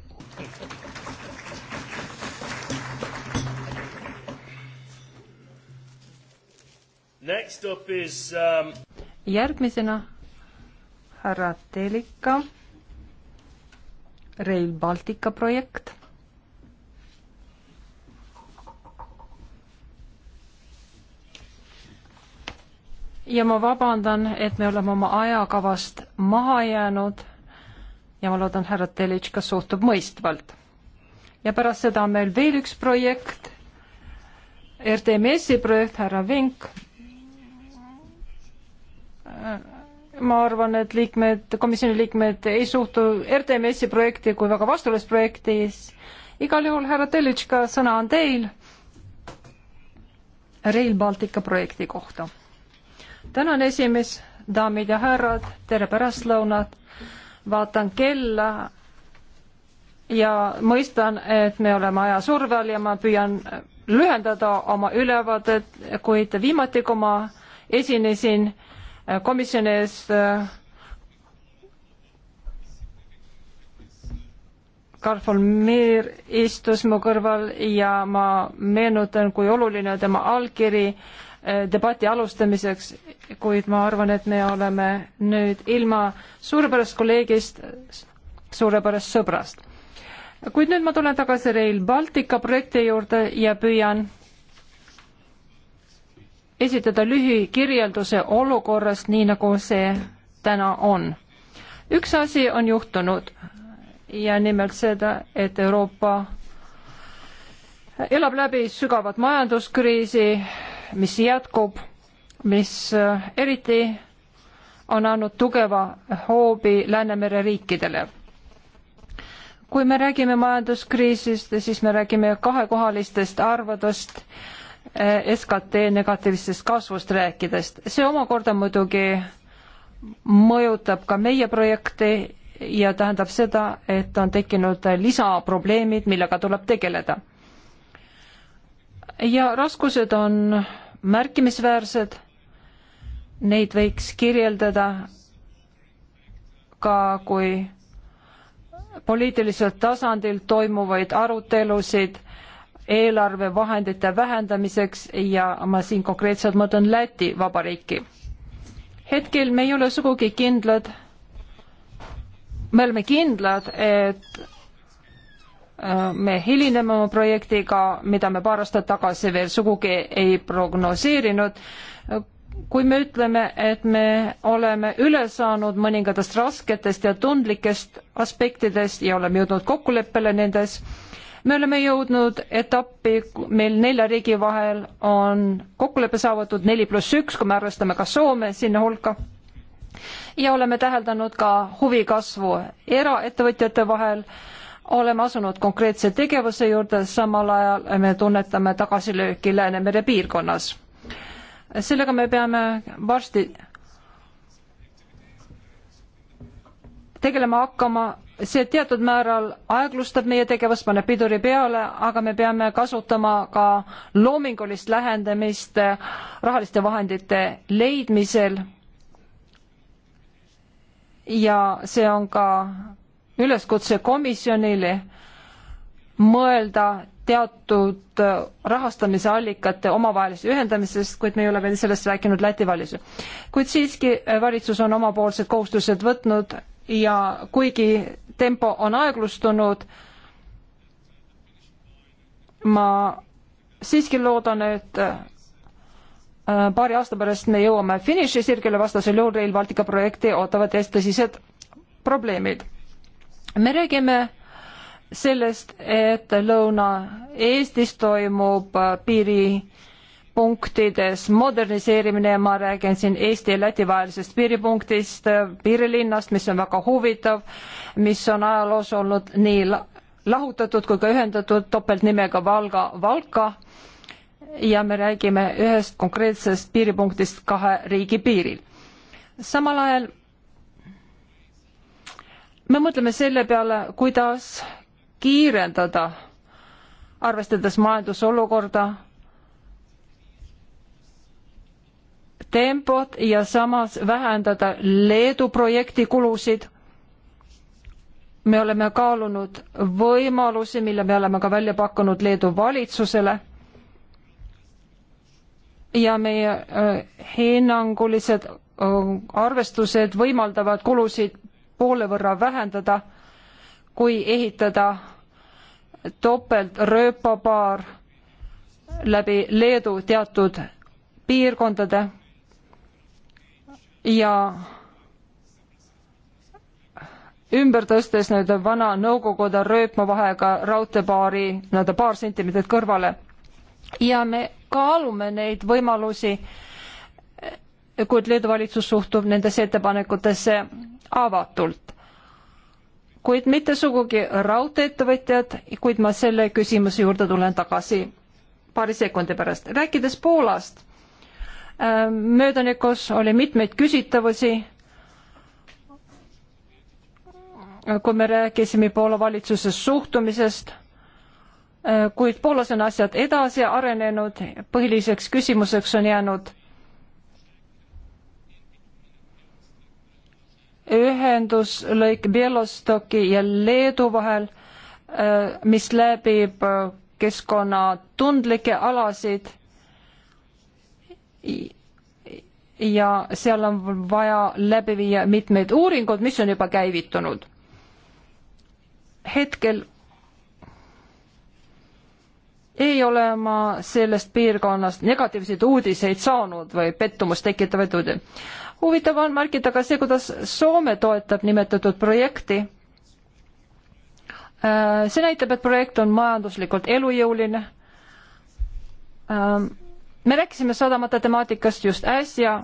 Next up is um... järgmisena härra Telika, Rail Baltica projekt. ja ma vabandan, et me oleme oma ajakavast maha jäänud ja ma loodan, härra Telitška suhtub mõistvalt. ja pärast seda on meil veel üks projekt, RTMS-i projekt, härra Vink ma arvan, et liikmed, komisjoni liikmed ei suhtu RTMS-i projekti kui väga vastuolus projektis. igal juhul, härra Telitška, sõna on teil Rail Baltica projekti kohta. tänan, esimees, daamid ja härrad, tere pärastlõunat. vaatan kella ja mõistan, et me oleme ajasurve all ja ma püüan lühendada oma ülevaadet, kuid viimati, kui ma esinesin komisjoni ees äh, Karl von Meer istus mu kõrval ja ma meenutan, kui oluline tema allkiri äh, debati alustamiseks, kuid ma arvan, et me oleme nüüd ilma suurepärast kolleegist suurepärast sõbrast. kuid nüüd ma tulen tagasi Rail Baltica projekti juurde ja püüan esitada lühikirjelduse olukorrast, nii nagu see täna on. üks asi on juhtunud ja nimelt seda, et Euroopa elab läbi sügavat majanduskriisi, mis jätkub, mis äh, eriti on andnud tugeva hoobi Läänemere riikidele. kui me räägime majanduskriisist, siis me räägime kahekohalistest arvudest äh, SKT negatiivsest kasvust rääkidest. see omakorda muidugi mõjutab ka meie projekti ja tähendab seda, et on tekkinud lisaprobleemid, millega tuleb tegeleda. ja raskused on märkimisväärsed, neid võiks kirjeldada ka kui poliitiliselt tasandilt toimuvaid arutelusid eelarvevahendite vähendamiseks ja ma siin konkreetselt mõtlen Läti Vabariiki. hetkel me ei ole sugugi kindlad, me oleme kindlad, et äh, me hilineme oma projektiga, mida me paar aastat tagasi veel sugugi ei prognoseerinud. kui me ütleme, et me oleme üle saanud mõningatest rasketest ja tundlikest aspektidest ja oleme jõudnud kokkuleppele nendes, me oleme jõudnud etappi, meil nelja riigi vahel on kokkulepe saavutatud neli pluss üks, kui me arvestame ka Soome sinna hulka. ja oleme täheldanud ka huvi kasvu eraettevõtjate vahel, oleme asunud konkreetse tegevuse juurde, samal ajal me tunnetame tagasilööki Läänemere piirkonnas. sellega me peame varsti tegelema hakkama see teatud määral aeglustab meie tegevust, paneb piduri peale, aga me peame kasutama ka loomingulist lähendamist rahaliste vahendite leidmisel. ja see on ka üleskutse komisjonile mõelda teatud rahastamise allikate omavahelist ühendamisest, kuid me ei ole veel sellest rääkinud Läti valitsus. kuid siiski valitsus on omapoolsed kohustused võtnud ja kuigi tempo on aeglustunud. ma siiski loodan, et äh, paari aasta pärast me jõuame finišisirgele, vastasel juhul Rail Baltica projekti ootavad ees tõsised probleemid. me räägime sellest, et Lõuna-Eestis toimub äh, piiripunktides moderniseerimine, ma räägin siin Eesti ja Läti vahelisest piiripunktist, äh, piirilinnast, mis on väga huvitav mis on ajaloos olnud nii lahutatud kui ka ühendatud topeltnimega Valga Valka ja me räägime ühest konkreetsest piiripunktist kahe riigi piiril. samal ajal me mõtleme selle peale, kuidas kiirendada, arvestades majandusolukorda, tempot ja samas vähendada Leedu projekti kulusid me oleme kaalunud võimalusi, mille me oleme ka välja pakkunud Leedu valitsusele. ja meie äh, hinnangulised äh, arvestused võimaldavad kulusid poole võrra vähendada, kui ehitada topeltrööpapaar läbi Leedu teatud piirkondade ja ümber tõstes nüüd vana Nõukogude rööpmavahega raudteepaari nii-öelda paar sentimeetrit kõrvale. ja me kaalume neid võimalusi, kuid Leedu valitsus suhtub nendesse ettepanekutesse avatult. kuid mitte sugugi raudtee-ettevõtjad, kuid ma selle küsimuse juurde tulen tagasi paari sekundi pärast. rääkides Poolast, äh, möödanikus oli mitmeid küsitavusi kui me rääkisime Poola valitsuse suhtumisest, eh, kuid Poolas on asjad edasi arenenud, põhiliseks küsimuseks on jäänud ühenduslõik Bielostoki ja Leedu vahel, eh, mis läbib eh, keskkonnatundlikke alasid ja seal on vaja läbi viia mitmeid uuringuid, mis on juba käivitunud hetkel ei ole ma sellest piirkonnast negatiivseid uudiseid saanud või pettumust tekitavaid uudiseid. huvitav on märkida ka see, kuidas Soome toetab nimetatud projekti. Äh, see näitab, et projekt on majanduslikult elujõuline. Äh, me rääkisime sadamate temaatikast just äsja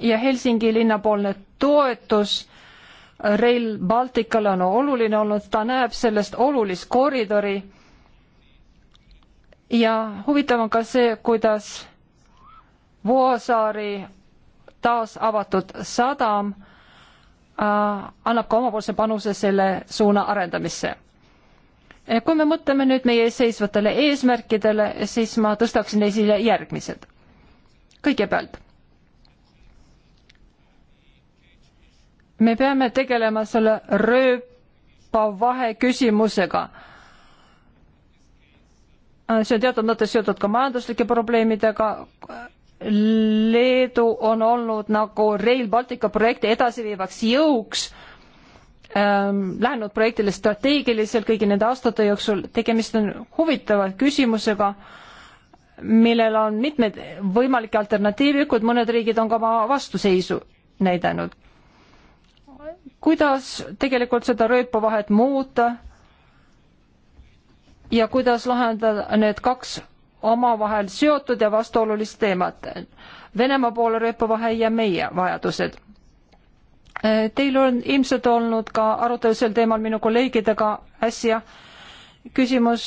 ja Helsingi linnapoolne toetus Rail Balticale on oluline olnud, ta näeb sellest olulist koridori. ja huvitav on ka see, kuidas Voosaari taas avatud sadam äh, annab ka omapoolse panuse selle suuna arendamisse. kui me mõtleme nüüd meie ees seisvatele eesmärkidele, siis ma tõstaksin esile järgmised. kõigepealt me peame tegelema selle rööpavahe küsimusega. see on teatud mõttes seotud ka majanduslike probleemidega. Leedu on olnud nagu Rail Baltica projekti edasiviivaks jõuks ähm, lähenud projektile strateegiliselt kõigi nende aastate jooksul. tegemist on huvitava küsimusega, millel on mitmeid võimalikke alternatiive, kuid mõned riigid on ka oma vastuseisu näidanud kuidas tegelikult seda rööpavahet muuta ja kuidas lahendada need kaks omavahel seotud ja vastuolulist teemat. Venemaa poole rööpavahe ja meie vajadused. Teil on ilmselt olnud ka arutelu sel teemal minu kolleegidega äsja. küsimus,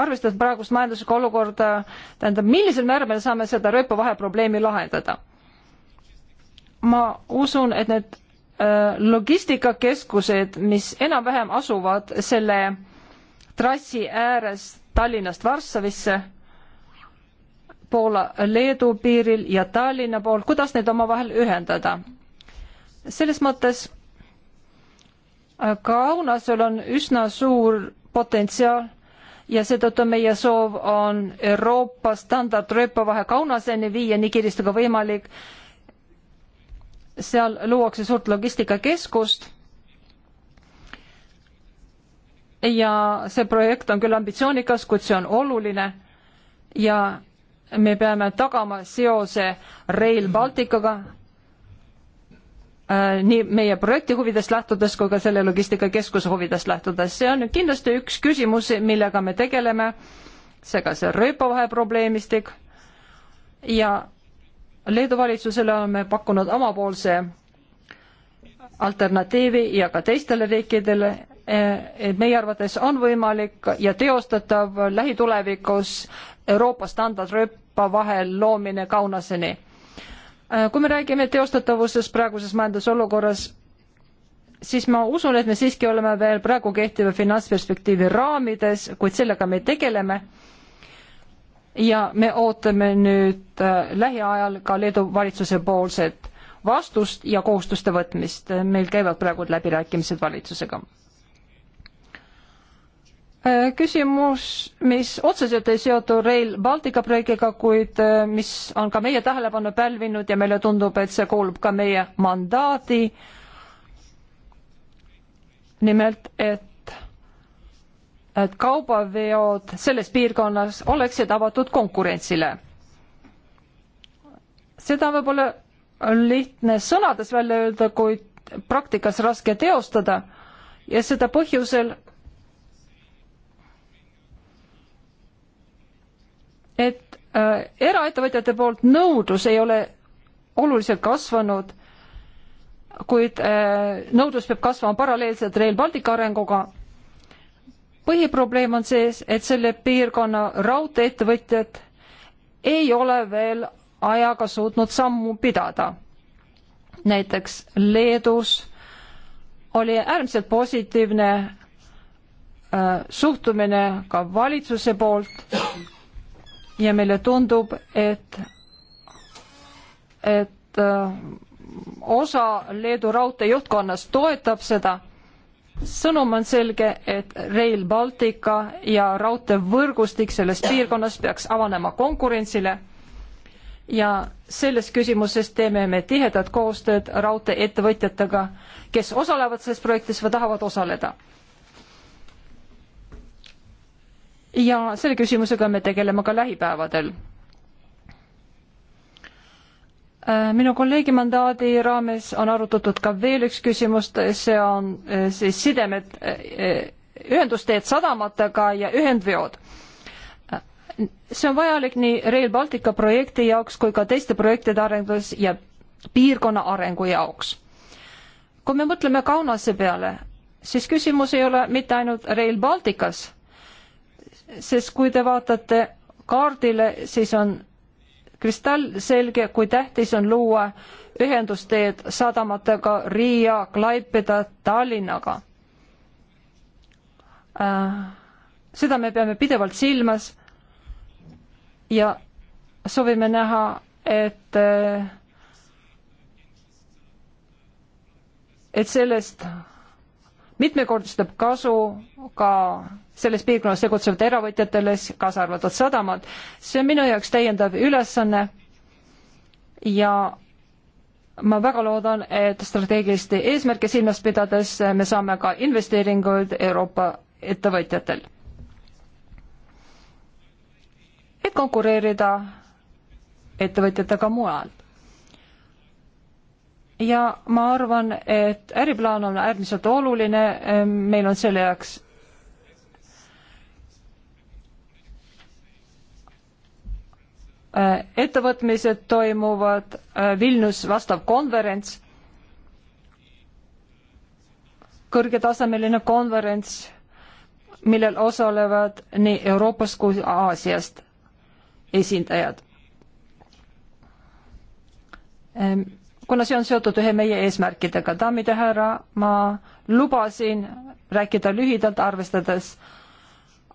arvestades praegust majanduslikku olukorda, tähendab, millisel määral me saame seda rööpavahe probleemi lahendada ma usun, et need äh, logistikakeskused, mis enam-vähem asuvad selle trassi ääres Tallinnast Varssavisse, Poola-Leedu piiril ja Tallinna pool, kuidas need omavahel ühendada? selles mõttes äh, Kaunasel on üsna suur potentsiaal ja seetõttu meie soov on Euroopa standardrööpa vahe Kaunaseni viia nii kiiresti kui võimalik seal luuakse suurt logistikakeskust ja see projekt on küll ambitsioonikas, kuid see on oluline ja me peame tagama seose Rail Balticuga äh, nii meie projekti huvidest lähtudes kui ka selle logistikakeskuse huvidest lähtudes. see on kindlasti üks küsimus, millega me tegeleme, seega see rööpavahe probleemistik ja Leedu valitsusele oleme pakkunud omapoolse alternatiivi ja ka teistele riikidele, eh, et meie arvates on võimalik ja teostatav lähitulevikus Euroopa standardrööpa vahel loomine Kaunaseni. Eh, kui me räägime teostatavusest praeguses majandusolukorras, siis ma usun, et me siiski oleme veel praegu kehtiva finantsperspektiivi raamides, kuid sellega me tegeleme ja me ootame nüüd äh, lähiajal ka Leedu valitsuse poolset vastust ja kohustuste võtmist. meil käivad praegu läbirääkimised valitsusega. Äh, küsimus, mis otseselt ei seotu Rail Baltica projektiga, kuid äh, mis on ka meie tähelepanu pälvinud ja meile tundub, et see kuulub ka meie mandaadi. nimelt, et et kaubaveod selles piirkonnas oleksid avatud konkurentsile. seda on võib-olla lihtne sõnades välja öelda, kuid praktikas raske teostada ja seda põhjusel, et äh, eraettevõtjate poolt nõudlus ei ole oluliselt kasvanud, kuid äh, nõudlus peab kasvama paralleelselt Rail Baltica arenguga põhiprobleem on sees, et selle piirkonna raudteeettevõtjad ei ole veel ajaga suutnud sammu pidada. näiteks Leedus oli äärmiselt positiivne äh, suhtumine ka valitsuse poolt ja meile tundub, et, et äh, osa Leedu raudtee juhtkonnast toetab seda sõnum on selge, et Rail Baltica ja raudteevõrgustik selles piirkonnas peaks avanema konkurentsile ja selles küsimuses teeme me tihedat koostööd raudteeettevõtjatega, kes osalevad selles projektis või tahavad osaleda. ja selle küsimusega me tegeleme ka lähipäevadel Äh, minu kolleegi mandaadi raames on arutatud ka veel üks küsimus, see on äh, siis sidemed, äh, ühendusteed sadamatega ja ühendveod. see on vajalik nii Rail Baltica projekti jaoks kui ka teiste projektide arengus ja piirkonna arengu jaoks. kui me mõtleme Kaunase peale, siis küsimus ei ole mitte ainult Rail Balticas, sest kui te vaatate kaardile, siis on kristallselge, kui tähtis on luua ühendusteed sadamatega Riia, Klaipeda, Tallinnaga. Äh, seda me peame pidevalt silmas ja soovime näha, et äh, et sellest mitmekordistab kasu ka selles piirkonnas tegutsevatele eravõtjatele, kaasa arvatud sadamad. see on minu jaoks täiendav ülesanne ja ma väga loodan, et strateegiliste eesmärke silmas pidades me saame ka investeeringuid Euroopa ettevõtjatel. et konkureerida ettevõtjatega mujal. ja ma arvan, et äriplaan on äärmiselt oluline, meil on selle jaoks Äh, ettevõtmised toimuvad, äh, Vilnius vastav konverents, kõrgetasemeline konverents, millel osalevad nii Euroopast kui Aasiast esindajad. Ähm, kuna see on seotud ühe meie eesmärkidega, daamid ja härra, ma lubasin rääkida lühidalt, arvestades äh,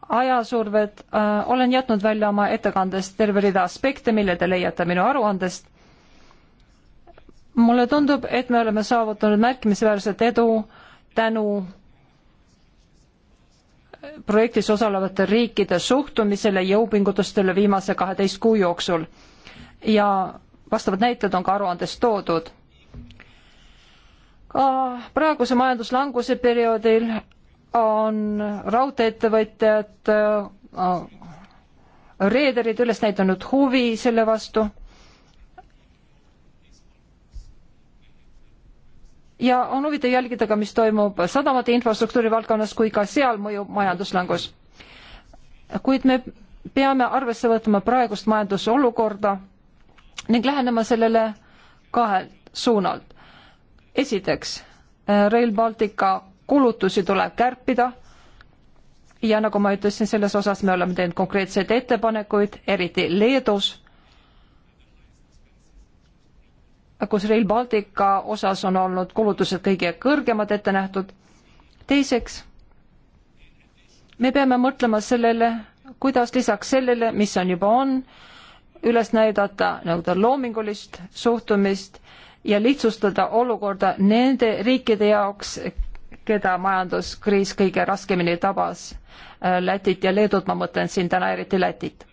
ajasurved äh,, olen jätnud välja oma ettekandest terve rida aspekte, mille te leiate minu aruandest. mulle tundub, et me oleme saavutanud märkimisväärset edu tänu projektis osalevate riikide suhtumisele jõupingutustele viimase kaheteist kuu jooksul ja vastavad näited on ka aruandes toodud. ka praeguse majanduslanguse perioodil on raudteeettevõtjad, äh, reederid üles näidanud huvi selle vastu. ja on huvitav jälgida ka, mis toimub sadamate infrastruktuuri valdkonnas, kui ka seal mõjub majanduslangus. kuid me peame arvesse võtma praegust majandusolukorda ning lähenema sellele kahelt suunalt. esiteks äh, Rail Baltica kulutusi tuleb kärpida ja nagu ma ütlesin, selles osas me oleme teinud konkreetseid ettepanekuid, eriti Leedus, kus Rail Baltica osas on olnud kulutused kõige kõrgemad ette nähtud. teiseks, me peame mõtlema sellele, kuidas lisaks sellele, mis on juba on, üles näidata nii-öelda loomingulist suhtumist ja lihtsustada olukorda nende riikide jaoks, keda majanduskriis kõige raskemini tabas, äh, Lätit ja Leedut, ma mõtlen siin täna eriti Lätit.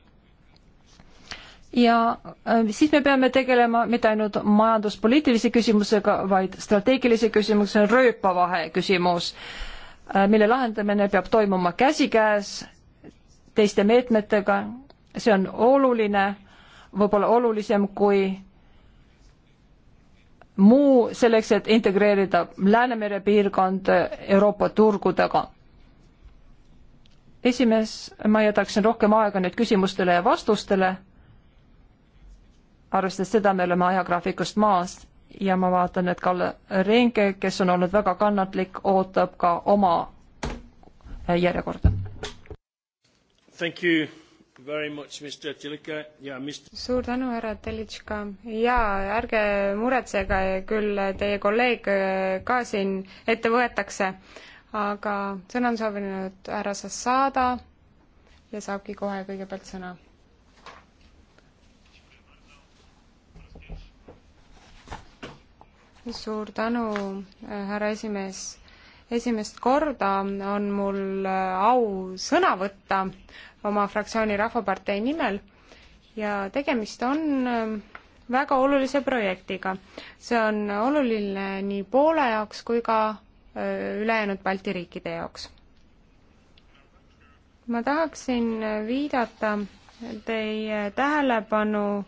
ja äh, siis me peame tegelema mitte ainult majanduspoliitilise küsimusega, vaid strateegilise küsimusega, rööpavahe küsimus, äh, mille lahendamine peab toimuma käsikäes teiste meetmetega, see on oluline, võib-olla olulisem kui muu selleks, et integreerida Läänemere piirkond Euroopa turgudega. esimees, ma jätaksin rohkem aega nüüd küsimustele ja vastustele, arvestades seda, me oleme ajagraafikust maas ja ma vaatan, et Kalle Reinke, kes on olnud väga kannatlik, ootab ka oma järjekorda. Thank you. Yeah, suur tänu, härra Telitška. jaa, ärge muretsege, küll teie kolleeg äh, ka siin ette võetakse. aga sõna on soovinud härra Sassada ja saabki kohe kõigepealt sõna. suur tänu, äh, härra esimees esimest korda on mul äh, au sõna võtta oma fraktsiooni Rahvapartei nimel ja tegemist on ähm, väga olulise projektiga. see on oluline nii Poola jaoks kui ka äh, ülejäänud Balti riikide jaoks. ma tahaksin viidata teie tähelepanu äh,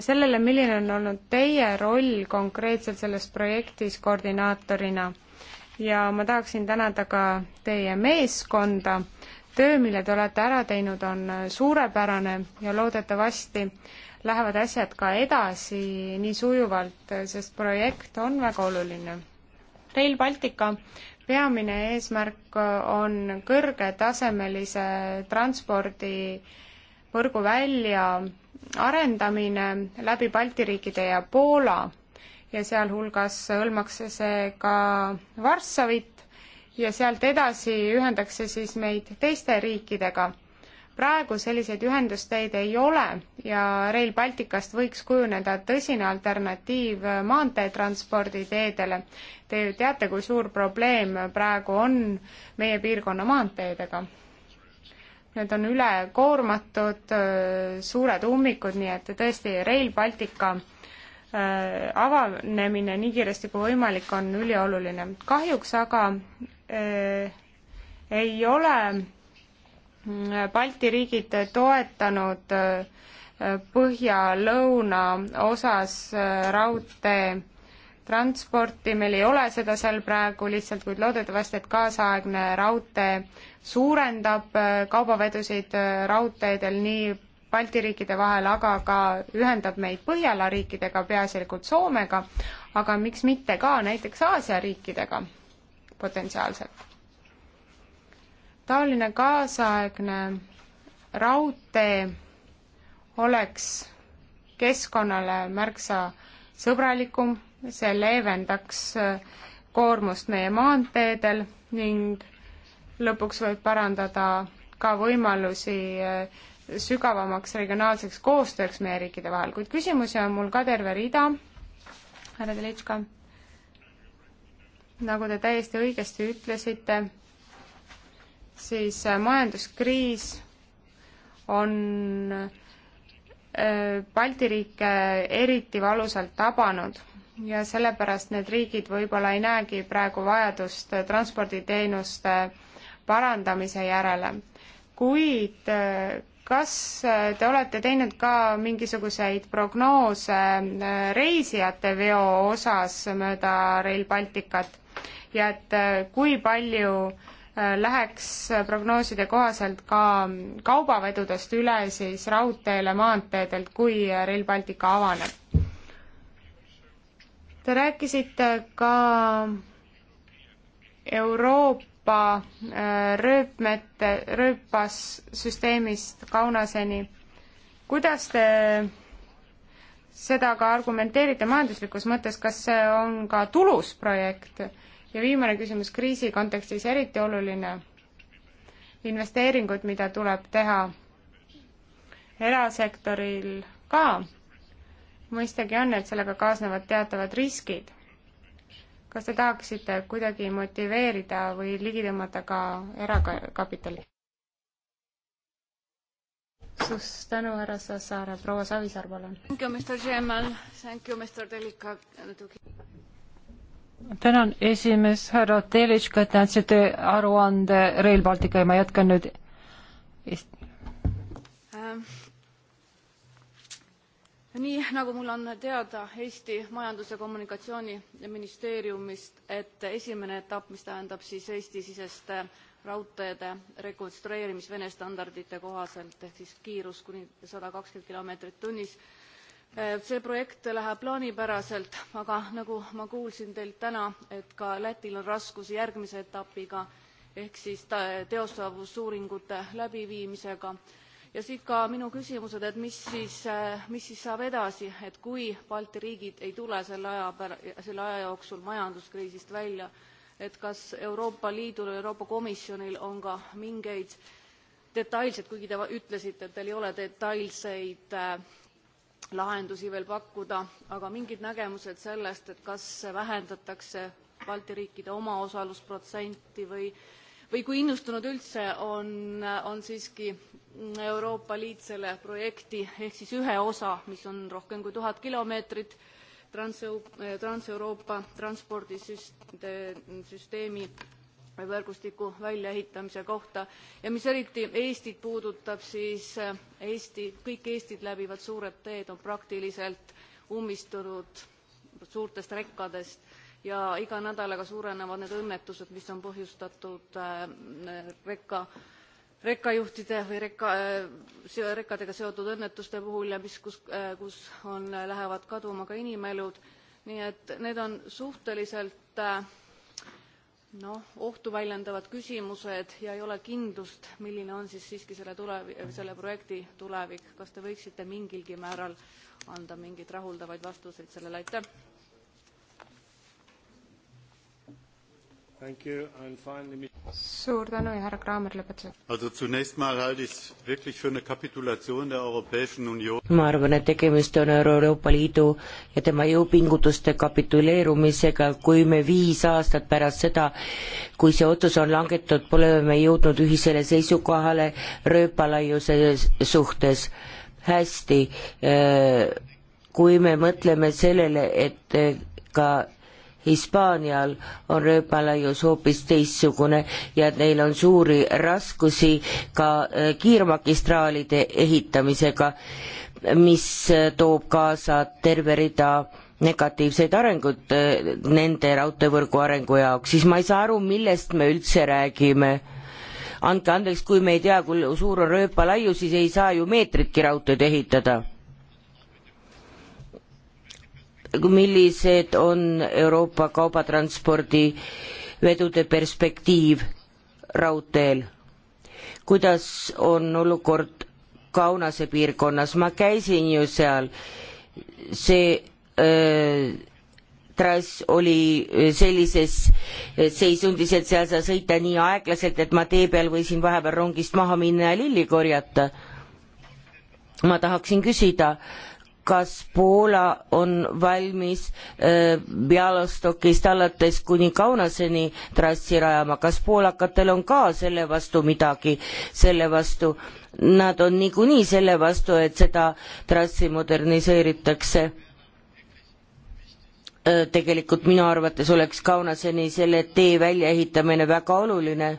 sellele, milline on olnud teie roll konkreetselt selles projektis koordinaatorina ja ma tahaksin tänada ka teie meeskonda töö, mille te olete ära teinud, on suurepärane ja loodetavasti lähevad asjad ka edasi nii sujuvalt, sest projekt on väga oluline. Rail Baltica peamine eesmärk on kõrgetasemelise transpordivõrgu väljaarendamine läbi Balti riikide ja Poola ja sealhulgas hõlmaks see ka Varssavit ja sealt edasi ühendaks see siis meid teiste riikidega. praegu selliseid ühendusteid ei ole ja Rail Balticust võiks kujuneda tõsine alternatiiv maanteetranspordi teedele. Te ju teate, kui suur probleem praegu on meie piirkonna maanteedega. Need on ülekoormatud, suured ummikud, nii et tõesti Rail Baltica äh, avanemine nii kiiresti kui võimalik on ülioluline. kahjuks aga Äh, ei ole mm, Balti riigid toetanud äh, põhja-lõuna osas äh, raudtee transporti, meil ei ole seda seal praegu lihtsalt, kuid loodetavasti, et kaasaegne raudtee suurendab kaubavedusid raudteedel nii Balti riikide vahel, aga ka ühendab meid Põhjala riikidega, peaasjalikult Soomega, aga miks mitte ka näiteks Aasia riikidega potentsiaalselt. taoline kaasaegne raudtee oleks keskkonnale märksa sõbralikum, see leevendaks äh, koormust meie maanteedel ning lõpuks võib parandada ka võimalusi äh, sügavamaks regionaalseks koostööks meie riikide vahel, kuid küsimusi on mul ka terve rida, härra Delitška nagu te täiesti õigesti ütlesite, siis äh, majanduskriis on äh, Balti riike eriti valusalt tabanud ja sellepärast need riigid võib-olla ei näegi praegu vajadust äh, transporditeenuste parandamise järele. kuid kas äh, te olete teinud ka mingisuguseid prognoose äh, reisijate veo osas mööda Rail Balticut ja et äh, kui palju läheks prognooside kohaselt ka kaubavedudest üle siis raudteele, maanteedelt, kui Rail Baltic avaneb? Te rääkisite ka Euroopa rööpa, äh, rööpmete, rööpassüsteemist Kaunaseni. kuidas te seda ka argumenteerite majanduslikus mõttes, kas see on ka tulus projekt? ja viimane küsimus kriisi kontekstis eriti oluline. investeeringud, mida tuleb teha erasektoril ka, mõistagi on, et sellega kaasnevad teatavad riskid kas te tahaksite kuidagi motiveerida või ligi tõmmata ka erakapitali? suur tänu, härra Saare, proua Savisaar, palun. tänan, esimees, härra Telitška, et andsite aruande Rail Baltica ja ma jätkan nüüd nii nagu mulle on teada eesti majandus ja kommunikatsiooniministeeriumist et esimene etapp mis tähendab siis eesti siseste raudteede rekonstrueerimist vene standardite kohaselt ehk siis kiirus kuni 120 kilomeetrit tunnis eh, see projekt läheb plaanipäraselt aga nagu ma kuulsin teilt täna et ka lätil on raskusi järgmise etapiga ehk siis teostavusuuringute läbiviimisega ja siit ka minu küsimused et mis siis äh, mis siis saab edasi et kui balti riigid ei tule selle aja pär- selle aja jooksul majanduskriisist välja et kas euroopa liidul ja euroopa komisjonil on ka mingeid detailseid kuigi te ütlesite et teil ei ole detailseid äh, lahendusi veel pakkuda aga mingid nägemused sellest et kas vähendatakse balti riikide omaosalusprotsenti või või kui innustunud üldse on, on siiski Euroopa Liit selle projekti ehk siis ühe osa, mis on rohkem kui tuhat kilomeetrit Trans-, Trans-Euroopa transpordisüsteemi võrgustiku väljaehitamise kohta ja mis eriti Eestit puudutab, siis Eesti, kõik Eestit läbivad suured teed on praktiliselt ummistunud suurtest rekkadest ja iga nädalaga suurenevad need õnnetused, mis on põhjustatud äh, rekka rekkajuhtide või rekka, äh, rekkadega seotud õnnetuste puhul ja mis, kus, äh, kus on, lähevad kaduma ka inimelud. nii et need on suhteliselt noh, ohtu väljendavad küsimused ja ei ole kindlust, milline on siis siiski selle tulevi-, selle projekti tulevik. kas te võiksite mingilgi määral anda mingeid rahuldavaid vastuseid sellele, aitäh! suur tänu ja härra Kraamer lõpetuseks. ma arvan, et tegemist on Euroopa Liidu ja tema jõupingutuste kapituleerumisega, kui me viis aastat pärast seda, kui see otsus on langetatud, pole me jõudnud ühisele seisukohale rööpalaiuse suhtes. hästi, äh, kui me mõtleme sellele, et äh, ka Hispaanial on rööpalaius hoopis teistsugune ja et neil on suuri raskusi ka eh, kiirmagistraalide ehitamisega, mis eh, toob kaasa terve rida negatiivseid arengut eh, nende raudteevõrgu arengu jaoks, siis ma ei saa aru, millest me üldse räägime. andke andeks, kui me ei tea, kui suur on rööpalaiu, siis ei saa ju meetritki raudteed ehitada millised on Euroopa kaubatranspordi vedude perspektiiv raudteel? kuidas on olukord Kaunase piirkonnas, ma käisin ju seal, see öö, äh, trass oli äh, sellises äh, seisundis, et seal sai sõita nii aeglaselt, et ma tee peal võisin vahepeal rongist maha minna ja lilli korjata. ma tahaksin küsida äh,, kas Poola on valmis äh, Bialostokist alates kuni Kaunaseni trassi rajama, kas poolakatel on ka selle vastu midagi, selle vastu, nad on niikuinii selle vastu, et seda trassi moderniseeritakse? Äh, tegelikult minu arvates oleks Kaunaseni selle tee väljaehitamine väga oluline.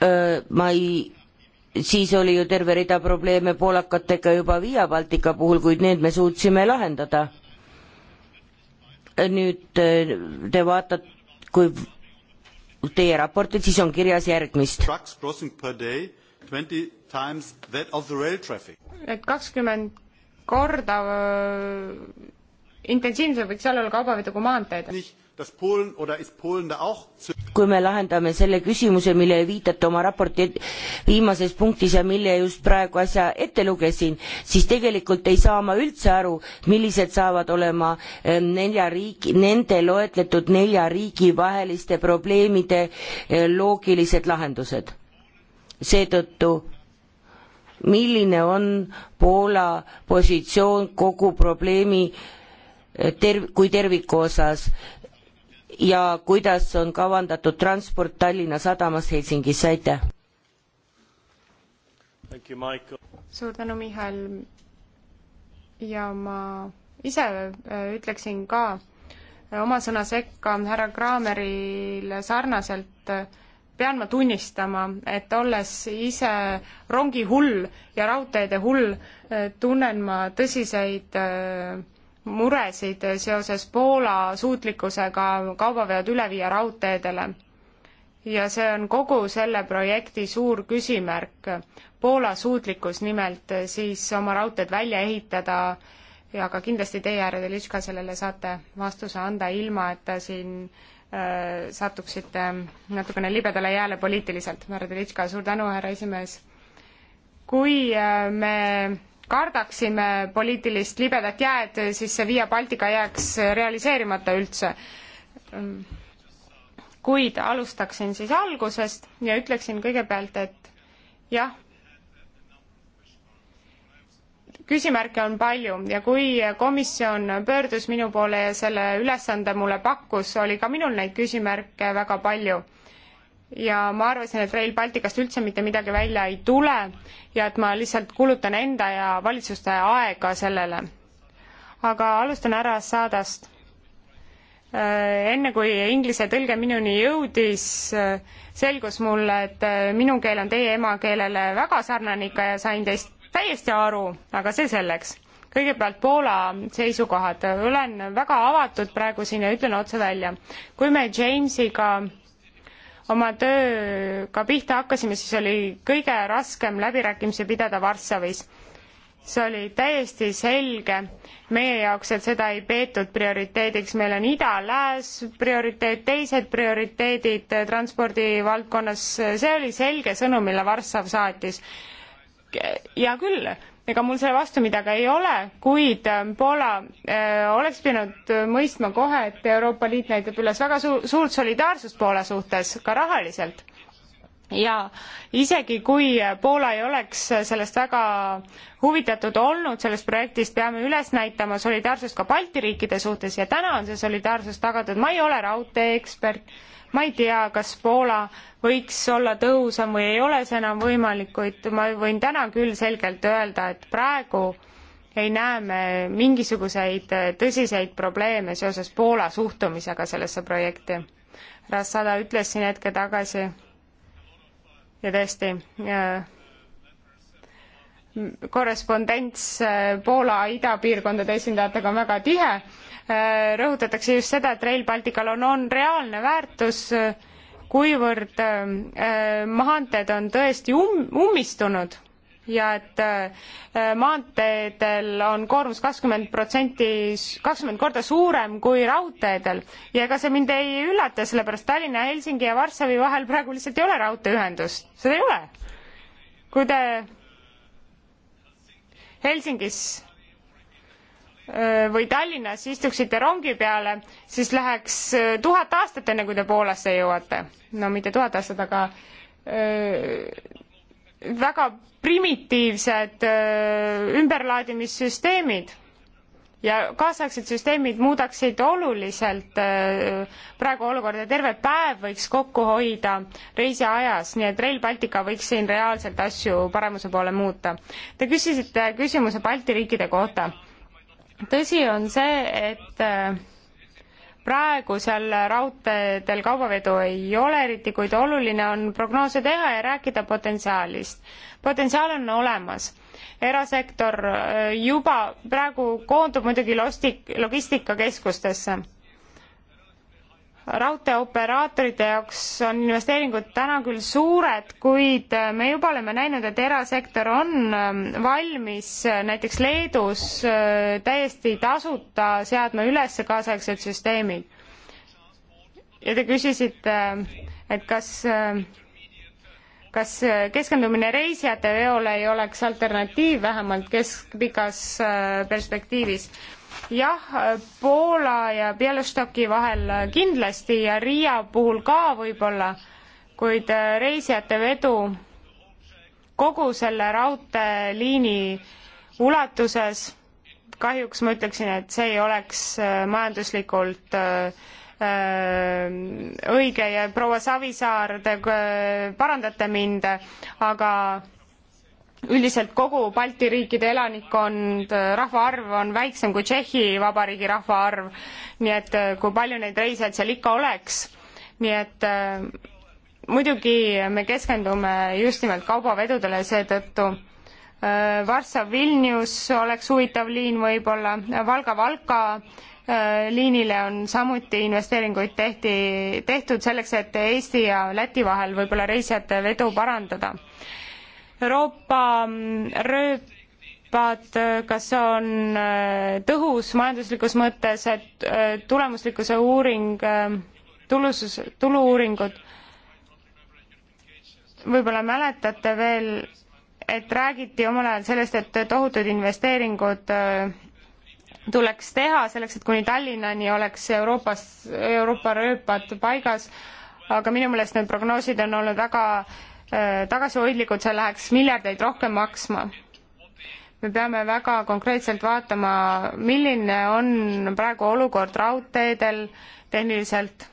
Äh, ma ei siis oli ju terve rida probleeme poolakatega juba Via Baltica puhul, kuid need me suutsime lahendada. nüüd eh, te vaatate, kui teie raportit, siis on kirjas järgmist. et kakskümmend korda äh, intensiivsem võiks seal olla kaubavedu kui maanteedel kui me lahendame selle küsimuse, millele viitate oma raporti viimases punktis ja mille just praegu äsja ette lugesin, siis tegelikult ei saa ma üldse aru, millised saavad olema ehm, nelja riigi, nende loetletud nelja riigi vaheliste probleemide ehm, loogilised lahendused. seetõttu milline on Poola positsioon kogu probleemi eh, ter-, kui terviku osas ja kuidas on kavandatud transport Tallinna sadamas Helsingisse, aitäh! suur tänu, Mihhail! ja ma ise äh, ütleksin ka äh, oma sõna sekka härra Kraamerile sarnaselt, äh, pean ma tunnistama, et olles ise rongihull ja raudteede hull, tunnen ma tõsiseid äh, muresid seoses Poola suutlikkusega kaubaveod üle viia raudteedele. ja see on kogu selle projekti suur küsimärk. Poola suutlikkus nimelt siis oma raudteed välja ehitada ja ka kindlasti teie, härra Delitška, sellele saate vastuse anda, ilma et te siin äh, sattuksite natukene libedale jääle poliitiliselt. härra Delitška, suur tänu, härra esimees. kui äh, me kardaksime poliitilist libedat jääd, siis see Via Baltica jääks realiseerimata üldse. kuid alustaksin siis algusest ja ütleksin kõigepealt, et jah, küsimärke on palju ja kui komisjon pöördus minu poole ja selle ülesande mulle pakkus, oli ka minul neid küsimärke väga palju ja ma arvasin, et Rail Balticast üldse mitte midagi välja ei tule ja et ma lihtsalt kulutan enda ja valitsuste aega sellele. aga alustan ära saadast. Äh, enne kui inglise tõlge minuni jõudis, äh, selgus mulle, et äh, minu keel on teie emakeelele väga sarnane ikka ja sain teist täiesti aru, aga see selleks. kõigepealt Poola seisukohad, olen väga avatud praegu siin ja ütlen otse välja. kui me Jamesiga oma tööga pihta hakkasime, siis oli kõige raskem läbirääkimisi pidada Varssavis. see oli täiesti selge meie jaoks, et seda ei peetud prioriteediks, meil on ida-lääs prioriteet, teised prioriteedid transpordivaldkonnas, see oli selge sõnum, mille Varssav saatis. hea küll ega mul selle vastu midagi ei ole, kuid ähm, Poola äh, oleks pidanud mõistma kohe, et Euroopa Liit näitab üles väga su suurt solidaarsust Poola suhtes, ka rahaliselt. ja isegi, kui Poola ei oleks sellest väga huvitatud olnud, sellest projektist, peame üles näitama solidaarsust ka Balti riikide suhtes ja täna on see solidaarsus tagatud, ma ei ole raudteeekspert ma ei tea, kas Poola võiks olla tõhusam või ei ole see enam võimalik, kuid ma võin täna küll selgelt öelda, et praegu ei näe me mingisuguseid tõsiseid probleeme seoses Poola suhtumisega sellesse projekti. Rassada ütles siin hetke tagasi ja tõesti, korrespondents Poola idapiirkondade esindajatega on väga tihe rõhutatakse just seda, et Rail Baltical on, on reaalne väärtus, kuivõrd äh, maanteed on tõesti um-, ummistunud ja et äh, maanteedel on koormus kakskümmend protsenti, kakskümmend korda suurem kui raudteedel. ja ega see mind ei üllata, sellepärast Tallinna, Helsingi ja Varssavi vahel praegu lihtsalt ei ole raudteeühendust, seda ei ole. kui te Helsingis Äh, või Tallinnas istuksite rongi peale, siis läheks äh, tuhat aastat, enne kui te Poolasse jõuate. no mitte tuhat aastat, aga öö, äh, väga primitiivsed öö, ümberlaadimissüsteemid ja kaasaegsed süsteemid muudaksid oluliselt öö, praegu olukorda, terve päev võiks kokku hoida reisi ajas, nii et Rail Baltica võiks siin reaalselt asju paremuse poole muuta. Te küsisite küsimuse Balti riikide kohta tõsi on see, et äh, praegu seal raudteedel kaubavedu ei ole eriti, kuid oluline on prognoose teha ja rääkida potentsiaalist. potentsiaal on olemas. erasektor äh, juba praegu koondub muidugi lostik-, logistikakeskustesse raudteeoperaatorite jaoks on investeeringud täna küll suured, kuid me juba oleme näinud, et erasektor on ähm, valmis äh, näiteks Leedus äh, täiesti tasuta seadma üles kaasaegsed süsteemid. ja te küsisite, äh, et kas kas keskendumine reisijate veole ei oleks alternatiiv vähemalt keskpikas perspektiivis? jah, Poola ja Bialystoki vahel kindlasti ja Riia puhul ka võib-olla, kuid äh, reisijate vedu kogu selle raudteeliini ulatuses kahjuks ma ütleksin, et see ei oleks äh, majanduslikult äh, õige ja proua Savisaar, te parandate mind, aga üldiselt kogu Balti riikide elanikkond, äh, rahvaarv on väiksem kui Tšehhi Vabariigi rahvaarv, nii et äh, kui palju neid reisijaid seal ikka oleks, nii et äh, muidugi me keskendume just nimelt kaubavedudele seetõttu Varssav-Vilnius oleks huvitav liin võib-olla, Valga-Valka liinile on samuti investeeringuid tehti, tehtud selleks, et Eesti ja Läti vahel võib-olla reisijate vedu parandada. Euroopa mm, rööpad, kas see on äh, tõhus majanduslikus mõttes, et äh, tulemuslikkuse uuring, äh, tulusus, tulu-uuringud, võib-olla mäletate veel, et räägiti omal ajal sellest, et tohutud investeeringud tuleks teha selleks, et kuni Tallinnani oleks Euroopas, Euroopa rööpad paigas, aga minu meelest need prognoosid on olnud väga äh, Äh, tagasihoidlikud, see läheks miljardeid rohkem maksma. me peame väga konkreetselt vaatama, milline on praegu olukord raudteedel tehniliselt.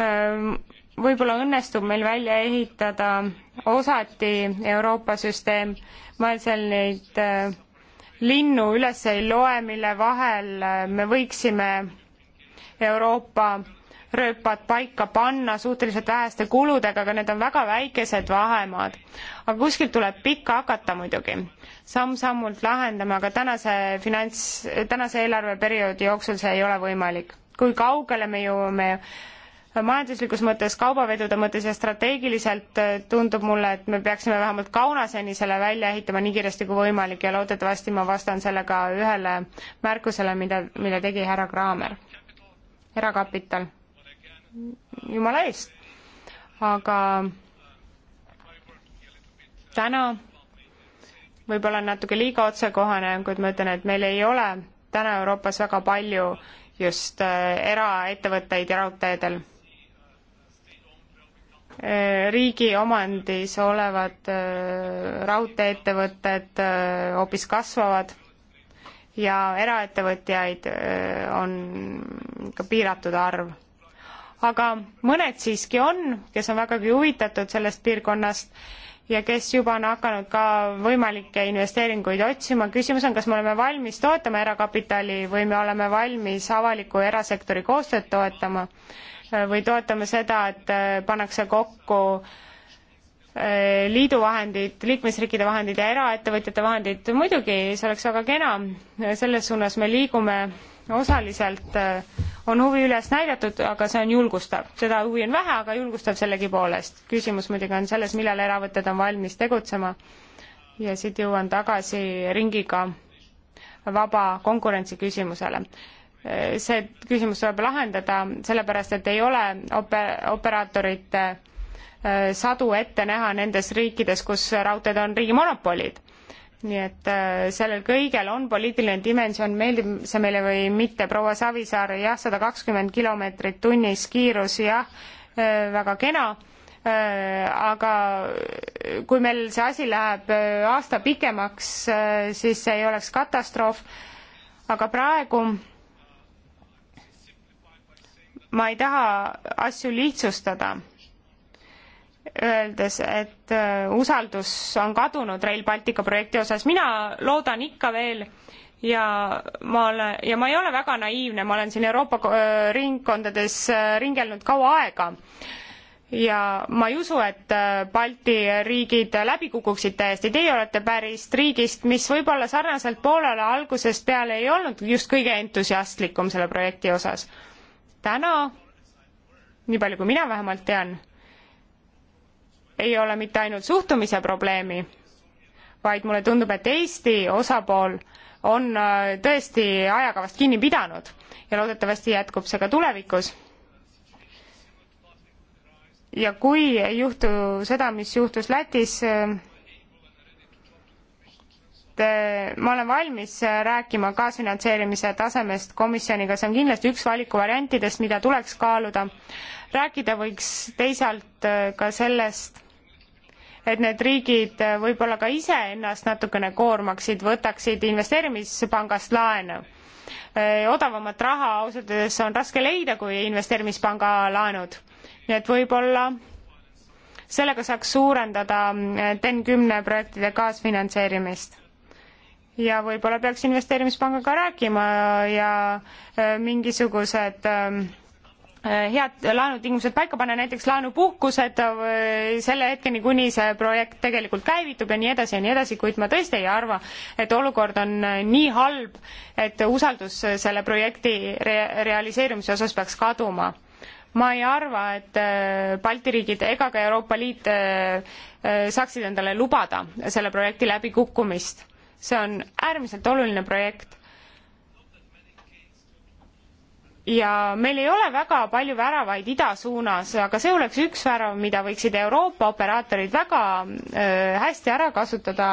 Äh, võib-olla õnnestub meil välja ehitada osati Euroopa süsteem, ma seal neid äh, linnu üles ei loe, mille vahel me võiksime Euroopa rööpad paika panna suhteliselt väheste kuludega, aga need on väga väikesed vahemaad. aga kuskilt tuleb pikka hakata muidugi. samm-sammult lahendame, aga tänase finants, tänase eelarveperioodi jooksul see ei ole võimalik. kui kaugele me jõuame majanduslikus mõttes, kaubavedude mõttes ja strateegiliselt äh, tundub mulle, et me peaksime vähemalt Kaunaseni selle välja ehitama nii kiiresti kui võimalik ja loodetavasti ma vastan sellega ühele märkusele, mida, mille tegi härra Kraamer. erakapital jumala eest. aga täna võib-olla natuke liiga otsekohane, kuid ma ütlen, et meil ei ole täna Euroopas väga palju just äh, eraettevõtteid ja raudteedel. Äh, riigi omandis olevad äh, raudteeettevõtted hoopis kasvavad ja eraettevõtjaid on ikka piiratud arv aga mõned siiski on, kes on vägagi huvitatud sellest piirkonnast ja kes juba on hakanud ka võimalikke investeeringuid otsima. küsimus on, kas me oleme valmis toetama erakapitali või me oleme valmis avaliku ja erasektori koostööd toetama või toetame seda, et äh, pannakse kokku äh, liidu vahendid, liikmesriikide vahendid ja eraettevõtjate vahendid, muidugi see oleks väga kena, selles suunas me liigume osaliselt äh, on huvi üles näidatud, aga see on julgustav. seda huvi on vähe, aga julgustav sellegipoolest. küsimus muidugi on selles, millal eravõtted on valmis tegutsema ja siit jõuan tagasi ringiga vaba konkurentsi küsimusele. Äh, see küsimus tuleb lahendada, sellepärast et ei ole oper-, operaatorite äh, sadu ette näha nendes riikides, kus raudteed on riigi monopolid nii et äh, sellel kõigel on poliitiline dimensioon, meeldib see meile või mitte, proua Savisaar, jah, sada kakskümmend kilomeetrit tunnis kiirus, jah, äh, väga kena, äh, aga kui meil see asi läheb aasta pikemaks, siis see ei oleks katastroof, aga praegu ma ei taha asju lihtsustada öeldes, et äh, usaldus on kadunud Rail Baltica projekti osas, mina loodan ikka veel ja ma olen, ja ma ei ole väga naiivne, ma olen siin Euroopa äh, ringkondades äh, ringelnud kaua aega ja ma ei usu, et Balti riigid läbi kukuksid täiesti, teie olete pärist riigist, mis võib-olla sarnaselt Poolale algusest peale ei olnud just kõige entusiastlikum selle projekti osas. täna, nii palju kui mina vähemalt tean, ei ole mitte ainult suhtumise probleemi, vaid mulle tundub, et Eesti osapool on äh, tõesti ajakavast kinni pidanud ja loodetavasti jätkub see ka tulevikus. ja kui ei juhtu seda, mis juhtus Lätis, äh, ma olen valmis äh, rääkima kaasfinantseerimise tasemest komisjoniga, see on kindlasti üks valikuvariantidest, mida tuleks kaaluda. rääkida võiks teisalt ka sellest, et need riigid võib-olla ka iseennast natukene koormaksid, võtaksid investeerimispangast laenu. Äh, odavamat raha ausalt öeldes on raske leida kui investeerimispanga laenud. nii et võib-olla sellega saaks suurendada äh, TEN kümne projektide kaasfinantseerimist ja võib-olla peaks investeerimispangaga rääkima ja äh, mingisugused äh, Äh, head laenutingimused paika panna, näiteks laenupuhkused äh, selle hetkeni, kuni see projekt tegelikult käivitub ja nii edasi ja nii edasi, kuid ma tõesti ei arva, et olukord on äh, nii halb, et usaldus selle projekti re realiseerumise osas peaks kaduma. ma ei arva, et Balti riigid ega ka Euroopa Liit saaksid endale lubada selle projekti läbikukkumist. see on äärmiselt oluline projekt ja meil ei ole väga palju väravaid ida suunas, aga see oleks üks värav, mida võiksid Euroopa operaatorid väga äh, hästi ära kasutada,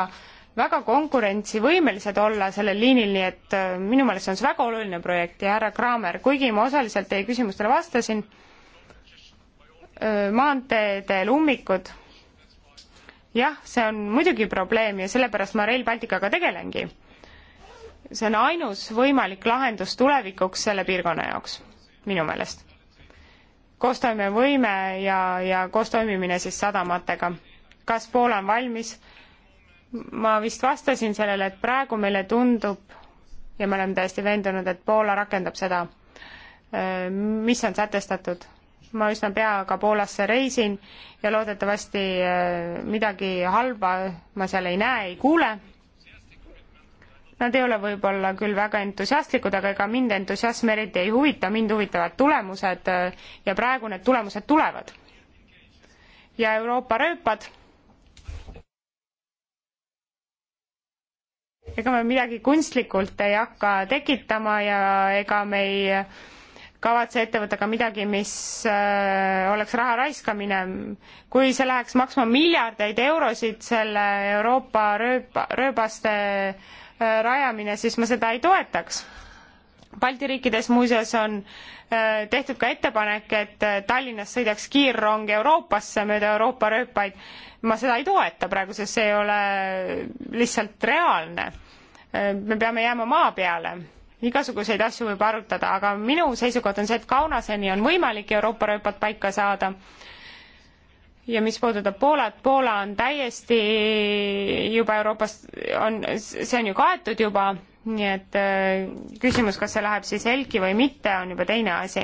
väga konkurentsivõimelised olla sellel liinil, nii et äh, minu meelest on see väga oluline projekt ja härra Kraamer, kuigi ma osaliselt teie küsimustele vastasin äh,, maanteedel ummikud, jah, see on muidugi probleem ja sellepärast ma Rail Balticaga tegelengi see on ainus võimalik lahendus tulevikuks selle piirkonna jaoks, minu meelest. koostoimevõime ja, ja koostoimimine siis sadamatega. kas Poola on valmis? ma vist vastasin sellele, et praegu meile tundub ja me oleme täiesti veendunud, et Poola rakendab seda, mis on sätestatud. ma üsna pea ka Poolasse reisin ja loodetavasti midagi halba ma seal ei näe, ei kuule Nad ei ole võib-olla küll väga entusiastlikud, aga ega mind entusiasm eriti ei huvita, mind huvitavad tulemused äh, ja praegu need tulemused tulevad. ja Euroopa rööpad ega me midagi kunstlikult ei hakka tekitama ja ega me ei kavatse ette võtta ka midagi, mis äh, oleks raha raiskamine. kui see läheks maksma miljardeid eurosid selle Euroopa rööpa, rööbaste Äh, rajamine, siis ma seda ei toetaks. Balti riikides muuseas on äh, tehtud ka ettepanek, et äh, Tallinnas sõidaks kiirrong Euroopasse mööda Euroopa rööpaid. ma seda ei toeta praegu, sest see ei ole lihtsalt reaalne. me peame jääma maa peale igasuguseid asju võib arutada, aga minu seisukoht on see, et Kaunaseni on võimalik Euroopa rööpad paika saada ja mis puudutab Poolat, Poola on täiesti juba Euroopas, on, see on ju kaetud juba, nii et äh, küsimus, kas see läheb siis Helki või mitte, on juba teine asi.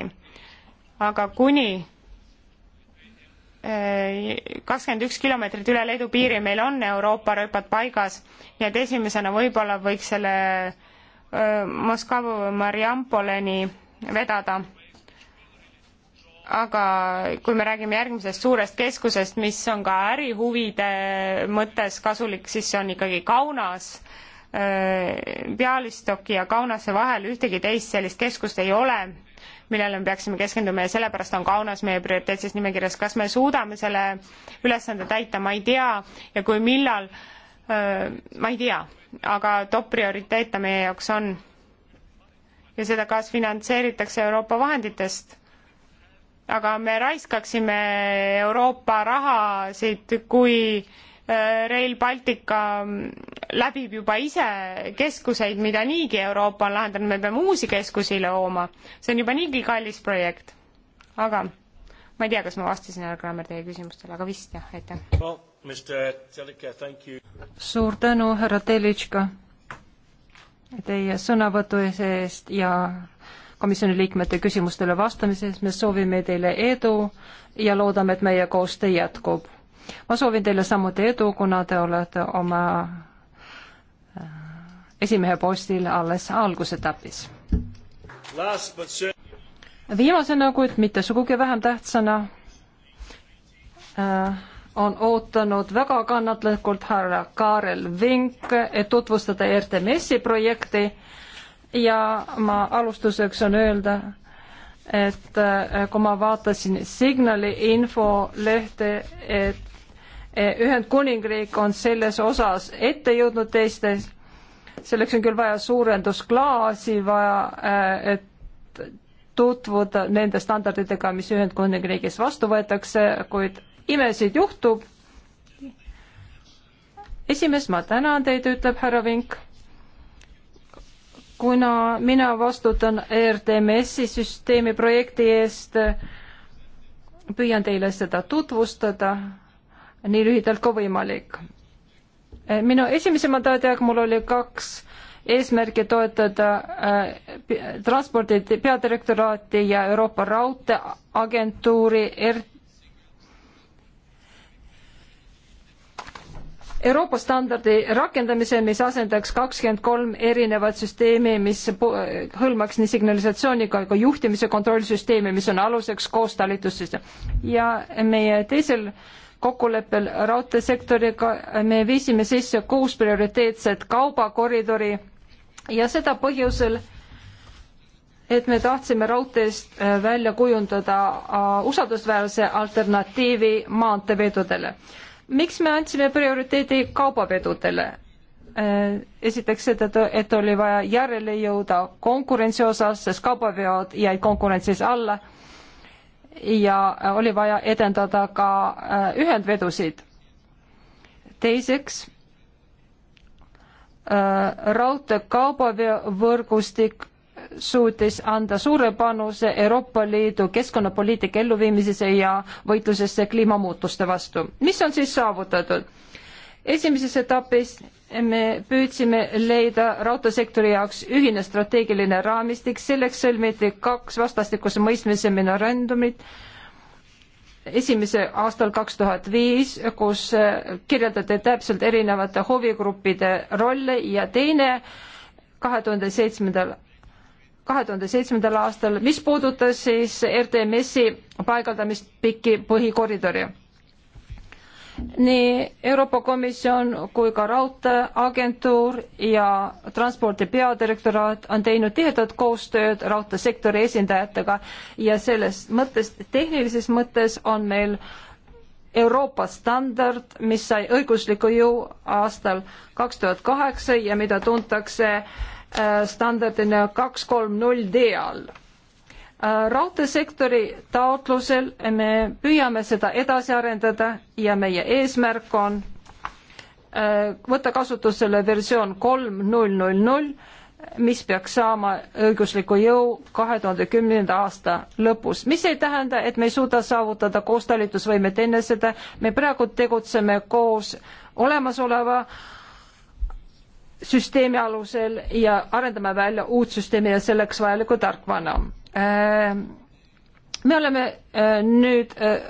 aga kuni äh, kakskümmend üks kilomeetrit üle Leedu piiri meil on Euroopa rööpad paigas, nii et esimesena võib-olla võiks selle äh, Moskva Mariampoleni vedada aga kui me räägime järgmisest suurest keskusest, mis on ka ärihuvide mõttes kasulik, siis see on ikkagi Kaunas. Pealistoki äh, ja Kaunase vahel ühtegi teist sellist keskust ei ole, millele me peaksime keskenduma ja sellepärast on Kaunas meie prioriteetses nimekirjas. kas me suudame selle ülesande täita, ma ei tea ja kui millal, äh, ma ei tea, aga top prioriteet ta meie jaoks on. ja seda kaasfinantseeritakse Euroopa vahenditest aga me raiskaksime Euroopa rahasid, kui äh, Rail Baltica ähm, läbib juba ise keskuseid, mida niigi Euroopa on lahendanud, me peame uusi keskusi looma. see on juba niigi kallis projekt. aga ma ei tea, kas ma vastasin, härra Kramer, teie küsimustele, aga vist jah, aitäh well,. suur tänu, härra Telitška, teie sõnavõtu eest ja komisjoni liikmete küsimustele vastamises, me soovime teile edu ja loodame, et meie koostöö jätkub. ma soovin teile samuti edu, kuna te olete oma äh, esimehe postil alles algusetapis. viimasena, kuid mitte sugugi vähem tähtsana äh,, on ootanud väga kannatlikult härra Kaarel Vink, et tutvustada RTMS-i projekti äh, ja ma alustuseks on öelda, et äh, kui ma vaatasin Signali infolehte, et äh, Ühendkuningriik on selles osas ette jõudnud teistes, selleks on küll vaja suurendusklaasi, vaja, äh, et tutvuda nende standarditega, mis Ühendkuningriigis vastu võetakse, kuid imesid juhtub. esimees, ma tänan teid, ütleb härra Vink kuna mina vastutan ERTMS-i süsteemi projekti eest, püüan teile seda tutvustada nii lühidalt kui võimalik. Eh, minu esimese mandaadi aeg mul oli kaks eesmärki toetada äh, transpordi peadirektoraati ja Euroopa Raudteeagentuuri RT Euroopa standardi rakendamise, mis asendaks kakskümmend kolm erinevat süsteemi, mis hõlmaks nii signalisatsiooniga kui juhtimise kontrollsüsteemi, mis on aluseks koostalitlussüsteem. ja meie teisel kokkuleppel raudteesektoriga me viisime sisse kuus prioriteetset kaubakoridori ja seda põhjusel, et me tahtsime raudteest äh, välja kujundada äh, usaldusväärse alternatiivi maanteevedudele miks me andsime prioriteedi kaubapedudele? Äh, esiteks seetõttu, et oli vaja järele jõuda konkurentsi osas, sest kaubaveod jäid konkurentsis alla ja oli vaja edendada ka äh, ühendvedusid. teiseks, äh, raudteekaubavõrgustik suutis anda suure panuse Euroopa Liidu keskkonnapoliitika elluviimisesse ja võitlusesse kliimamuutuste vastu. mis on siis saavutatud? esimeses etapis me püüdsime leida raudteesektori jaoks ühine strateegiline raamistik, selleks sõlmiti kaks vastastikuse mõistmise memorandumit esimese aastal kaks tuhat viis, kus kirjeldati täpselt erinevate huvigruppide rolle ja teine kahe tuhande seitsmendal kahe tuhande seitsmendal aastal, mis puudutas siis RTMS-i paigaldamist pikki põhikoridori. nii Euroopa Komisjon kui ka Raudteeagentuur ja Transpordi Peadirektoraat on teinud tihedat koostööd raudteesektori esindajatega ja selles mõttes, tehnilises mõttes on meil Euroopa standard, mis sai õigusliku jõu aastal kaks tuhat kaheksa ja mida tuntakse äh, Äh, standardina kaks kolm null D all. Äh, raudteesektori taotlusel me püüame seda edasi arendada ja meie eesmärk on äh, võtta kasutusele versioon kolm null null null, mis peaks saama õigusliku jõu kahe tuhande kümnenda aasta lõpus, mis ei tähenda, et me ei suuda saavutada koostalitusvõimet enne seda, me praegu tegutseme koos olemasoleva äh, süsteemi alusel ja arendame välja uut süsteemi ja selleks vajaliku tarkvana. Äh, me oleme äh, nüüd äh,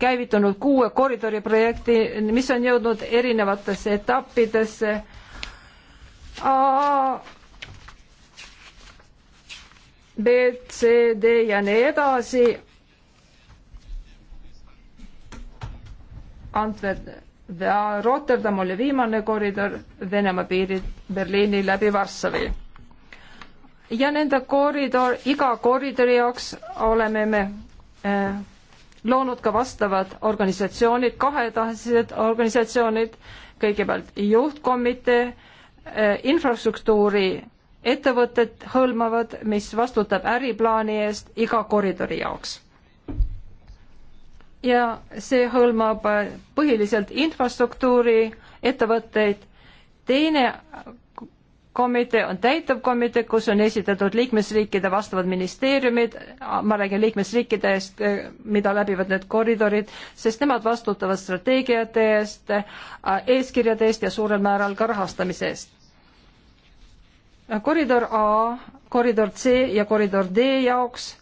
käivitunud kuue koridori projekti, mis on jõudnud erinevatesse etappidesse. A, B, C, D ja nii edasi. Antwerp Rotterdam oli viimane koridor Venemaa piirilt Berliini läbi Varssavi. ja nende koridor, iga koridori jaoks oleme me äh, loonud ka vastavad organisatsioonid, kahetahelised organisatsioonid, kõigepealt juhtkomitee, äh, infrastruktuuri ettevõtted hõlmavad, mis vastutab äriplaani eest iga koridori jaoks ja see hõlmab põhiliselt infrastruktuuri ettevõtteid. teine komitee on täitevkomitee, kus on esitatud liikmesriikide vastavad ministeeriumid, ma räägin liikmesriikide eest, mida läbivad need koridorid, sest nemad vastutavad strateegiate eest, eeskirjade eest ja suurel määral ka rahastamise eest. koridor A, koridor C ja koridor D jaoks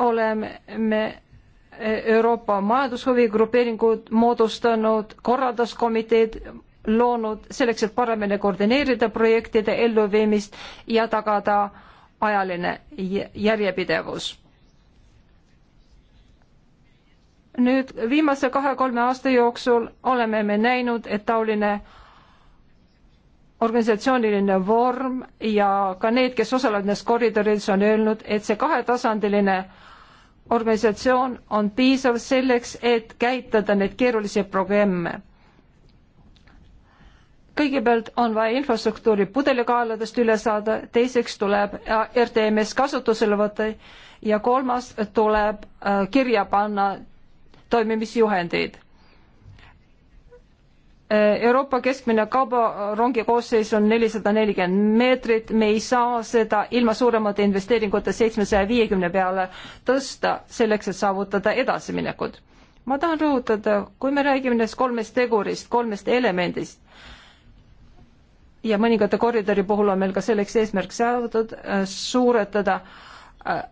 oleme me eh, Euroopa Majandushuvi grupeeringud moodustanud, korralduskomiteed loonud selleks, et paremini koordineerida projektide elluviimist ja tagada ajaline järjepidevus. nüüd viimase kahe-kolme aasta jooksul oleme me näinud, et taoline organisatsiooniline vorm ja ka need, kes osalevad nendes koridorides, on öelnud, et see kahetasandiline organisatsioon on piisav selleks, et käitada neid keerulisi probleeme. kõigepealt on vaja infrastruktuuri pudelikaeladest üle saada, teiseks tuleb RTMS kasutusele võtta ja kolmas tuleb äh, kirja panna toimimisjuhendid Äh, Euroopa keskmine kaubarongi koosseis on nelisada nelikümmend meetrit, me ei saa seda ilma suuremate investeeringute seitsmesaja viiekümne peale tõsta selleks, et saavutada edasiminekut. ma tahan rõhutada, kui me räägime nendest kolmest tegurist, kolmest elemendist, ja mõningate koridori puhul on meil ka selleks eesmärk saavutatud, äh, suuretada äh,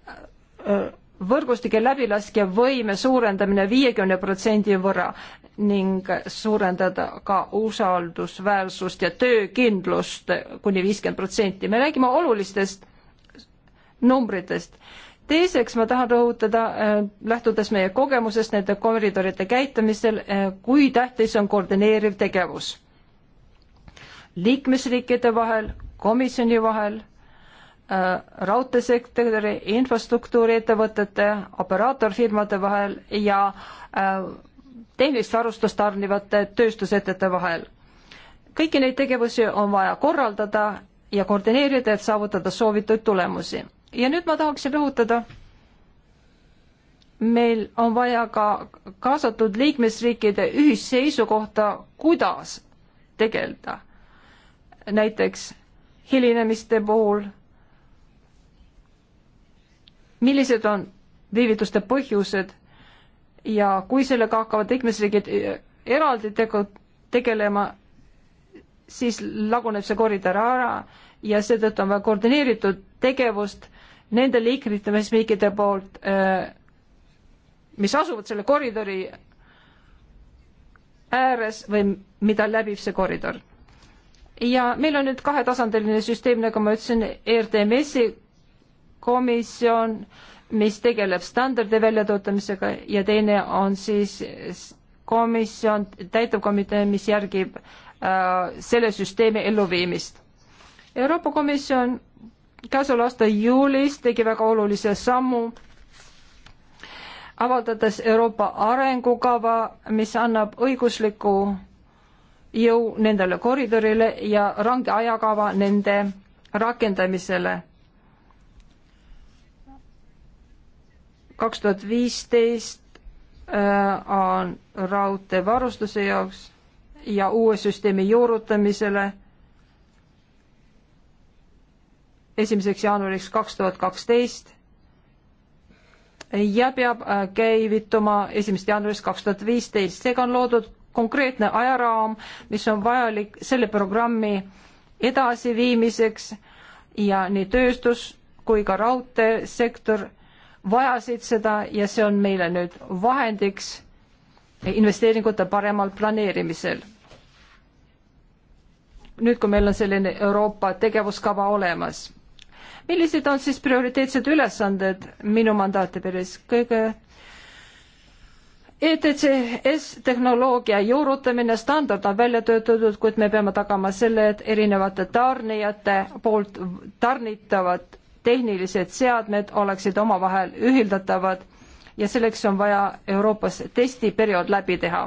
võrgustike läbilaskevõime suurendamine viiekümne protsendi võrra ning suurendada ka usaldusväärsust ja töökindlust kuni viiskümmend protsenti. me räägime olulistest numbritest. teiseks ma tahan rõhutada, äh, lähtudes meie kogemusest nende koridoride käitamisel, äh, kui tähtis on koordineeriv tegevus liikmesriikide vahel, komisjoni vahel, äh, raudteesektori, infrastruktuuriettevõtete, operaatorfirmade vahel ja äh, tehnilist varustust tarnivate tööstusettevõtete vahel. kõiki neid tegevusi on vaja korraldada ja koordineerida, et saavutada soovitud tulemusi. ja nüüd ma tahaksin rõhutada, meil on vaja ka kaasatud liikmesriikide ühisseisukohta, kuidas tegeleda. näiteks hilinemiste puhul, millised on viivituste põhjused ja kui sellega hakkavad liikmesriigid eh, eraldi tegu, tegelema, siis laguneb see koridor ära ja seetõttu on vaja koordineeritud tegevust nende liikmesriikide poolt, eh, mis asuvad selle koridori ääres või mida läbib see koridor. ja meil on nüüd kahetasandiline süsteem, nagu ma ütlesin, ERTMS-i komisjon äh, mis tegeleb standardi väljatöötamisega ja teine on siis komisjon, täitevkomitee, mis järgib äh, selle süsteemi elluviimist. Euroopa Komisjon käesoleva aasta juulis tegi väga olulise sammu, avaldades Euroopa arengukava, mis annab õigusliku jõu nendele koridorile ja range ajakava nende rakendamisele kaks tuhat viisteist äh, on raudteevarustuse jaoks ja uue süsteemi juurutamisele esimeseks jaanuariks kaks tuhat kaksteist ja peab äh, käivituma esimesest jaanuarist kaks tuhat viisteist. seega on loodud konkreetne ajaraam, mis on vajalik selle programmi edasiviimiseks ja nii tööstus kui ka raudteesektor vajasid seda ja see on meile nüüd vahendiks investeeringute paremal planeerimisel. nüüd, kui meil on selline Euroopa tegevuskava olemas. millised on siis prioriteetsed ülesanded minu mandaati perioodis? kõige ETCS tehnoloogia juurutamine standard on välja töötatud, kuid me peame tagama selle, et erinevate tarnijate poolt tarnitavad tehnilised seadmed oleksid omavahel ühildatavad ja selleks on vaja Euroopas testiperiood läbi teha.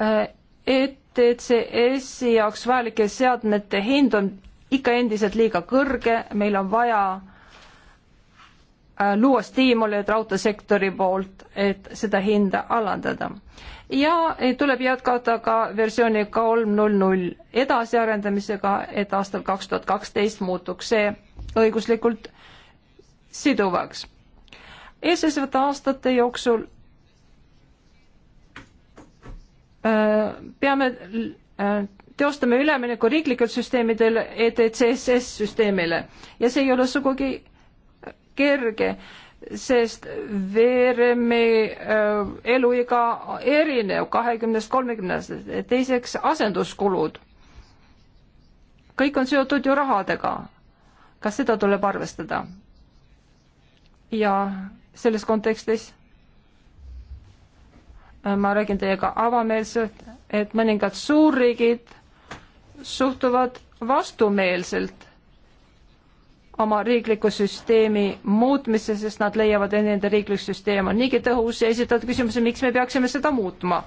Äh, ETCS-i jaoks vajalike seadmete hind on ikka endiselt liiga kõrge, meil on vaja äh, luua stiimuleid raudteesektori poolt, et seda hinda alandada ja eh, tuleb jätkata ka versiooni kolm null null edasiarendamisega, et aastal kaks tuhat kaksteist muutuks see õiguslikult siduvaks. eelseisvate aastate jooksul eh, peame eh, teostame ülemineku riiklikult süsteemidel ETCSS süsteemile ja see ei ole sugugi kerge sest veeremi äh, eluiga erineb kahekümnest kolmekümnest, teiseks asenduskulud. kõik on seotud ju rahadega. kas seda tuleb arvestada? ja selles kontekstis äh, ma räägin teiega avameelselt, et mõningad suurriigid suhtuvad vastumeelselt oma riikliku süsteemi muutmisse, sest nad leiavad, et nende riiklik süsteem on niigi tõhus ja esitavad küsimuse, miks me peaksime seda muutma.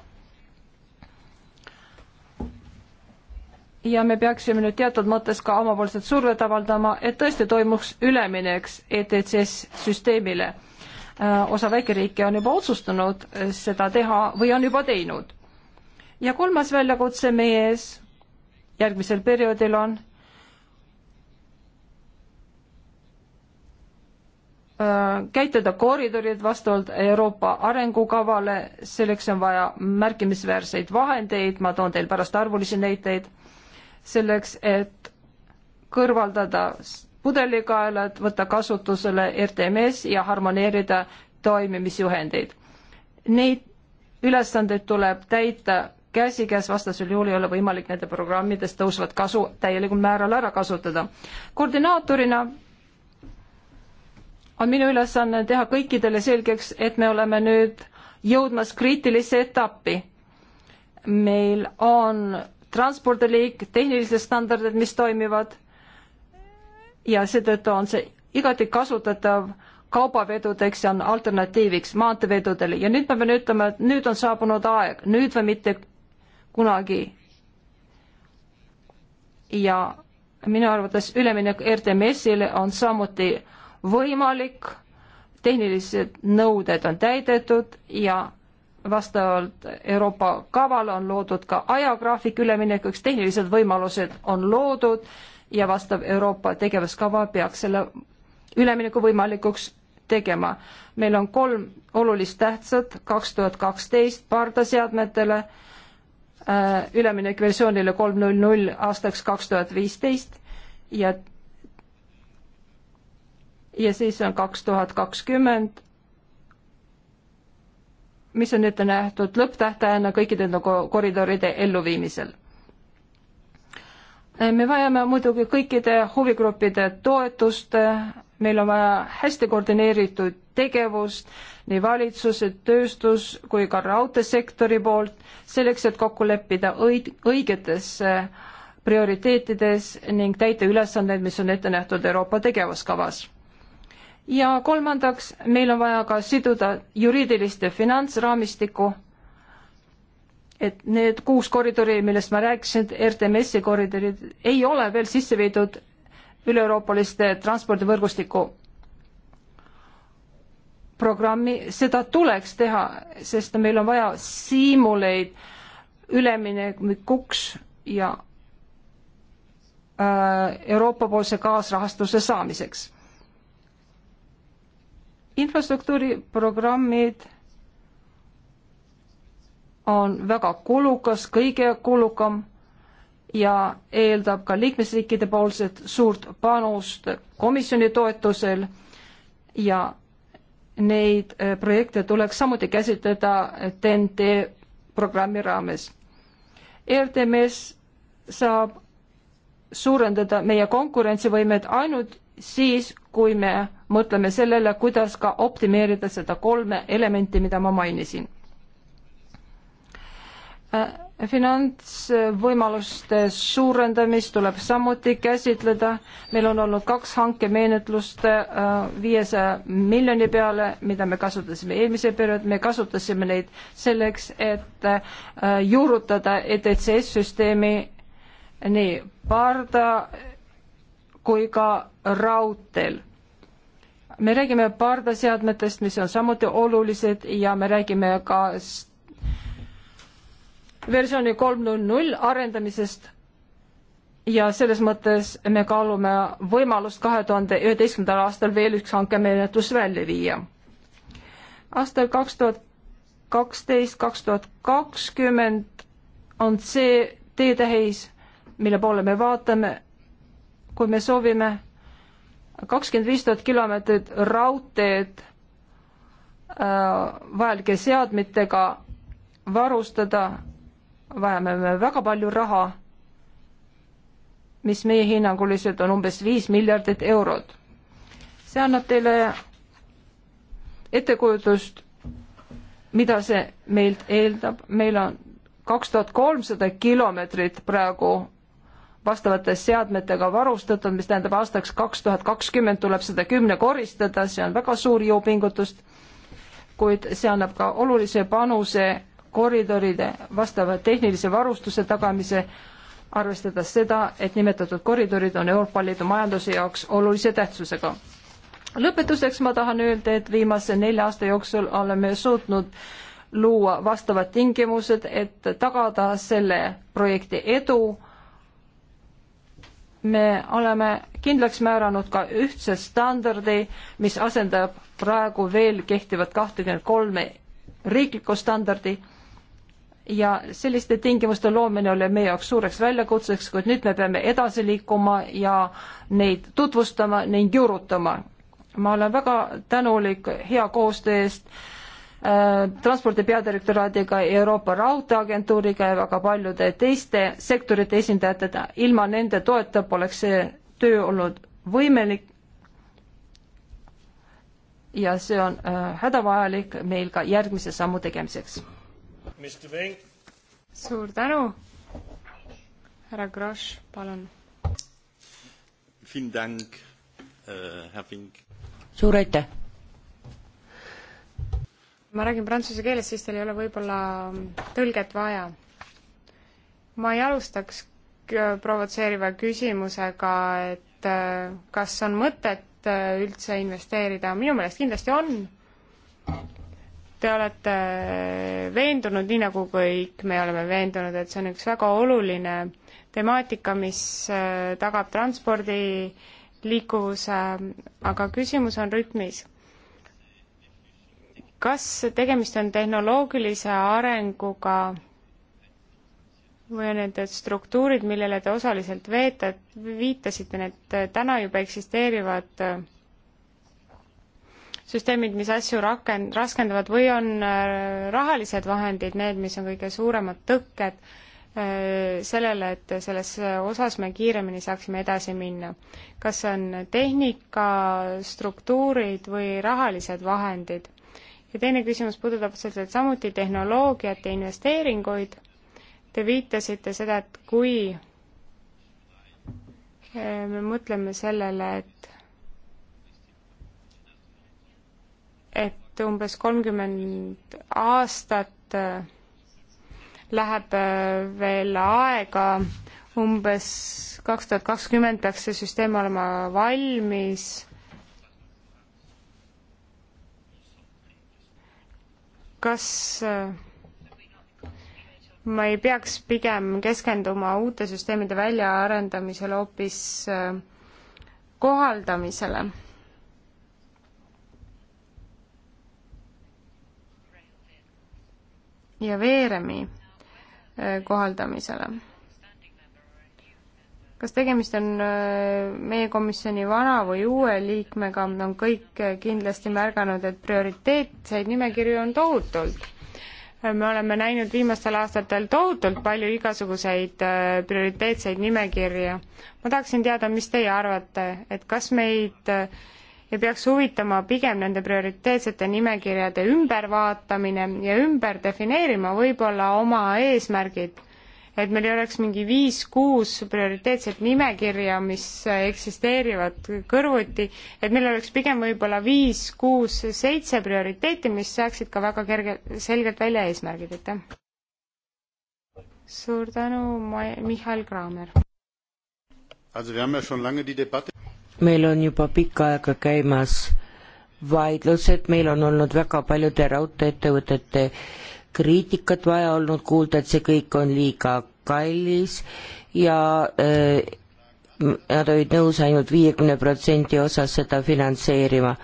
ja me peaksime nüüd teatud mõttes ka omapoolset survet avaldama, et tõesti toimuks üleminek ETCS süsteemile. Äh, osa väikeriike on juba otsustanud äh, seda teha või on juba teinud. ja kolmas väljakutse meie ees järgmisel perioodil on Äh, käitada koridorid vastavalt Euroopa arengukavale, selleks on vaja märkimisväärseid vahendeid, ma toon teil pärast arvulisi näiteid, selleks et kõrvaldada pudelikaelad, võtta kasutusele RTMS ja harmoneerida toimimisjuhendeid. Neid ülesandeid tuleb täita käsikäes, vastasel juhul ei ole võimalik nende programmidest tõusvat kasu täielikul määral ära kasutada. koordinaatorina on minu ülesanne teha kõikidele selgeks, et me oleme nüüd jõudmas kriitilisse etappi. meil on transpordiliik, tehnilised standardid, mis toimivad ja seetõttu on see igati kasutatav kaubavedudeks ja on alternatiiviks maanteevedudele ja nüüd ma pean ütlema, et nüüd on saabunud aeg, nüüd või mitte kunagi. ja minu arvates üleminek RTMS-ile on samuti võimalik, tehnilised nõuded on täidetud ja vastavalt Euroopa kaval on loodud ka ajagraafik üleminekuks, tehnilised võimalused on loodud ja vastav Euroopa tegevuskava peaks selle ülemineku võimalikuks tegema. meil on kolm olulist tähtsat, kaks tuhat kaksteist pardaseadmetele, äh, üleminek versioonile kolm null null aastaks kaks tuhat viisteist ja ja siis on kaks tuhat kakskümmend, mis on ette nähtud lõpptähtajana kõikide nagu koridoride elluviimisel. me vajame muidugi kõikide huvigruppide toetust, meil on vaja hästi koordineeritud tegevust nii valitsuse, tööstus kui ka raudteesektori poolt, selleks et kokku leppida õig-, õigetes äh, prioriteetides ning täita ülesandeid, mis on ette nähtud Euroopa tegevuskavas ja kolmandaks, meil on vaja ka siduda juriidiliste finantsraamistikku, et need kuus koridori, millest ma rääkisin, RTMS-i koridorid, ei ole veel sisse viidud üle-euroopaliste transpordivõrgustiku programmi, seda tuleks teha, sest meil on vaja siimuleid üleminekuks ja äh, Euroopa-poolse kaasrahastuse saamiseks infrastruktuuriprogrammid on väga kulukas, kõige kulukam ja eeldab ka liikmesriikide poolset suurt panust komisjoni toetusel ja neid äh, projekte tuleks samuti käsitleda TNT äh, programmi raames. RTMS saab suurendada meie konkurentsivõimet ainult siis, kui me mõtleme sellele, kuidas ka optimeerida seda kolme elementi, mida ma mainisin äh, finantsvõimaluste suurendamist tuleb samuti käsitleda. meil on olnud kaks hankemeenetlust äh, viiesaja miljoni peale, mida me kasutasime eelmisel perioodil, me kasutasime neid selleks, et äh, juurutada ETCS-süsteemi nii parda kui ka raudteel me räägime pardaseadmetest, mis on samuti olulised ja me räägime ka versiooni kolm null null arendamisest ja selles mõttes me kaalume võimalust kahe tuhande üheteistkümnendal aastal veel üks hankemenetlus välja viia. aastal kaks tuhat kaksteist, kaks tuhat kakskümmend on see teetähis, mille poole me vaatame, kui me soovime kakskümmend viis tuhat kilomeetrit raudteed äh, vajalike seadmetega varustada, vajame me väga palju raha, mis meie hinnanguliselt on umbes viis miljardit eurot. see annab teile ettekujutust, mida see meilt eeldab, meil on kaks tuhat kolmsada kilomeetrit praegu vastavate seadmetega varustatud, mis tähendab aastaks kaks tuhat kakskümmend tuleb seda kümnekoristada, see on väga suur jõupingutus, kuid see annab ka olulise panuse koridoride vastava tehnilise varustuse tagamise, arvestades seda, et nimetatud koridorid on Euroopa Liidu majanduse jaoks olulise tähtsusega. lõpetuseks ma tahan öelda, et viimase nelja aasta jooksul oleme suutnud luua vastavad tingimused, et tagada selle projekti edu me oleme kindlaks määranud ka ühtse standardi, mis asendab praegu veel kehtivat kahtekümmet kolme riiklikku standardi ja selliste tingimuste loomine oli meie jaoks suureks väljakutseks, kuid nüüd me peame edasi liikuma ja neid tutvustama ning juurutama. ma olen väga tänulik hea koostöö eest äh, Äh, transpordi peadirektoraadiga, Euroopa Raudteeagentuuriga ja väga paljude teiste sektorite esindajatega. ilma nende toeta poleks see töö olnud võimelik ja see on äh, hädavajalik meil ka järgmise sammu tegemiseks. suur tänu. härra Grosch, palun. Äh, suur aitäh ma räägin prantsuse keeles, siis teil ei ole võib-olla tõlget vaja. ma ei alustaks äh, provotseeriva küsimusega, et äh, kas on mõtet äh, üldse investeerida, minu meelest kindlasti on. Te olete veendunud, nii nagu kõik me oleme veendunud, et see on üks väga oluline temaatika, mis tagab transpordi liikuvuse, aga küsimus on rütmis kas tegemist on tehnoloogilise arenguga või on need struktuurid, millele te osaliselt veeta, viitasite, need äh, täna juba eksisteerivad äh, süsteemid, mis asju rakend-, raskendavad või on äh, rahalised vahendid need, mis on kõige suuremad tõkked sellele, et selles osas me kiiremini saaksime edasi minna. kas see on tehnika, struktuurid või rahalised vahendid? ja teine küsimus puudutab otseselt samuti tehnoloogiat ja investeeringuid. Te viitasite seda, et kui eh, me mõtleme sellele, et et umbes kolmkümmend aastat eh, läheb eh, veel aega, umbes kaks tuhat kakskümmend peaks see süsteem olema valmis kas äh, ma ei peaks pigem keskenduma uute süsteemide väljaarendamisel hoopis äh, kohaldamisele? ja veeremi äh, kohaldamisele kas tegemist on äh, meie komisjoni vana või uue liikmega, on kõik äh, kindlasti märganud, et prioriteetseid nimekirju on tohutult. me oleme näinud viimastel aastatel tohutult palju igasuguseid äh, prioriteetseid nimekirju. ma tahaksin teada, mis teie arvate, et kas meid ja peaks huvitama pigem nende prioriteetsete nimekirjade ümbervaatamine ja ümber defineerima võib-olla oma eesmärgid et meil ei oleks mingi viis-kuus prioriteetset nimekirja, mis eksisteerivad kõrvuti, et meil oleks pigem võib-olla viis-kuus-seitse prioriteeti, mis saaksid ka väga kerge, selgelt välja eesmärgid, aitäh. suur tänu, Mihhail Kraamer. meil on juba pikka aega käimas vaidlused, meil on olnud väga paljude raudtee-ettevõtete kriitikat vaja olnud kuulda, et see kõik on liiga kallis ja äh, nad olid nõus ainult viiekümne protsendi osas seda finantseerima.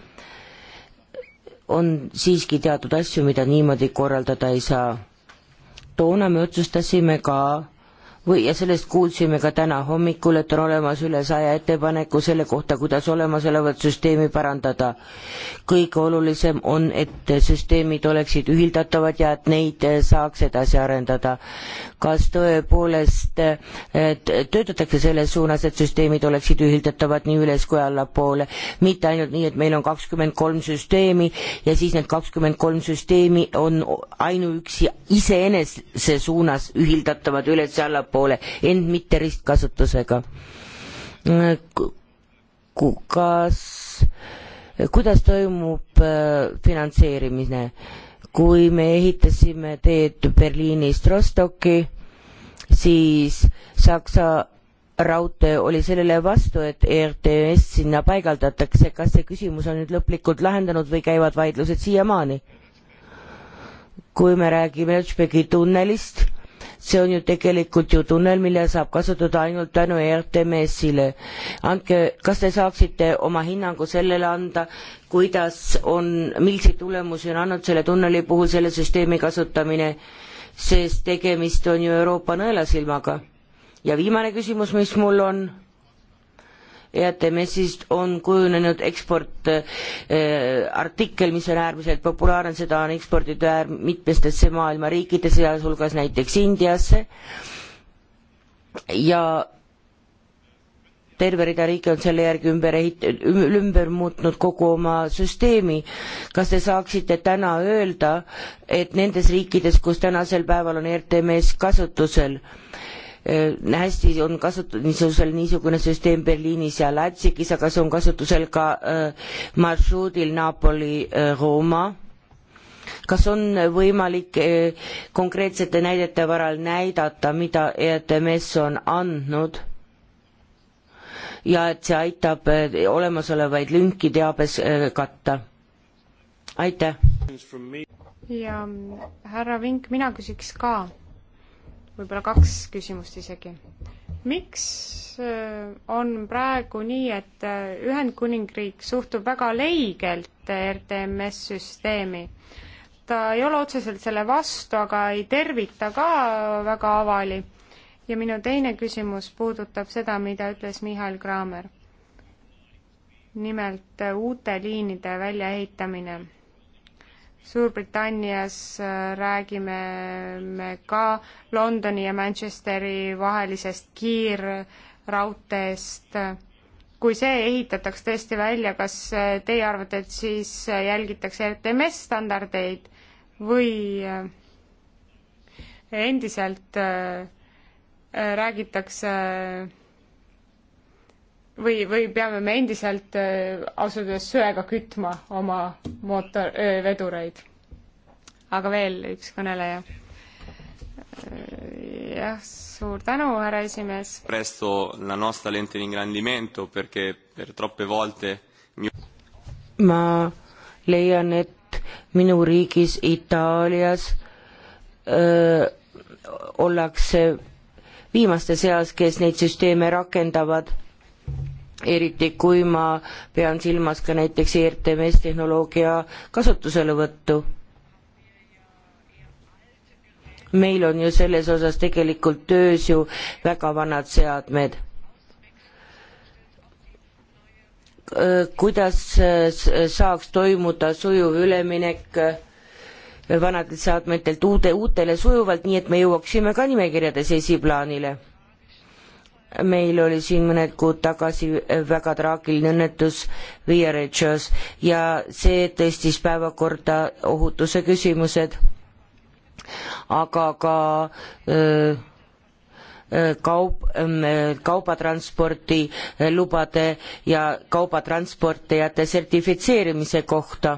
on siiski teatud asju, mida niimoodi korraldada ei saa. toona me otsustasime ka või, ja sellest kuulsime ka täna hommikul, et on olemas üle saja ettepaneku selle kohta, kuidas olemasolevat süsteemi parandada. kõige olulisem on, et süsteemid oleksid ühildatavad ja et neid eh, saaks edasi arendada. kas tõepoolest eh, töötatakse selles suunas, et süsteemid oleksid ühildatavad nii üles kui allapoole, mitte ainult nii, et meil on kakskümmend kolm süsteemi ja siis need kakskümmend kolm süsteemi on ainuüksi iseenese suunas ühildatavad üles ja allapoole? poole, ent mitte ristkasutusega. kas, kuidas toimub äh, finantseerimine? kui me ehitasime teed Berliinist Rostocki, siis Saksa raudtee oli sellele vastu, et ERTMS sinna paigaldatakse, kas see küsimus on nüüd lõplikult lahendanud või käivad vaidlused siiamaani? kui me räägime Ötšbegi tunnelist, see on ju tegelikult ju tunnel, mille saab kasutada ainult tänu ERTMS-ile. andke, kas te saaksite oma hinnangu sellele anda, kuidas on, milliseid tulemusi on andnud selle tunneli puhul selle süsteemi kasutamine, sest tegemist on ju Euroopa nõelasilmaga. ja viimane küsimus, mis mul on EATMS-ist on kujunenud eksportartikkel, äh, mis on äärmiselt populaarne, seda on eksporditud äär-, mitmestesse maailma riikidesse, sealhulgas näiteks Indiasse ja terve rida riike on selle järgi ümber ehit-, ümber muutnud kogu oma süsteemi. kas te saaksite täna öelda, et nendes riikides, kus tänasel päeval on RTMS e kasutusel äh, Äh, hästi on kasutusel niisugune süsteem Berliinis ja Leipzigis, aga see on kasutusel ka äh, marsruudil Napoli-Rooma äh, kas on võimalik konkreetsete näidete varal näidata, mida ETMS on andnud ja et see aitab olemasolevaid lünki teabes katta? aitäh! ja härra Vink, mina küsiks ka võib-olla kaks küsimust isegi. miks äh, on praegu nii, et äh, Ühendkuningriik suhtub väga leigelt RTMS süsteemi? ta ei ole otseselt selle vastu, aga ei tervita ka väga avali. ja minu teine küsimus puudutab seda, mida ütles Mihhail Kraamer. nimelt äh, uute liinide väljaehitamine Suurbritannias äh, räägime me ka Londoni ja Manchesteri vahelisest kiirraudteest. kui see ehitataks tõesti välja, kas äh, teie arvate, et siis äh, jälgitakse RTMS standardeid või endiselt räägitakse või, või peame me endiselt äh, ausalt öeldes söega kütma oma mootor, vedureid? aga veel üks kõneleja. Äh, jah, suur tänu, härra esimees. Presto la nostra lente di ingrandimento perché per troppe volte ma leian, et minu riigis Itaalias öö, ollakse viimaste seas, kes neid süsteeme rakendavad eriti kui ma pean silmas ka näiteks ERTMS tehnoloogia kasutuselevõttu. meil on ju selles osas tegelikult töös ju väga vanad seadmed kuidas saaks toimuda sujuv üleminek vanadelt seadmetelt uude, uutele sujuvalt, nii et me jõuaksime ka nimekirjades esiplaanile meil oli siin mõned kuud tagasi väga traagiline õnnetus Via Regios ja see tõstis päevakorda ohutuse küsimused, aga ka öö, kaup, kaubatransporti lubade ja kaubatransportijate sertifitseerimise kohta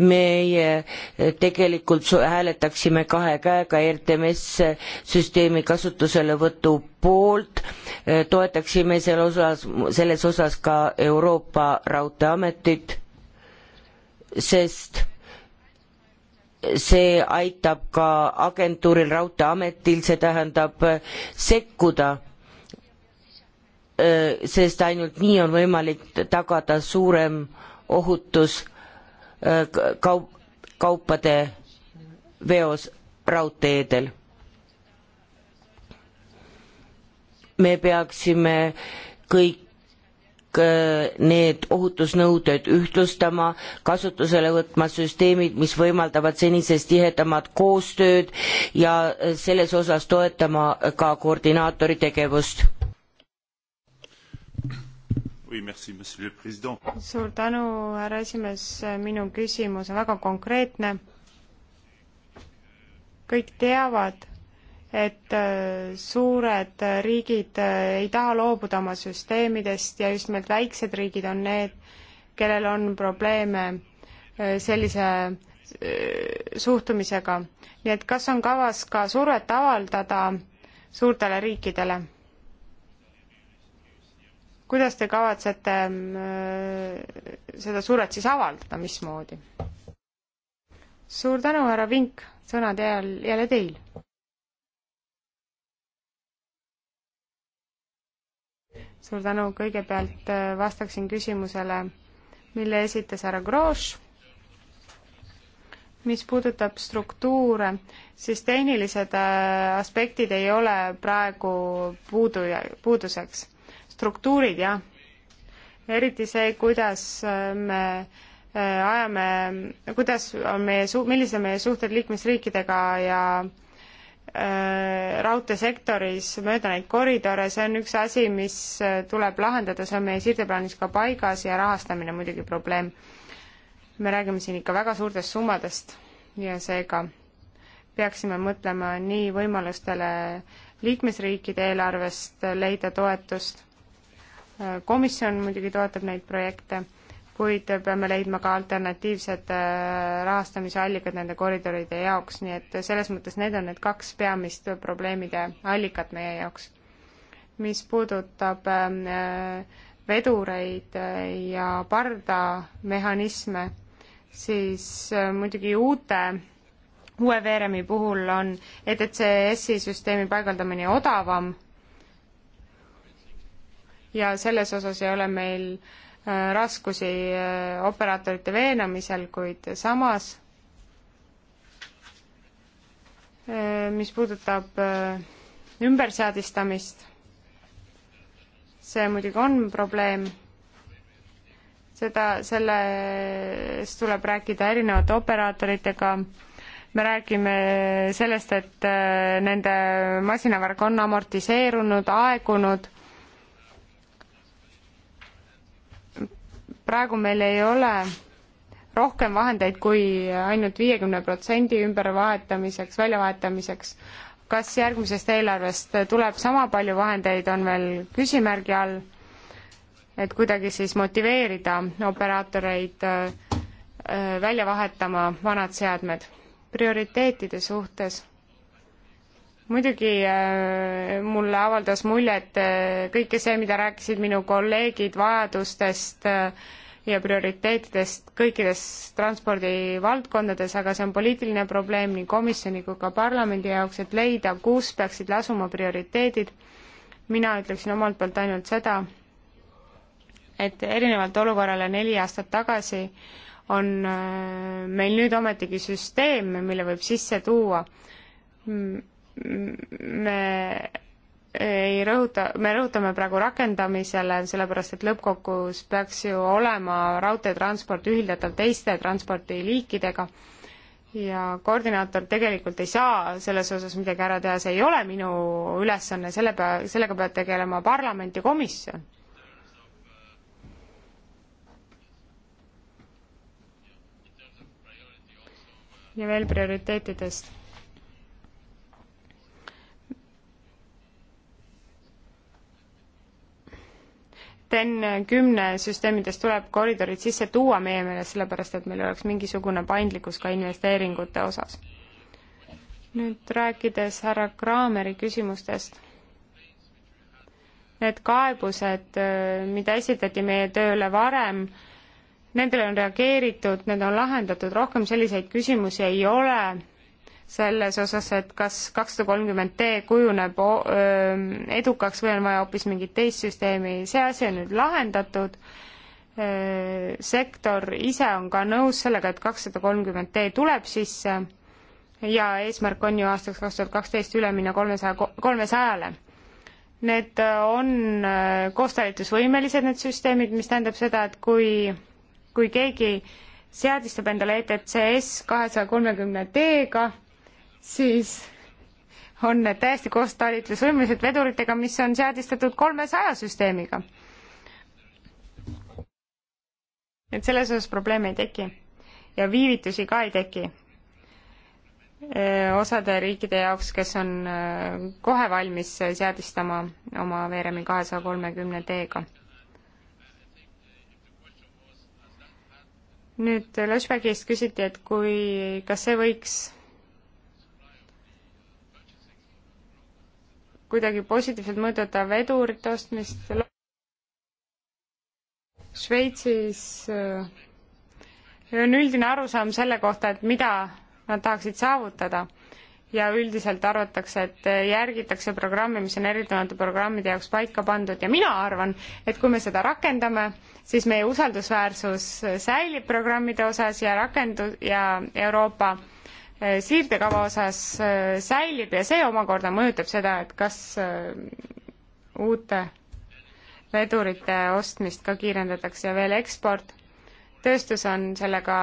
meie eh, tegelikult hääletaksime kahe käega RTMS eh, süsteemi kasutuselevõtu poolt, eh, toetaksime selle osas, selles osas ka Euroopa Raudteeametit, sest see aitab ka agentuuril, Raudteeametil, see tähendab sekkuda sest ainult nii on võimalik tagada suurem ohutus Äh, kaup, kaupade veos raudteedel. me peaksime kõik kõik äh, need ohutusnõuded ühtlustama, kasutusele võtma süsteemid, mis võimaldavad senisest tihedamat koostööd ja äh, selles osas toetama ka koordinaatori tegevust suur tänu, härra esimees, minu küsimus on väga konkreetne. kõik teavad, et äh, suured riigid äh, ei taha loobuda oma süsteemidest ja just nimelt väiksed riigid on need, kellel on probleeme äh, sellise suhtumisega. nii et kas on kavas ka survet avaldada suurtele riikidele? kuidas te kavatsete mm, äh, seda survet siis avaldada, mismoodi? suur tänu, härra Vink, sõnad jälle, jälle teil. suur tänu, kõigepealt äh, vastaksin küsimusele, mille esitas härra Grosch. mis puudutab struktuure, siis tehnilised äh, aspektid ei ole praegu puudu, puuduseks struktuurid, jah. eriti see, kuidas äh, me äh, ajame, kuidas on meie su-, millised on meie suhted liikmesriikidega ja äh, raudteesektoris mööda neid koridore, see on üks asi, mis tuleb lahendada, see on meie siirdeplaanis ka paigas ja rahastamine muidugi probleem. me räägime siin ikka väga suurtest summadest ja seega peaksime mõtlema nii võimalustele liikmesriikide eelarvest leida toetust komisjon muidugi toetab neid projekte, kuid peame leidma ka alternatiivsed äh, rahastamise allikad nende koridoride jaoks, nii et selles mõttes need on need kaks peamist probleemide allikat meie jaoks. mis puudutab äh, vedureid äh, ja pardamehhanisme, siis muidugi uute uue veeremi puhul on ETCS-i süsteemi paigaldamine odavam ja selles osas ei ole meil äh, raskusi äh, operaatorite veenamisel, kuid samas äh, mis puudutab ümberseadistamist, see muidugi on probleem, seda, sellest tuleb rääkida erinevate operaatoritega, me räägime sellest, et nende masinavärk on amortiseerunud, aegunud praegu meil ei ole rohkem vahendeid kui ainult viiekümne protsendi ümbervahetamiseks, väljavahetamiseks. kas järgmisest eelarvest tuleb sama palju vahendeid, on veel küsimärgi all, et kuidagi siis motiveerida operaatoreid äh, välja vahetama vanad seadmed prioriteetide suhtes muidugi äh, mulle avaldas muljet äh, kõike see, mida rääkisid minu kolleegid vajadustest äh, ja prioriteetidest kõikides transpordivaldkondades, aga see on poliitiline probleem nii komisjoni kui ka parlamendi jaoks, et leida, kus peaksid lasuma prioriteedid. mina ütleksin omalt poolt ainult seda, et erinevalt olukorrale neli aastat tagasi on meil nüüd ometigi süsteem, mille võib sisse tuua me ei rõhuta, me rõhutame praegu rakendamisele, sellepärast et lõppkokkuvõttes peaks ju olema raudteetransport ühildatav teiste transpordiliikidega ja koordinaator tegelikult ei saa selles osas midagi ära teha, see ei ole minu ülesanne, selle pea, sellega peab tegelema parlament ja komisjon. ja veel prioriteetidest TEN kümne süsteemidest tuleb koridorid sisse tuua meie meelest, sellepärast et meil oleks mingisugune paindlikkus ka investeeringute osas. nüüd rääkides härra Kraameri küsimustest. Need kaebused, mida esitati meie tööle varem, nendele on reageeritud, need on lahendatud, rohkem selliseid küsimusi ei ole selles osas, et kas kakssada kolmkümmend D kujuneb edukaks või on vaja hoopis mingit teist süsteemi, see asi on nüüd lahendatud, sektor ise on ka nõus sellega, et kakssada kolmkümmend D tuleb sisse ja eesmärk on ju aastaks kaks tuhat kaksteist üle minna kolmesaja, kolmesajale. Need on koostalitusvõimelised, need süsteemid, mis tähendab seda, et kui, kui keegi seadistab endale ETCS kahesaja kolmekümne D-ga, siis on need täiesti koos talitlusvõimelised veduritega, mis on seadistatud kolmesaja süsteemiga. et selles osas probleeme ei teki ja viivitusi ka ei teki e, osade riikide jaoks, kes on e, kohe valmis seadistama oma veeremi kahesaja kolmekümne teega. nüüd Lösbergist küsiti, et kui, kas see võiks kuidagi positiivselt mõjutada vedurite ostmist. Šveitsis äh, on üldine arusaam selle kohta, et mida nad tahaksid saavutada ja üldiselt arvatakse, et järgitakse programmi, mis on erinevate programmide jaoks paika pandud ja mina arvan, et kui me seda rakendame, siis meie usaldusväärsus säilib programmide osas ja rakendu- ja Euroopa Eh, siirdekava osas eh, säilib ja see omakorda mõjutab seda, et kas eh, uute vedurite ostmist ka kiirendatakse ja veel eksport. tööstus on sellega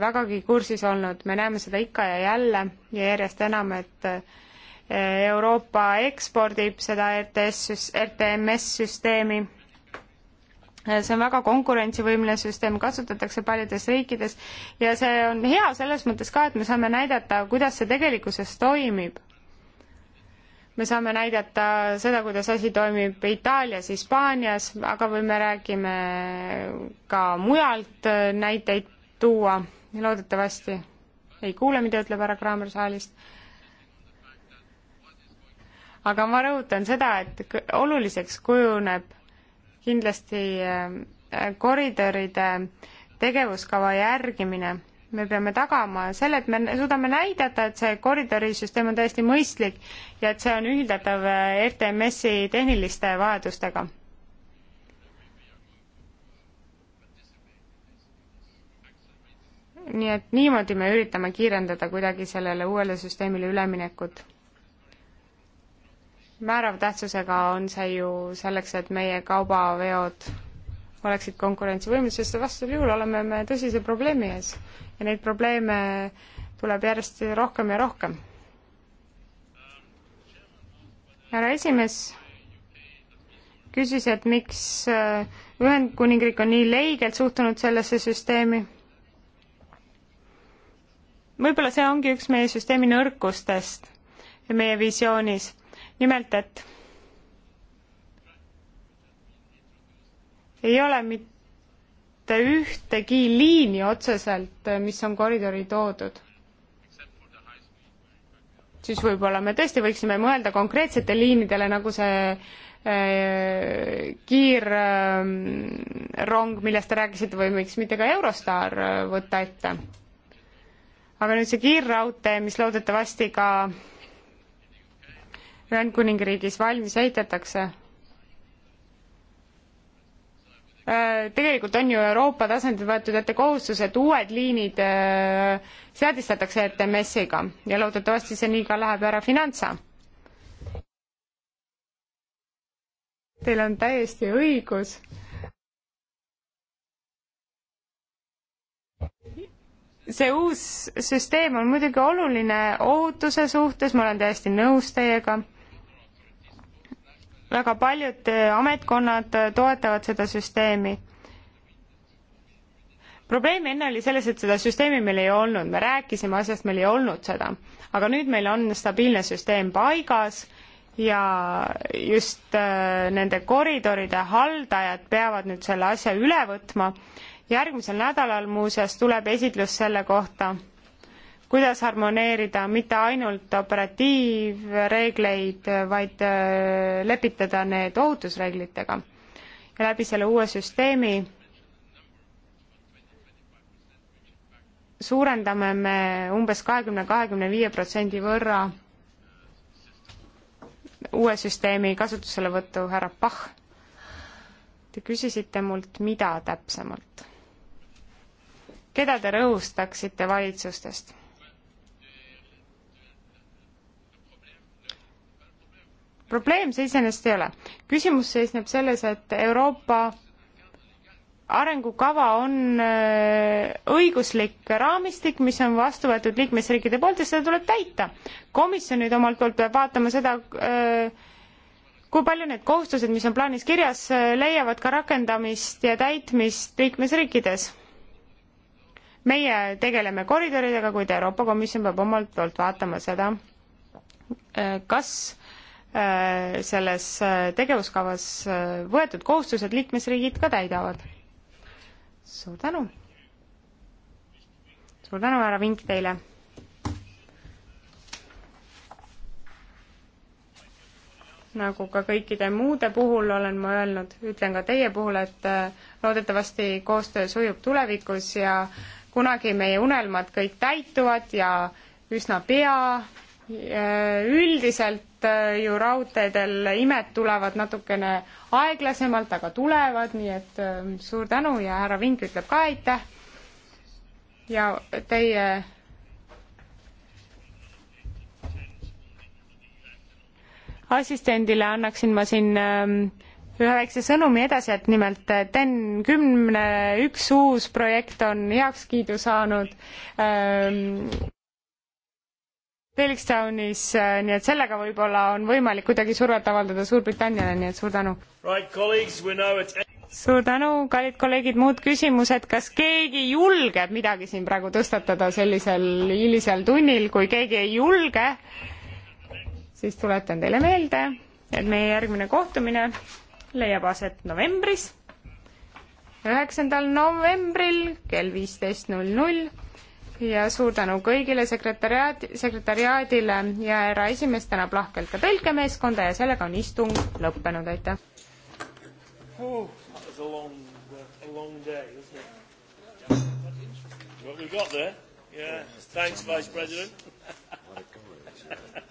vägagi kursis olnud, me näeme seda ikka ja jälle ja järjest enam, et Euroopa ekspordib seda RTS, RTMS süsteemi see on väga konkurentsivõimeline süsteem, kasutatakse paljudes riikides ja see on hea selles mõttes ka, et me saame näidata, kuidas see tegelikkuses toimib. me saame näidata seda, kuidas asi toimib Itaalias, Hispaanias, aga või me räägime ka mujalt näiteid tuua, loodetavasti ei kuule, mida ütleb härra Kraamer saalist aga ma rõhutan seda, et oluliseks kujuneb kindlasti äh, koridoride tegevuskava järgimine. me peame tagama selle, et me suudame näidata, et see koridorisüsteem on täiesti mõistlik ja et see on ühildatav äh, RTMS-i tehniliste vajadustega. nii et niimoodi me üritame kiirendada kuidagi sellele uuele süsteemile üleminekut määrava tähtsusega on see ju selleks, et meie kaubaveod oleksid konkurentsivõimelised, sest vastasel juhul oleme me tõsise probleemi ees ja neid probleeme tuleb järjest rohkem ja rohkem. härra esimees küsis, et miks äh, Ühendkuningriik on nii leigelt suhtunud sellesse süsteemi. võib-olla see ongi üks meie süsteemi nõrkustest ja meie visioonis nimelt, et ei ole mitte ühtegi liini otseselt, mis on koridori toodud. siis võib-olla me tõesti võiksime mõelda konkreetsete liinidele, nagu see äh, kiirrong, ähm, millest te rääkisite, või miks mitte ka Eurostar äh, võtta ette. aga nüüd see kiirraudtee, mis loodetavasti ka Ühendkuningriigis valmis ehitatakse? Äh, tegelikult on ju Euroopa tasandil võetud ette kohustus, et uued liinid äh, seadistatakse ette MES-iga ja loodetavasti see nii ka läheb ära finantsa. Teil on täiesti õigus. see uus süsteem on muidugi oluline ohutuse suhtes, ma olen täiesti nõus teiega väga paljud äh, ametkonnad äh, toetavad seda süsteemi. probleem enne oli selles, et seda süsteemi meil ei olnud, me rääkisime asjast, meil ei olnud seda. aga nüüd meil on stabiilne süsteem paigas ja just äh, nende koridoride haldajad peavad nüüd selle asja üle võtma. järgmisel nädalal muuseas tuleb esitlus selle kohta kuidas harmoneerida mitte ainult operatiivreegleid, vaid äh, lepitada need ohutusreeglitega. ja läbi selle uue süsteemi suurendame me umbes kahekümne, kahekümne viie protsendi võrra uue süsteemi kasutuselevõttu, härra Pahh. Te küsisite mult, mida täpsemalt? keda te rõhustaksite valitsustest? probleem see iseenesest ei ole. küsimus seisneb selles, et Euroopa arengukava on äh, õiguslik raamistik, mis on vastu võetud liikmesriikide poolt ja seda tuleb täita. komisjon nüüd omalt poolt peab vaatama seda, äh, kui palju need kohustused, mis on plaanis kirjas, äh, leiavad ka rakendamist ja täitmist liikmesriikides. meie tegeleme koridoridega, kuid Euroopa Komisjon peab omalt poolt vaatama seda, kas Äh, selles äh, tegevuskavas äh, võetud kohustused liikmesriigid ka täidavad. suur tänu! suur tänu, härra Vink, teile! nagu ka kõikide muude puhul olen ma öelnud, ütlen ka teie puhul, et loodetavasti koostöö sujub tulevikus ja kunagi meie unelmad kõik täituvad ja üsna pea üldiselt Äh, ju raudteedel imed tulevad natukene aeglasemalt, aga tulevad, nii et äh, suur tänu ja härra Vink ütleb ka aitäh. ja teie assistendile annaksin ma siin ähm, ühe väikse sõnumi edasi, et nimelt äh, TEN kümne üks uus projekt on heakskiidu saanud. Ähm, Felixtownis, äh, nii et sellega võib-olla on võimalik kuidagi survet avaldada Suurbritanniale, nii et suur tänu right,. suur tänu, kallid kolleegid, muud küsimused, kas keegi julgeb midagi siin praegu tõstatada sellisel hilisel tunnil, kui keegi ei julge, siis tuletan teile meelde, et meie järgmine kohtumine leiab aset novembris, üheksandal novembril kell viisteist null null ja suur tänu kõigile sekretäriaad, sekretäriaadile ja härra esimees tänab lahkelt ka tõlkemeeskonda ja sellega on istung lõppenud, aitäh oh,. Uh, What we got there? Yeah. Thanks, Vice President.